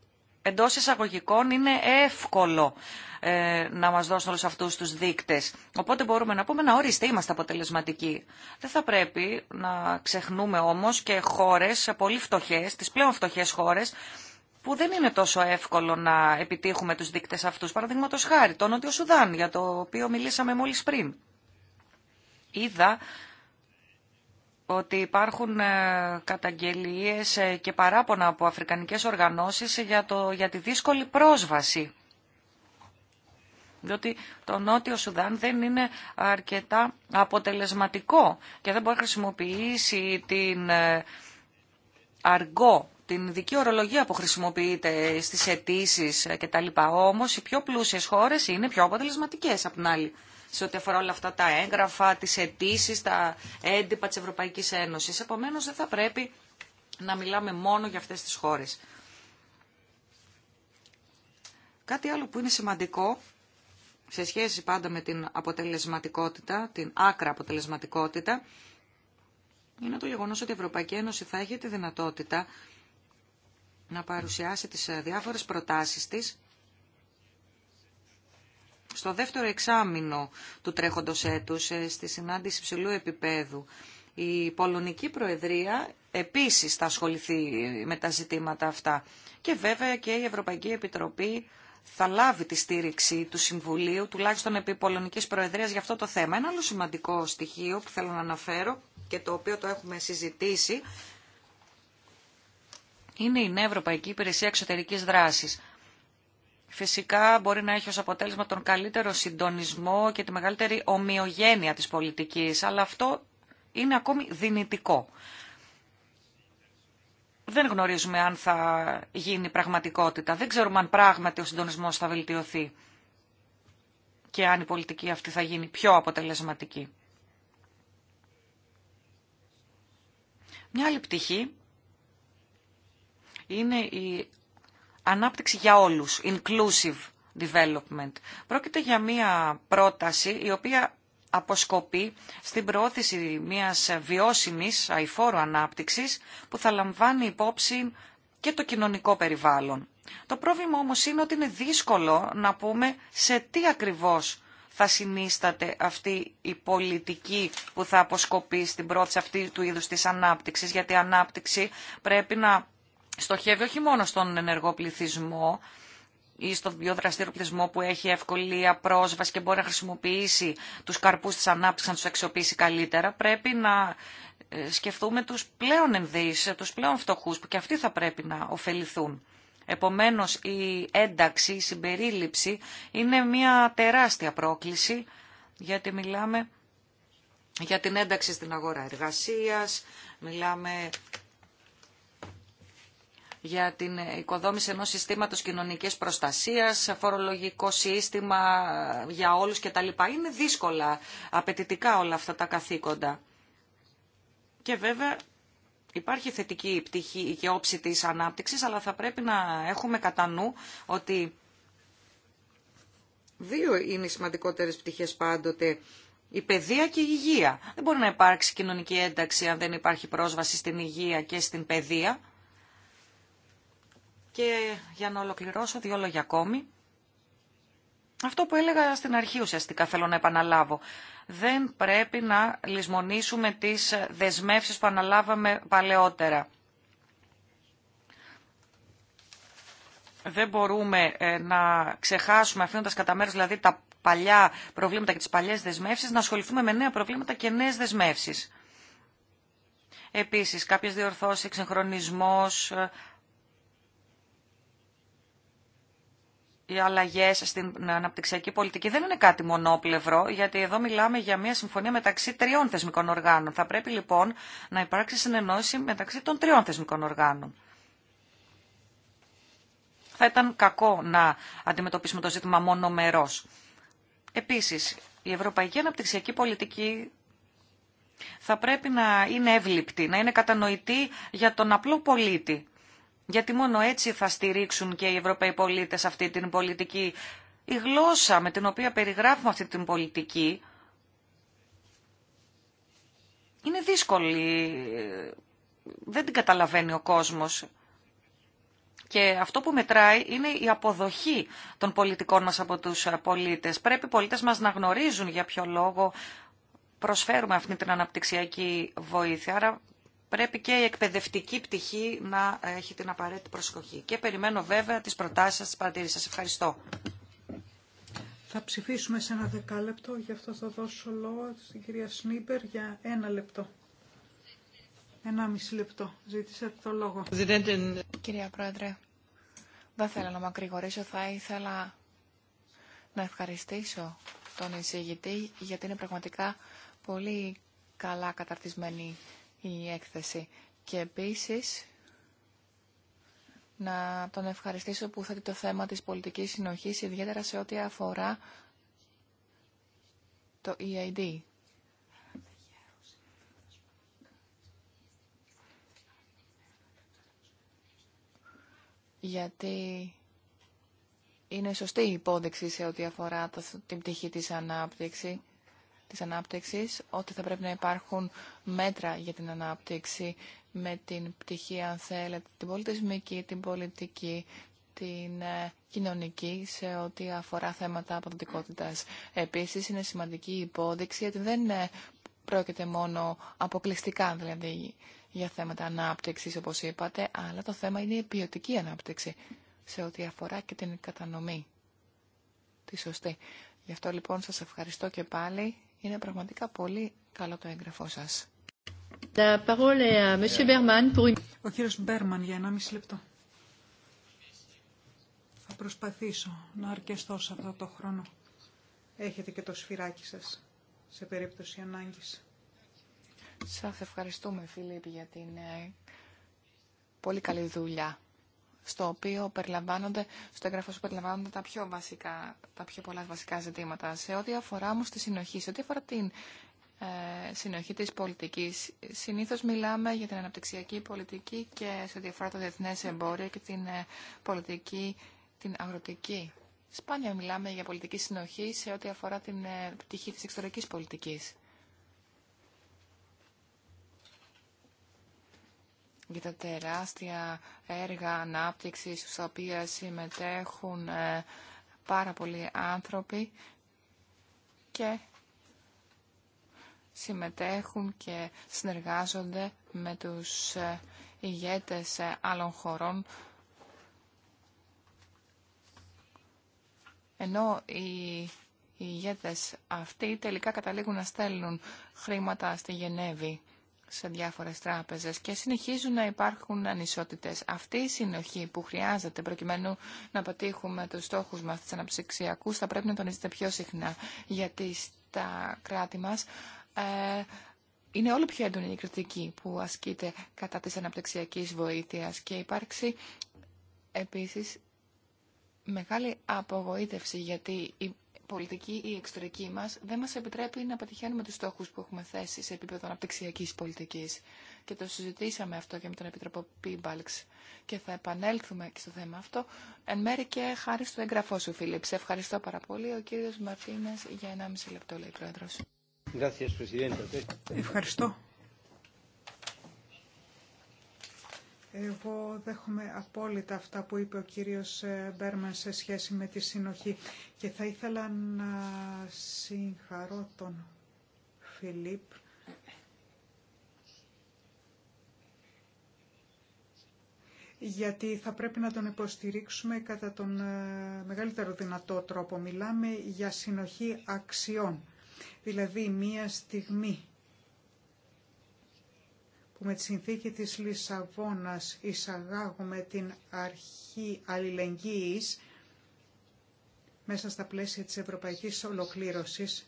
Εντό εισαγωγικών είναι εύκολο ε, να μας δώσουν όλους αυτούς τους δείκτε. Οπότε μπορούμε να πούμε να ορίστε είμαστε αποτελεσματικοί. Δεν θα πρέπει να ξεχνούμε όμως και χώρες πολύ φτωχέ, τις πλέον φτωχέ χώρες, που δεν είναι τόσο εύκολο να επιτύχουμε τους δείκτε αυτούς. Παραδείγματο χάρη, το Νότιο Σουδάν, για το οποίο μιλήσαμε μόλι πριν. Είδα ότι υπάρχουν ε, καταγγελίες ε, και παράπονα από αφρικανικές οργανώσεις για, το, για τη δύσκολη πρόσβαση. Διότι το Νότιο Σουδάν δεν είναι αρκετά αποτελεσματικό και δεν μπορεί να χρησιμοποιήσει την ε, αργό, την δική ορολογία που χρησιμοποιείται στις αιτήσει κτλ. Όμως οι πιο πλούσιες χώρες είναι πιο αποτελεσματικές από την άλλη σε ό,τι αφορά όλα αυτά τα έγγραφα, τι αιτήσει, τα έντυπα της Ευρωπαϊκής Ένωση. Επομένως δεν θα πρέπει να μιλάμε μόνο για αυτές τις χώρες. Κάτι άλλο που είναι σημαντικό σε σχέση πάντα με την αποτελεσματικότητα, την άκρα αποτελεσματικότητα, είναι το γεγονός ότι η Ευρωπαϊκή Ένωση θα έχει τη δυνατότητα να παρουσιάσει τις διάφορες προτάσεις της στο δεύτερο εξάμεινο του τρέχοντος έτους ε, στη συνάντηση ψηλού επίπεδου. Η Πολωνική Προεδρία επίσης θα ασχοληθεί με τα ζητήματα αυτά και βέβαια και η Ευρωπαϊκή Επιτροπή θα λάβει τη στήριξη του Συμβουλίου, τουλάχιστον επί Πολωνικής Προεδρίας για αυτό το θέμα. Ένα άλλο σημαντικό στοιχείο που θέλω να αναφέρω και το οποίο το έχουμε συζητήσει είναι η Ευρωπαϊκή Υπηρεσία Εξωτερικής Δράσης φυσικά μπορεί να έχει ως αποτέλεσμα τον καλύτερο συντονισμό και τη μεγαλύτερη ομοιογένεια της πολιτικής, αλλά αυτό είναι ακόμη δυνητικό. Δεν γνωρίζουμε αν θα γίνει πραγματικότητα. Δεν ξέρουμε αν πράγματι ο συντονισμός θα βελτιωθεί και αν η πολιτική αυτή θα γίνει πιο αποτελεσματική. Μια άλλη πτυχή είναι η ανάπτυξη για όλους, inclusive development. Πρόκειται για μία πρόταση η οποία αποσκοπεί στην προώθηση μιας βιώσιμης αηφόρου ανάπτυξης που θα λαμβάνει υπόψη και το κοινωνικό περιβάλλον. Το πρόβλημα όμως είναι ότι είναι δύσκολο να πούμε σε τι ακριβώς θα συνίσταται αυτή η πολιτική που θα αποσκοπεί στην πρόθεση αυτή του είδους της ανάπτυξης, γιατί η ανάπτυξη πρέπει να στοχεύει όχι μόνο στον ενεργό πληθυσμό ή στον βιοδραστήριο πληθυσμό που έχει ευκολία πρόσβαση και μπορεί να χρησιμοποιήσει τους καρπούς της ανάπτυξης να τους αξιοποιήσει καλύτερα, πρέπει να ε, σκεφτούμε τους πλέον ενδύσεις, τους πλέον φτωχούς που και αυτοί θα πρέπει να ωφεληθούν. Επομένως η ένταξη, η συμπερίληψη είναι μια τεράστια πρόκληση γιατί μιλάμε για την ένταξη στην αγορά εργασίας, μιλάμε για την οικοδόμηση ενός συστήματος κοινωνικής προστασίας, φορολογικό σύστημα για όλους κτλ. Είναι δύσκολα, απαιτητικά όλα αυτά τα καθήκοντα. Και βέβαια υπάρχει θετική πτυχή και όψη της ανάπτυξης, αλλά θα πρέπει να έχουμε κατά νου ότι δύο είναι οι σημαντικότερες πτυχές πάντοτε. Η παιδεία και η υγεία. Δεν μπορεί να υπάρξει κοινωνική ένταξη αν δεν υπάρχει πρόσβαση στην υγεία και στην παιδεία. Και για να ολοκληρώσω δύο λόγια ακόμη. Αυτό που έλεγα στην αρχή ουσιαστικά θέλω να επαναλάβω. Δεν πρέπει να λησμονήσουμε τις δεσμεύσεις που αναλάβαμε παλαιότερα. Δεν μπορούμε ε, να ξεχάσουμε αφήνοντα κατά μέρο δηλαδή τα παλιά προβλήματα και τις παλιές δεσμεύσεις, να ασχοληθούμε με νέα προβλήματα και νέες δεσμεύσεις. Επίσης, κάποιες διορθώσεις, οι αλλαγέ στην αναπτυξιακή πολιτική δεν είναι κάτι μονόπλευρο, γιατί εδώ μιλάμε για μια συμφωνία μεταξύ τριών θεσμικών οργάνων. Θα πρέπει λοιπόν να υπάρξει συνεννόηση μεταξύ των τριών θεσμικών οργάνων. Θα ήταν κακό να αντιμετωπίσουμε το ζήτημα μόνο μερό. Επίσης, η ευρωπαϊκή αναπτυξιακή πολιτική θα πρέπει να είναι εύληπτη, να είναι κατανοητή για τον απλό πολίτη γιατί μόνο έτσι θα στηρίξουν και οι Ευρωπαίοι πολίτες αυτή την πολιτική. Η γλώσσα με την οποία περιγράφουμε αυτή την πολιτική είναι δύσκολη. Δεν την καταλαβαίνει ο κόσμος. Και αυτό που μετράει είναι η αποδοχή των πολιτικών μας από τους πολίτες. Πρέπει οι πολίτες μας να γνωρίζουν για ποιο λόγο προσφέρουμε αυτή την αναπτυξιακή βοήθεια πρέπει και η εκπαιδευτική πτυχή να έχει την απαραίτητη προσοχή. Και περιμένω βέβαια τις προτάσεις σας, τις παρατηρήσεις σας. Ευχαριστώ. Θα ψηφίσουμε σε ένα δεκάλεπτο, γι' αυτό θα δώσω λόγο στην κυρία Σνίπερ για ένα λεπτό. Ένα μισή λεπτό. Ζήτησε το λόγο. Κυρία Πρόεδρε, δεν θέλω να μακρηγορήσω. Θα ήθελα να ευχαριστήσω τον εισηγητή γιατί είναι πραγματικά πολύ καλά καταρτισμένη η έκθεση. Και επίσης να τον ευχαριστήσω που θέτει το θέμα της πολιτικής συνοχής, ιδιαίτερα σε ό,τι αφορά το EID. Γιατί είναι σωστή η υπόδειξη σε ό,τι αφορά την πτυχή της ανάπτυξη της ανάπτυξης, ότι θα πρέπει να υπάρχουν μέτρα για την ανάπτυξη με την πτυχή, αν θέλετε, την πολιτισμική, την πολιτική, την ε, κοινωνική σε ό,τι αφορά θέματα αποδοτικότητας. Επίσης, είναι σημαντική η υπόδειξη ότι δεν ε, πρόκειται μόνο αποκλειστικά δηλαδή για θέματα ανάπτυξης, όπως είπατε, αλλά το θέμα είναι η ποιοτική ανάπτυξη σε ό,τι αφορά και την κατανομή. Τη σωστή. Γι' αυτό λοιπόν σας ευχαριστώ και πάλι είναι πραγματικά πολύ καλό το έγγραφό σας. Ο κύριο Μπέρμαν για μισή λεπτό. Θα προσπαθήσω να αρκεστώ σε αυτό το χρόνο. Έχετε και το σφυράκι σας σε περίπτωση ανάγκης. Σας ευχαριστούμε Φιλίπ για την ε, πολύ καλή δουλειά στο οποίο περιλαμβάνονται, στο έγγραφο σου περιλαμβάνονται τα πιο, βασικά, τα πιο πολλά βασικά ζητήματα. Σε ό,τι αφορά όμως τη συνοχή, σε ό,τι αφορά την ε, συνοχή της πολιτικής, συνήθως μιλάμε για την αναπτυξιακή πολιτική και σε ό,τι αφορά το διεθνές εμπόριο και την ε, πολιτική, την αγροτική. Σπάνια μιλάμε για πολιτική συνοχή σε ό,τι αφορά την ε, πτυχή της εξωτερικής πολιτικής. για τα τεράστια έργα ανάπτυξης στα οποία συμμετέχουν ε, πάρα πολλοί άνθρωποι και συμμετέχουν και συνεργάζονται με τους ε, ηγέτες ε, άλλων χωρών ενώ οι ηγέτες αυτοί τελικά καταλήγουν να στέλνουν χρήματα στη Γενέβη σε διάφορες τράπεζες και συνεχίζουν να υπάρχουν ανισότητες. Αυτή η συνοχή που χρειάζεται προκειμένου να πετύχουμε τους στόχους μας, της αναψυξιακούς, θα πρέπει να τονίζεται πιο συχνά, γιατί στα κράτη μας ε, είναι όλο πιο έντονη η κριτική που ασκείται κατά της αναπτυξιακής βοήθειας και υπάρξει επίσης μεγάλη απογοήτευση γιατί πολιτική ή εξωτερική μας δεν μας επιτρέπει να πετυχαίνουμε τους στόχους που έχουμε θέσει σε επίπεδο αναπτυξιακή πολιτική. Και το συζητήσαμε αυτό και με τον Επιτροπό Πίμπαλξ και θα επανέλθουμε στο θέμα αυτό. Εν μέρη και χάρη στο εγγραφό σου, Φίλιπ. ευχαριστώ πάρα πολύ. Ο κύριο Μαρτίνε για 1,5 λεπτό, λέει πρόεδρο. Ευχαριστώ. Εγώ δέχομαι απόλυτα αυτά που είπε ο κύριος ε, Μπέρμαν σε σχέση με τη συνοχή και θα ήθελα να συγχαρώ τον Φιλίπ γιατί θα πρέπει να τον υποστηρίξουμε κατά τον ε, μεγαλύτερο δυνατό τρόπο. Μιλάμε για συνοχή αξιών, δηλαδή μία στιγμή με τη συνθήκη της Λισαβόνας, εισαγάγουμε την αρχή αλληλεγγύης μέσα στα πλαίσια της ευρωπαϊκής ολοκλήρωσης,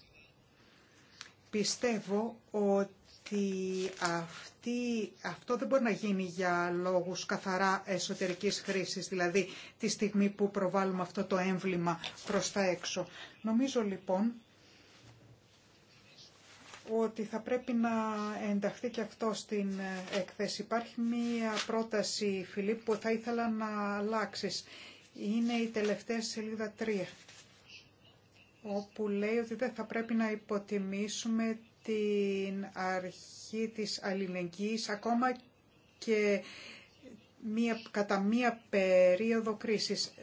πιστεύω ότι αυτή, αυτό δεν μπορεί να γίνει για λόγους καθαρά εσωτερικής χρήσης, δηλαδή τη στιγμή που προβάλλουμε αυτό το έμβλημα προς τα έξω. Νομίζω λοιπόν ότι θα πρέπει να ενταχθεί και αυτό στην ε, έκθεση. Υπάρχει μία πρόταση, Φιλίπ, που θα ήθελα να αλλάξει. Είναι η τελευταία σελίδα 3, όπου λέει ότι δεν θα πρέπει να υποτιμήσουμε την αρχή της αλληλεγγύης, ακόμα και μία, κατά μία περίοδο κρίσης.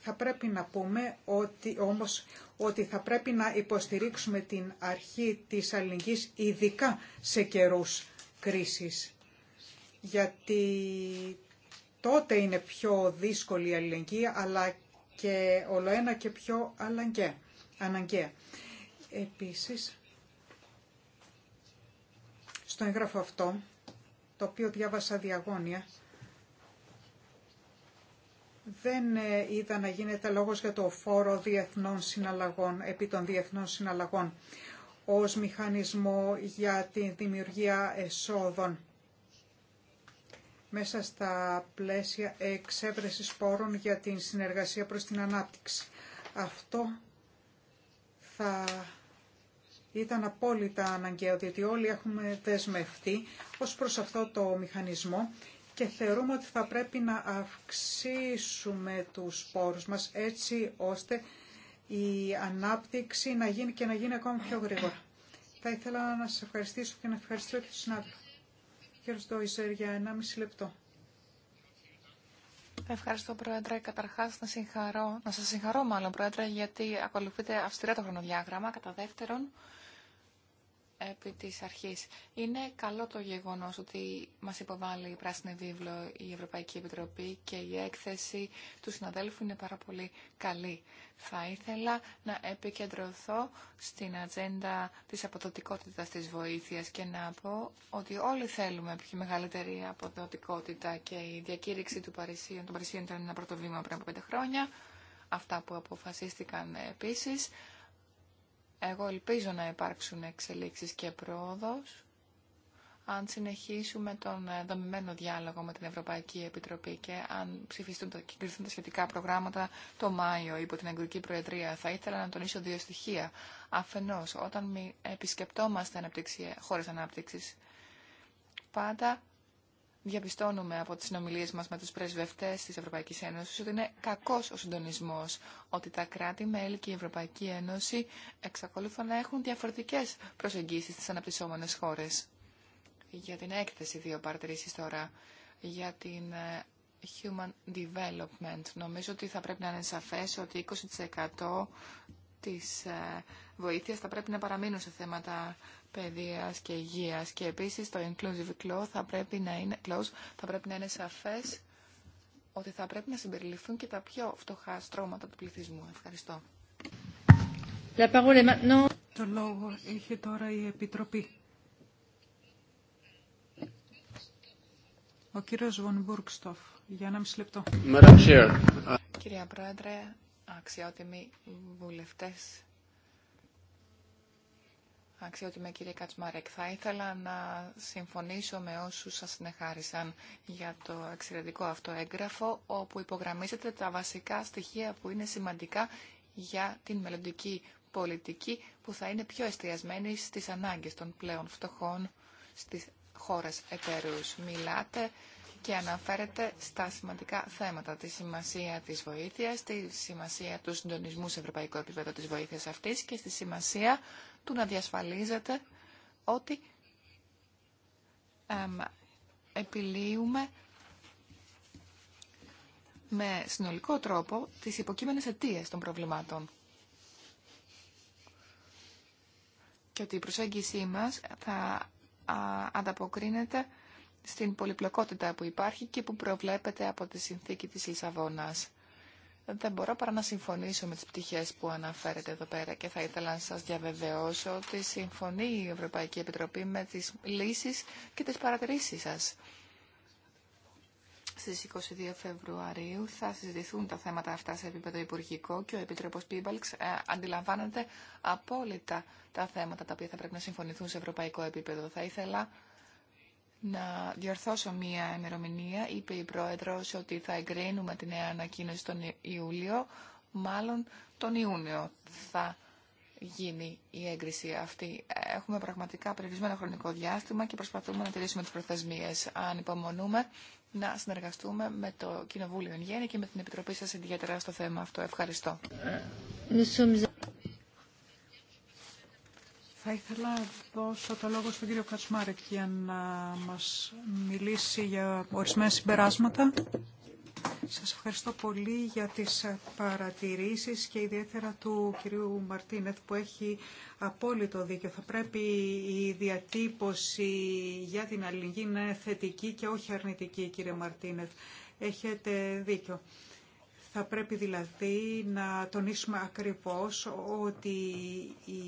Θα πρέπει να πούμε ότι όμως ότι θα πρέπει να υποστηρίξουμε την αρχή της αλληλεγγύης ειδικά σε καιρούς κρίσης. Γιατί τότε είναι πιο δύσκολη η αλληλεγγύη αλλά και ολοένα και πιο αναγκαία. Επίσης, στο έγγραφο αυτό, το οποίο διάβασα διαγώνια, δεν είδα να γίνεται λόγος για το φόρο διεθνών συναλλαγών, επί των διεθνών συναλλαγών, ως μηχανισμό για τη δημιουργία εσόδων μέσα στα πλαίσια εξέβρεσης πόρων για την συνεργασία προς την ανάπτυξη. Αυτό θα ήταν απόλυτα αναγκαίο, διότι όλοι έχουμε δεσμευτεί ως προς αυτό το μηχανισμό και θεωρούμε ότι θα πρέπει να αυξήσουμε τους πόρους μας έτσι ώστε η ανάπτυξη να γίνει και να γίνει ακόμη πιο γρήγορα. Θα ήθελα να σας ευχαριστήσω και να ευχαριστώ και τους συνάδελφους. Κύριος Ντόιζερ για 1,5 λεπτό. Ευχαριστώ, Πρόεδρε. Καταρχάς, να, συγχαρώ, να σα συγχαρώ, μάλλον, Πρόεδρε, γιατί ακολουθείτε αυστηρά το χρονοδιάγραμμα. Κατά δεύτερον, επί της αρχής. Είναι καλό το γεγονός ότι μας υποβάλλει η Πράσινη Βίβλο η Ευρωπαϊκή Επιτροπή και η έκθεση του συναδέλφου είναι πάρα πολύ καλή. Θα ήθελα να επικεντρωθώ στην ατζέντα της αποδοτικότητας της βοήθειας και να πω ότι όλοι θέλουμε πιο μεγαλύτερη αποδοτικότητα και η διακήρυξη του Παρισίου των Παρισίων ήταν ένα πρώτο βήμα πριν από πέντε χρόνια. Αυτά που αποφασίστηκαν επίσης εγώ ελπίζω να υπάρξουν εξελίξεις και πρόοδος αν συνεχίσουμε τον ε, δομημένο διάλογο με την Ευρωπαϊκή Επιτροπή και αν ψηφιστούν τα σχετικά προγράμματα το Μάιο υπό την Αγγλική Προεδρία. Θα ήθελα να τονίσω δύο στοιχεία. Αφενός, όταν επισκεπτόμαστε χώρες ανάπτυξης, πάντα διαπιστώνουμε από τις συνομιλίες μας με τους πρεσβευτές της Ευρωπαϊκής Ένωσης ότι είναι κακός ο συντονισμός, ότι τα κράτη-μέλη και η Ευρωπαϊκή Ένωση εξακολουθούν να έχουν διαφορετικές προσεγγίσεις στις αναπτυσσόμενες χώρες. Για την έκθεση δύο παρατηρήσεις τώρα, για την ε, Human Development. Νομίζω ότι θα πρέπει να είναι σαφές ότι 20% της ε, βοήθειας θα πρέπει να παραμείνουν σε θέματα παιδείας και υγείας και επίσης το inclusive clause θα πρέπει να είναι, close, θα πρέπει να είναι σαφές ότι θα πρέπει να συμπεριληφθούν και τα πιο φτωχά στρώματα του πληθυσμού. Ευχαριστώ. Το λόγο έχει τώρα η Επιτροπή. Ο κύριος Βον Μπουργκστοφ, για ένα μισή λεπτό. Κυρία Πρόεδρε, αξιότιμοι βουλευτές Αξιότιμε κύριε Κατσμαρέκ, θα ήθελα να συμφωνήσω με όσους σας συνεχάρισαν για το εξαιρετικό αυτό έγγραφο, όπου υπογραμμίζεται τα βασικά στοιχεία που είναι σημαντικά για την μελλοντική πολιτική, που θα είναι πιο εστιασμένη στις ανάγκες των πλέον φτωχών στις χώρες εταίρους. Μιλάτε και αναφέρετε στα σημαντικά θέματα, τη σημασία της βοήθειας, τη σημασία του συντονισμού σε ευρωπαϊκό επίπεδο της βοήθειας αυτής και στη σημασία του να διασφαλίζεται ότι επιλύουμε με συνολικό τρόπο τις υποκείμενες αιτίες των προβλημάτων. Και ότι η προσέγγιση μας θα ανταποκρίνεται στην πολυπλοκότητα που υπάρχει και που προβλέπεται από τη συνθήκη της Λισαβόνας δεν μπορώ παρά να συμφωνήσω με τις πτυχές που αναφέρετε εδώ πέρα και θα ήθελα να σας διαβεβαιώσω ότι συμφωνεί η Ευρωπαϊκή Επιτροπή με τις λύσεις και τις παρατηρήσεις σας. Στις 22 Φεβρουαρίου θα συζητηθούν τα θέματα αυτά σε επίπεδο υπουργικό και ο Επιτρόπος Πίμπαλξ ε, αντιλαμβάνεται απόλυτα τα θέματα τα οποία θα πρέπει να συμφωνηθούν σε ευρωπαϊκό επίπεδο. Θα ήθελα να διορθώσω μία ημερομηνία. Είπε η Πρόεδρος ότι θα εγκρίνουμε τη νέα ανακοίνωση τον Ιούλιο. Μάλλον τον Ιούνιο θα γίνει η έγκριση αυτή. Έχουμε πραγματικά περιορισμένο χρονικό διάστημα και προσπαθούμε να τηρήσουμε τις προθεσμίες. Αν υπομονούμε να συνεργαστούμε με το Κοινοβούλιο Γέννη και με την Επιτροπή σας ιδιαίτερα στο θέμα αυτό. Ευχαριστώ. Θα ήθελα να δώσω το λόγο στον κύριο Κατσμάρεκ για να μας μιλήσει για ορισμένα συμπεράσματα. Σας ευχαριστώ πολύ για τις παρατηρήσεις και ιδιαίτερα του κυρίου Μαρτίνεθ που έχει απόλυτο δίκιο. Θα πρέπει η διατύπωση για την αλληλεγγύη να είναι θετική και όχι αρνητική κύριε Μαρτίνεθ. Έχετε δίκιο. Θα πρέπει δηλαδή να τονίσουμε ακριβώς ότι η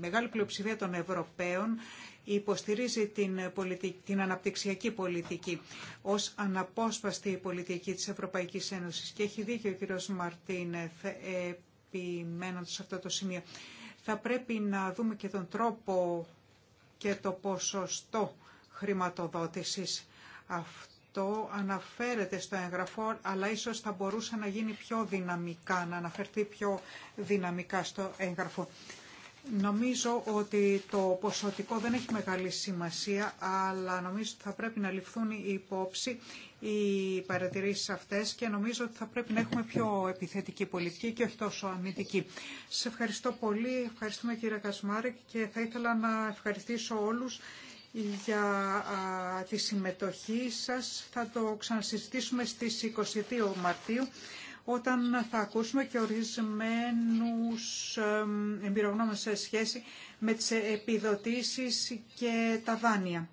μεγάλη πλειοψηφία των Ευρωπαίων υποστηρίζει την, πολιτική, την αναπτυξιακή πολιτική ως αναπόσπαστη πολιτική της Ευρωπαϊκής Ένωσης. Και έχει δίκιο ο κ. Μαρτίνεθ επιμένοντας σε αυτό το σημείο. Θα πρέπει να δούμε και τον τρόπο και το ποσοστό χρηματοδότησης. Αυτό αυτό αναφέρεται στο έγγραφο, αλλά ίσως θα μπορούσε να γίνει πιο δυναμικά, να αναφερθεί πιο δυναμικά στο έγγραφο. Νομίζω ότι το ποσοτικό δεν έχει μεγάλη σημασία, αλλά νομίζω ότι θα πρέπει να ληφθούν υπόψη οι παρατηρήσεις αυτές και νομίζω ότι θα πρέπει να έχουμε πιο επιθετική πολιτική και όχι τόσο αμυντική. Σε ευχαριστώ πολύ, ευχαριστούμε κύριε Κασμάρη και θα ήθελα να ευχαριστήσω όλους για τη συμμετοχή σας. Θα το ξανασυζητήσουμε στις 22 Μαρτίου όταν θα ακούσουμε και ορισμένους εμπειρογνώμες σε σχέση με τις επιδοτήσεις και τα δάνεια.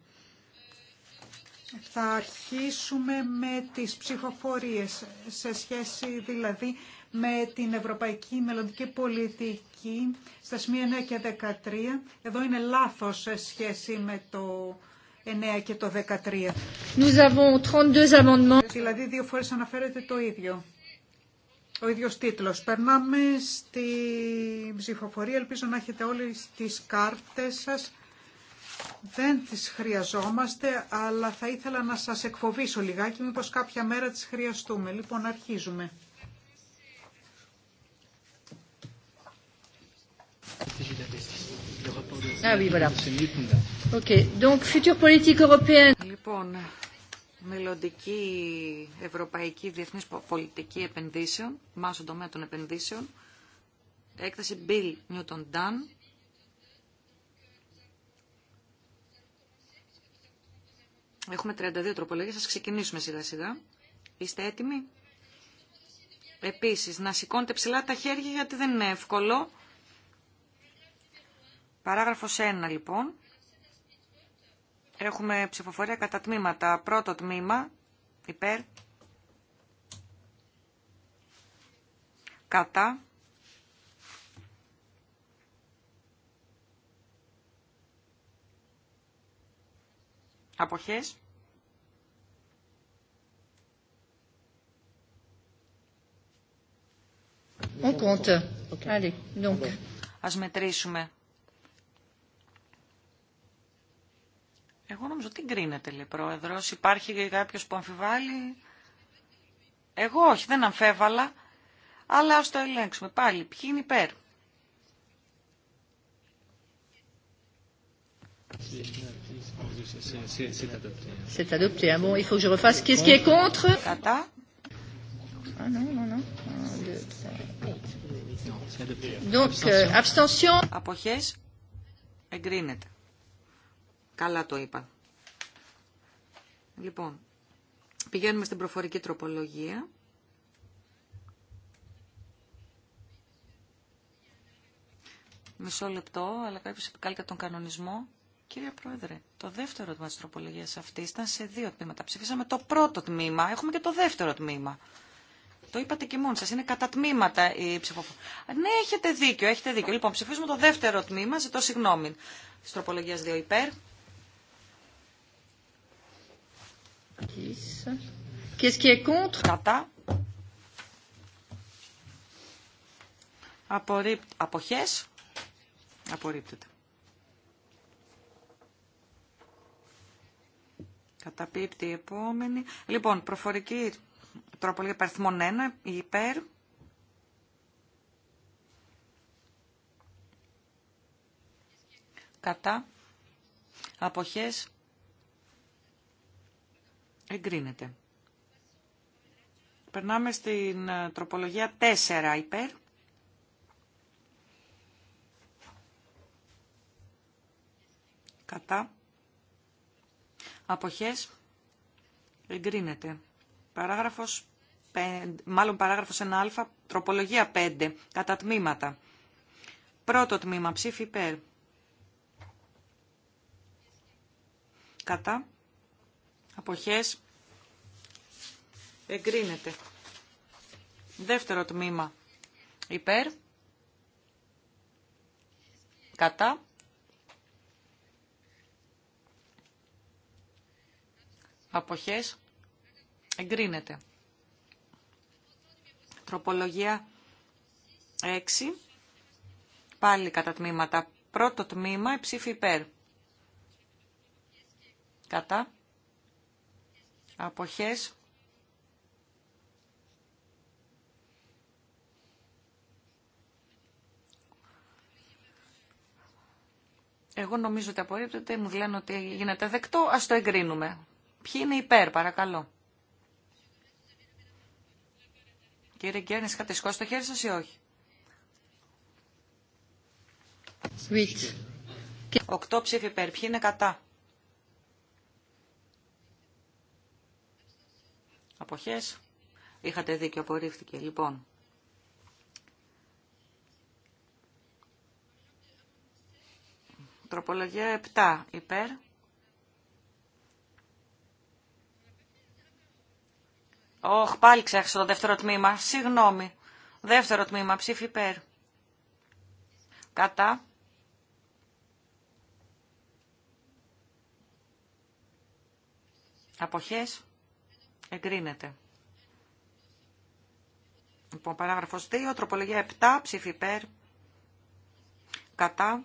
Θα αρχίσουμε με τις ψηφοφορίες σε σχέση δηλαδή με την Ευρωπαϊκή Μελλοντική Πολιτική στα σημεία 9 και 13. Εδώ είναι λάθος σε σχέση με το 9 και το 13. Nous avons 32 amendements. Δηλαδή δύο φορές αναφέρεται το ίδιο. Ο ίδιος τίτλος. Περνάμε στη ψηφοφορία. Ελπίζω να έχετε όλες τις κάρτες σας. Δεν τις χρειαζόμαστε, αλλά θα ήθελα να σας εκφοβήσω λιγάκι, μήπως κάποια μέρα τις χρειαστούμε. Λοιπόν, αρχίζουμε. Ah λοιπόν, μελλοντική ευρωπαϊκή διεθνή πολιτική επενδύσεων, Μάσο τομέα των επενδύσεων, έκθεση Bill Newton Dunn. Έχουμε 32 τροπολογία. ας ξεκινήσουμε σιγά σιγά. Είστε έτοιμοι. Επίσης, να σηκώνετε ψηλά τα χέρια γιατί δεν είναι εύκολο. Παράγραφος 1 λοιπόν. Έχουμε ψηφοφορία κατά τμήματα. Πρώτο τμήμα υπέρ. Κατά. Αποχές. On Allez, Ας μετρήσουμε. Εγώ νομίζω ότι κρίνεται, λέει πρόεδρος. Υπάρχει και κάποιος που αμφιβάλλει. Εγώ όχι, δεν αμφέβαλα. Αλλά ας το ελέγξουμε πάλι. Ποιοι είναι υπέρ. C'est adopté. Ah bon, il faut que je refasse. Qu'est-ce qui est contre Kata. Ah non, non, non. Donc, euh, abstention. Apochès. εγκρίνεται. Καλά το είπα. Λοιπόν, πηγαίνουμε στην προφορική τροπολογία. Μισό λεπτό, αλλά κάποιο επικάλυψε τον κανονισμό. Κύριε Πρόεδρε, το δεύτερο τμήμα τη τροπολογία αυτή ήταν σε δύο τμήματα. Ψηφίσαμε το πρώτο τμήμα, έχουμε και το δεύτερο τμήμα. Το είπατε και μόνοι σα, είναι κατά τμήματα η ψηφοφορία. Ναι, έχετε δίκιο, έχετε δίκιο. Λοιπόν, ψηφίζουμε το δεύτερο τμήμα, ζητώ συγγνώμη. Τη 2 υπέρ, Κατά. Απορρίπ... Αποχές. Απορρίπτεται. Καταπίπτει η επόμενη. Λοιπόν, προφορική τροπολογία παριθμών 1, υπέρ. Κατά. Αποχές. Εγκρίνεται. Περνάμε στην ε, τροπολογία 4 υπέρ. Κατά. Αποχές. Εγκρίνεται. Παράγραφος 5, μάλλον παράγραφος 1α, τροπολογία 5, κατά τμήματα. Πρώτο τμήμα, ψήφι υπέρ. Κατά. Αποχές. Εγκρίνεται. Δεύτερο τμήμα. Υπέρ. Κατά. Αποχές. Εγκρίνεται. Τροπολογία 6. Πάλι κατά τμήματα. Πρώτο τμήμα, ψήφι υπέρ. Κατά. Αποχές. Εγώ νομίζω ότι απορρίπτεται, μου λένε ότι γίνεται δεκτό, ας το εγκρίνουμε. Ποιοι είναι υπέρ, παρακαλώ. Κύριε Γκέρνης, είχατε σηκώσει το χέρι σας ή όχι. Οκτώ ψήφοι υπέρ, ποιοι είναι κατά. Αποχές. Είχατε δίκιο, απορρίφθηκε. Λοιπόν, τροπολογία 7 υπέρ. Οχ, πάλι ξέχασα το δεύτερο τμήμα. Συγγνώμη. Δεύτερο τμήμα, ψήφι υπέρ. Κατά. Αποχές. Εγκρίνεται. Λοιπόν, παράγραφος 2, τροπολογία 7, ψήφι υπέρ, κατά,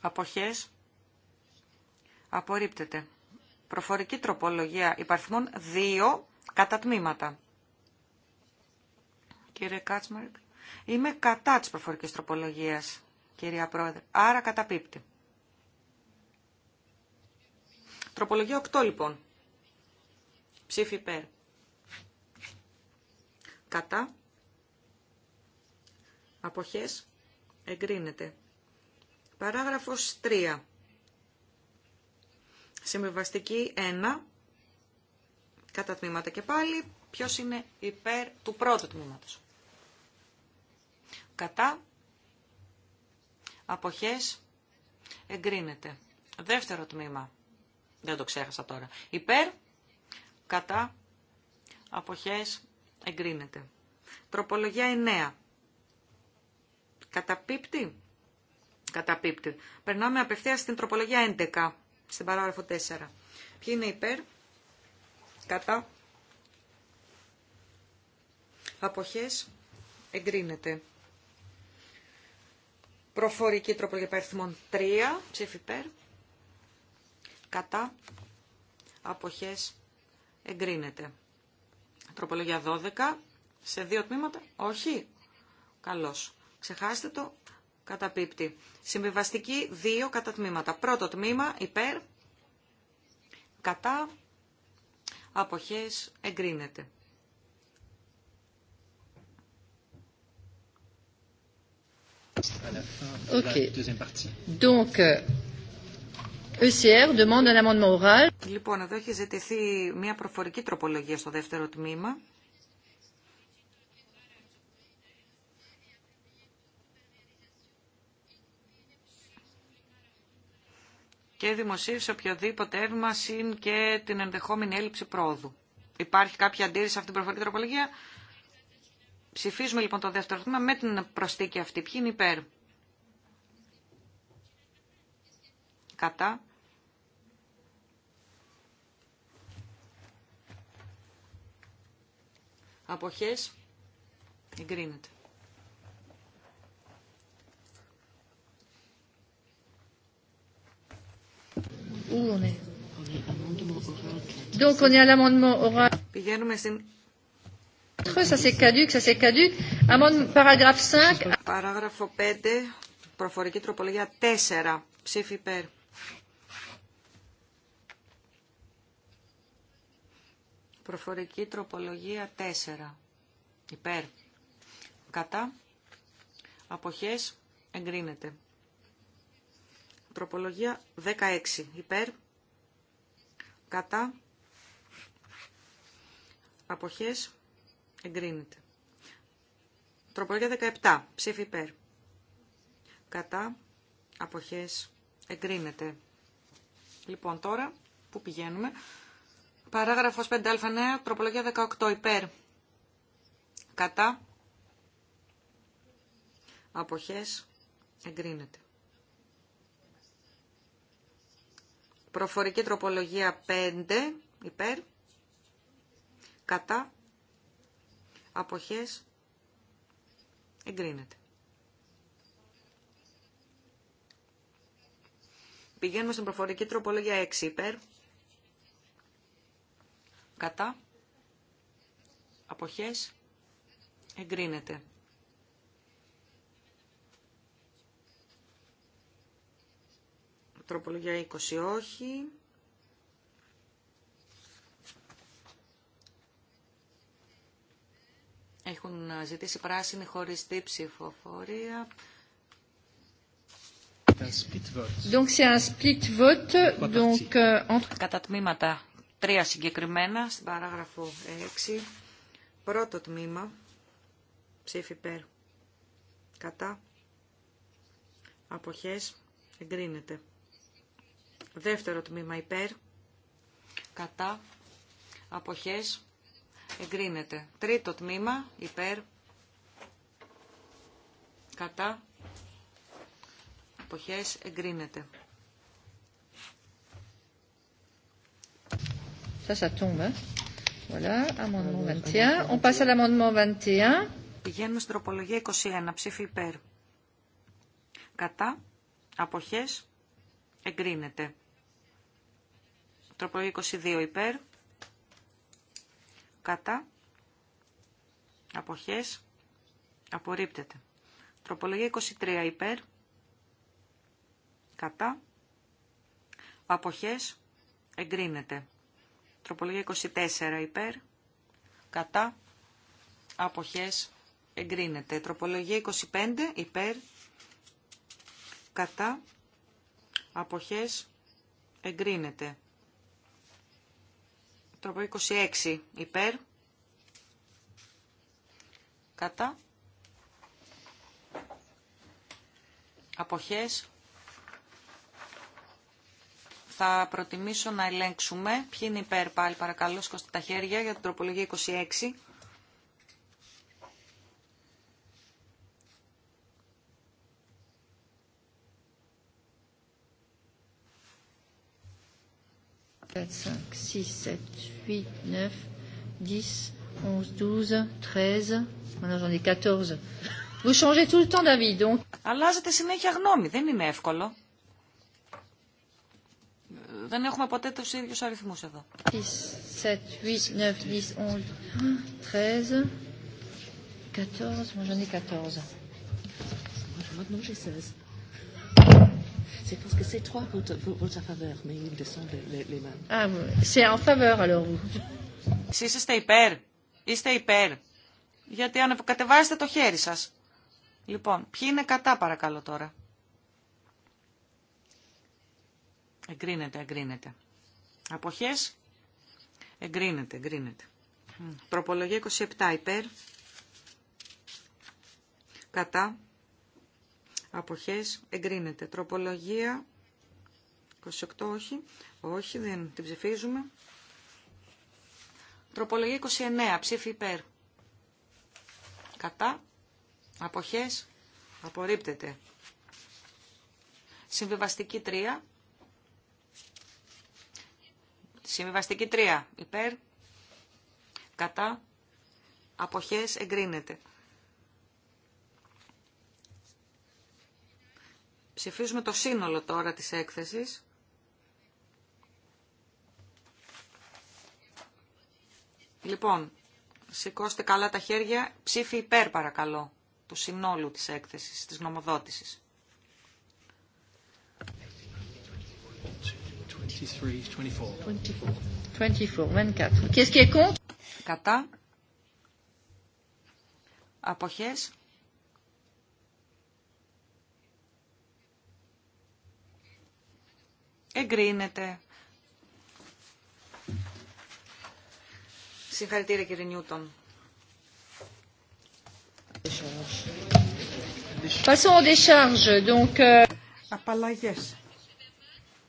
αποχές, απορρίπτεται. Προφορική τροπολογία υπαριθμών 2, κατά τμήματα. Κύριε Κάτσμαρκ, είμαι κατά της προφορικής τροπολογίας, κυρία Πρόεδρε, άρα καταπίπτει. Τροπολογία 8, λοιπόν. Ψήφι υπέρ. Κατά. Αποχές. Εγκρίνεται. Παράγραφος 3. Συμβιβαστική 1. Κατά τμήματα και πάλι. Ποιος είναι υπέρ του πρώτου τμήματος. Κατά. Αποχές. Εγκρίνεται. Δεύτερο τμήμα. Δεν το ξέχασα τώρα. Υπέρ κατά, αποχές, εγκρίνεται. Τροπολογία 9. Καταπίπτει. Καταπίπτει. Περνάμε απευθείας στην τροπολογία 11, στην παράγραφο 4. Ποιοι είναι υπέρ, κατά, αποχές, εγκρίνεται. Προφορική τροπολογία θυμών 3, ψήφι υπέρ, κατά, αποχές, εγκρίνεται. Τροπολογία 12, σε δύο τμήματα, όχι. Καλώς. Ξεχάστε το, καταπίπτει. Συμβιβαστική δύο κατά τμήματα. Πρώτο τμήμα, υπέρ, κατά, αποχές, εγκρίνεται. Okay. Donc, ε, λοιπόν, εδώ έχει ζητηθεί μια προφορική τροπολογία στο δεύτερο τμήμα. και δημοσίευσε οποιοδήποτε έρμα συν και την ενδεχόμενη έλλειψη πρόοδου. Υπάρχει κάποια αντίρρηση σε αυτή την προφορική τροπολογία. Ψηφίζουμε λοιπόν το δεύτερο τμήμα με την προστίκη αυτή. Ποιοι είναι υπέρ. Κατά. Αποχές. Εγκρίνεται. Donc on est à l'amendement oral. Ça c'est caduc, ça c'est caduc. Amendement paragraphe 5. Paragraphe 5, προφορική τροπολογία 4, ψήφι υπέρ. Προφορική τροπολογία 4. Υπέρ. Κατά. Αποχές. Εγκρίνεται. Τροπολογία 16. Υπέρ. Κατά. Αποχές. Εγκρίνεται. Τροπολογία 17. Ψήφι υπέρ. Κατά. Αποχές. Εγκρίνεται. Λοιπόν, τώρα που πηγαίνουμε Παράγραφος 5α νέα, τροπολογία 18 υπέρ. Κατά. Αποχές. Εγκρίνεται. Προφορική τροπολογία 5 α ναι τροπολογια 18 Κατά. Αποχές. Εγκρίνεται. Πηγαίνουμε στην προφορική τροπολογία 6 υπέρ. Κατά. Αποχές. Εγκρίνεται. Τροπολογία 20 όχι. Έχουν ζητήσει πράσινη χωριστή ψηφοφορία. Donc c'est un split vote, donc euh, entre... κατά τμήματα Τρία συγκεκριμένα, στην παράγραφο 6. Πρώτο τμήμα, ψήφι περ Κατά. Αποχές. Εγκρίνεται. Δεύτερο τμήμα υπέρ. Κατά. Αποχές. Εγκρίνεται. Τρίτο τμήμα υπέρ. Κατά. Αποχές. Εγκρίνεται. Ça, ça tombe. Voilà, amendement 21. On passe à l'amendement 21. Πηγαίνουμε στην τροπολογία 21, ψήφι Κατά, αποχές, εγκρίνεται. Τροπολογία 22 υπέρ. Κατά, αποχές, απορρίπτεται. Τροπολογία 23 υπέρ. Κατά, αποχές, εγκρίνεται. Τροπολογία 24 υπέρ, κατά, αποχές, εγκρίνεται. Τροπολογία 25 υπέρ, κατά, αποχές, εγκρίνεται. Τροπολογία 26 υπέρ, κατά, αποχές, θα προτιμήσω να ελέγξουμε. Ποιοι είναι υπέρ πάλι παρακαλώ, σκώστε τα χέρια για την τροπολογία 26. Αλλάζετε συνέχεια γνώμη, δεν είναι εύκολο δεν έχουμε ποτέ τους ίδιους αριθμούς εδώ. 7, 8, 9, 10, 11, 13, 14, moi 14. Ah, είστε υπέρ. Είστε υπέρ. Γιατί αν κατεβάσετε το χέρι σας. Λοιπόν, ποιοι είναι κατά παρακαλώ τώρα. Εγκρίνεται, εγκρίνεται. Αποχές. Εγκρίνεται, εγκρίνεται. Τροπολογία 27 υπέρ. Κατά. Αποχές. Εγκρίνεται. Τροπολογία 28 όχι. Όχι, δεν την ψηφίζουμε. Τροπολογία 29. Ψήφι υπέρ. Κατά. Αποχές. Απορρίπτεται. Συμβιβαστική 3. Συμβιβαστική 3. Υπέρ. Κατά. Αποχές εγκρίνεται. Ψηφίζουμε το σύνολο τώρα της έκθεσης. Λοιπόν, σηκώστε καλά τα χέρια. Ψήφι υπέρ παρακαλώ του συνόλου της έκθεσης, της νομοδότησης. 23, 24. 24, 24. Qu'est-ce qui est contre? Κατά. Αποχές. Εγκρίνεται. Συγχαρητήρια κύριε Νιούτον. Passons aux décharges. Donc, euh, Απαλλαγές.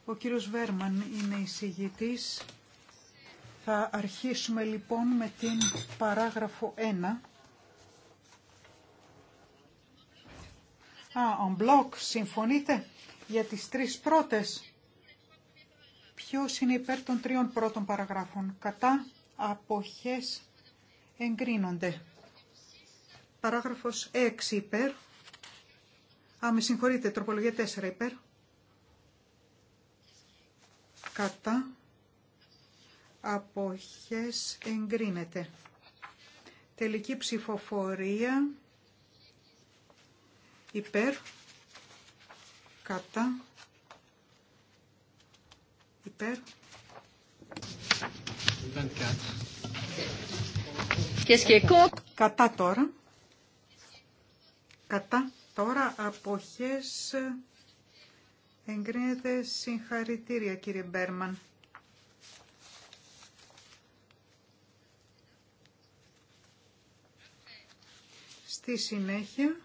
Ο κύριος Βέρμαν είναι εισηγητής. Θα αρχίσουμε λοιπόν με την παράγραφο 1. Α, on block, συμφωνείτε για τις τρεις πρώτες. Ποιος είναι υπέρ των τριών πρώτων παραγράφων. Κατά, αποχές, εγκρίνονται. Παράγραφος 6 υπέρ. Α, με συγχωρείτε, τροπολογία 4 υπέρ κατά αποχές εγκρίνεται. Τελική ψηφοφορία υπέρ κατά υπέρ 24. Κατά τώρα. Κατά τώρα αποχές Εγκρίνεται συγχαρητήρια κύριε Μπέρμαν. Στη συνέχεια,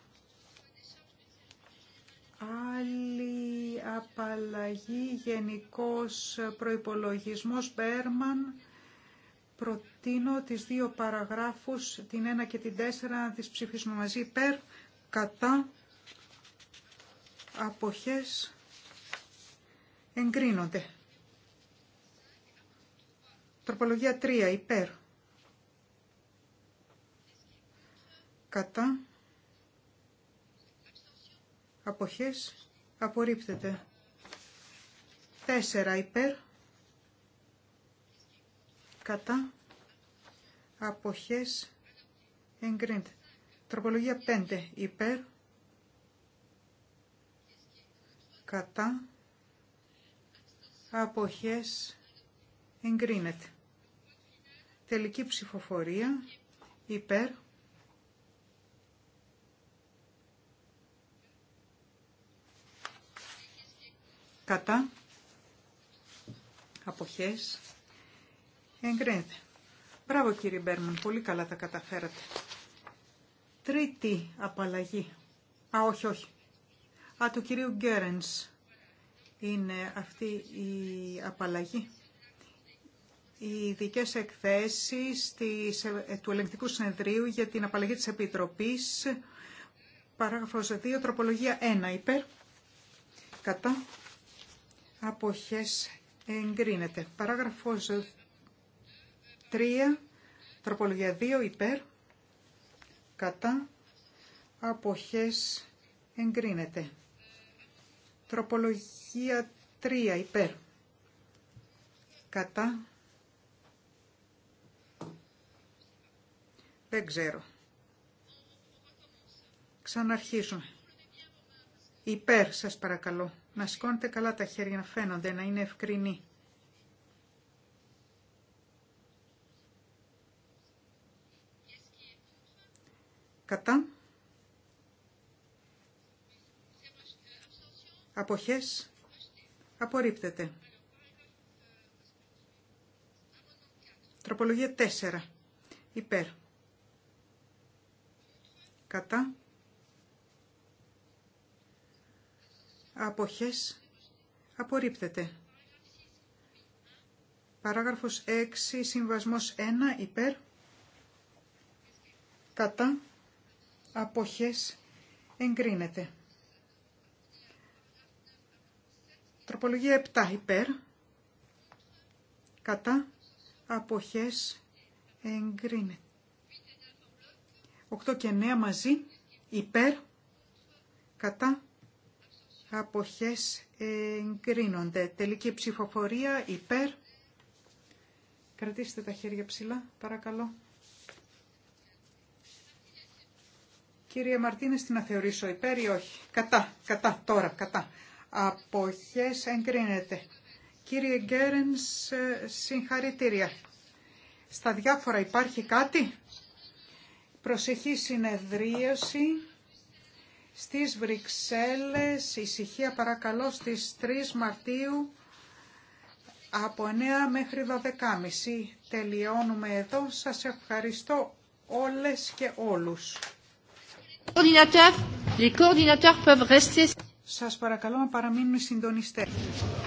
άλλη απαλλαγή γενικός προϋπολογισμός Μπέρμαν. Προτείνω τις δύο παραγράφους, την 1 και την 4, να τις ψηφίσουμε μαζί υπέρ, κατά, αποχές, εγκρίνονται. Τροπολογία 3 υπέρ. Κατά. Αποχές. Απορρίπτεται. 4 υπέρ. Κατά. Αποχές. Εγκρίνεται. Τροπολογία 5 υπέρ. Κατά αποχές εγκρίνεται. Τελική ψηφοφορία υπέρ κατά αποχές εγκρίνεται. Μπράβο κύριε Μπέρμαν, πολύ καλά τα καταφέρατε. Τρίτη απαλλαγή. Α, όχι, όχι. Α, του κυρίου Γκέρενς είναι αυτή η απαλλαγή. Οι ειδικέ εκθέσεις ε, του Ελεγκτικού Συνεδρίου για την απαλλαγή της Επιτροπής, παράγραφος 2, τροπολογία 1, υπέρ, κατά, αποχές εγκρίνεται. Παράγραφος 3, τροπολογία 2, υπέρ, κατά, αποχές εγκρίνεται. Τροπολογία 3 υπέρ. Κατά. Δεν ξέρω. Ξαναρχίζουμε. Υπέρ σας παρακαλώ. Να σηκώνετε καλά τα χέρια να φαίνονται, να είναι ευκρινή. Κατά. Αποχές. Απορρίπτεται. Τροπολογία 4. Υπέρ. Κατά. Αποχές. Απορρίπτεται. Παράγραφος 6. Συμβασμός 1. Υπέρ. Κατά. Αποχές. Εγκρίνεται. Τροπολογία 7 υπέρ, κατά, αποχές, εγκρίνεται. 8 και 9 μαζί, υπέρ, κατά, αποχές, εγκρίνονται. Τελική ψηφοφορία, υπέρ. Κρατήστε τα χέρια ψηλά, παρακαλώ. Κύριε Μαρτίνε, τι να θεωρήσω, υπέρ ή όχι. Κατά, κατά, τώρα, κατά αποχές εγκρίνεται. Κύριε Γκέρενς, ε, συγχαρητήρια. Στα διάφορα υπάρχει κάτι. Προσεχή συνεδρίωση στις Βρυξέλλες, ησυχία παρακαλώ, στις 3 Μαρτίου από 9 μέχρι 12.30. Τελειώνουμε εδώ. Σας ευχαριστώ όλες και όλους. coordinateurs peuvent rester. Σας παρακαλώ να παραμείνουμε συντονιστές.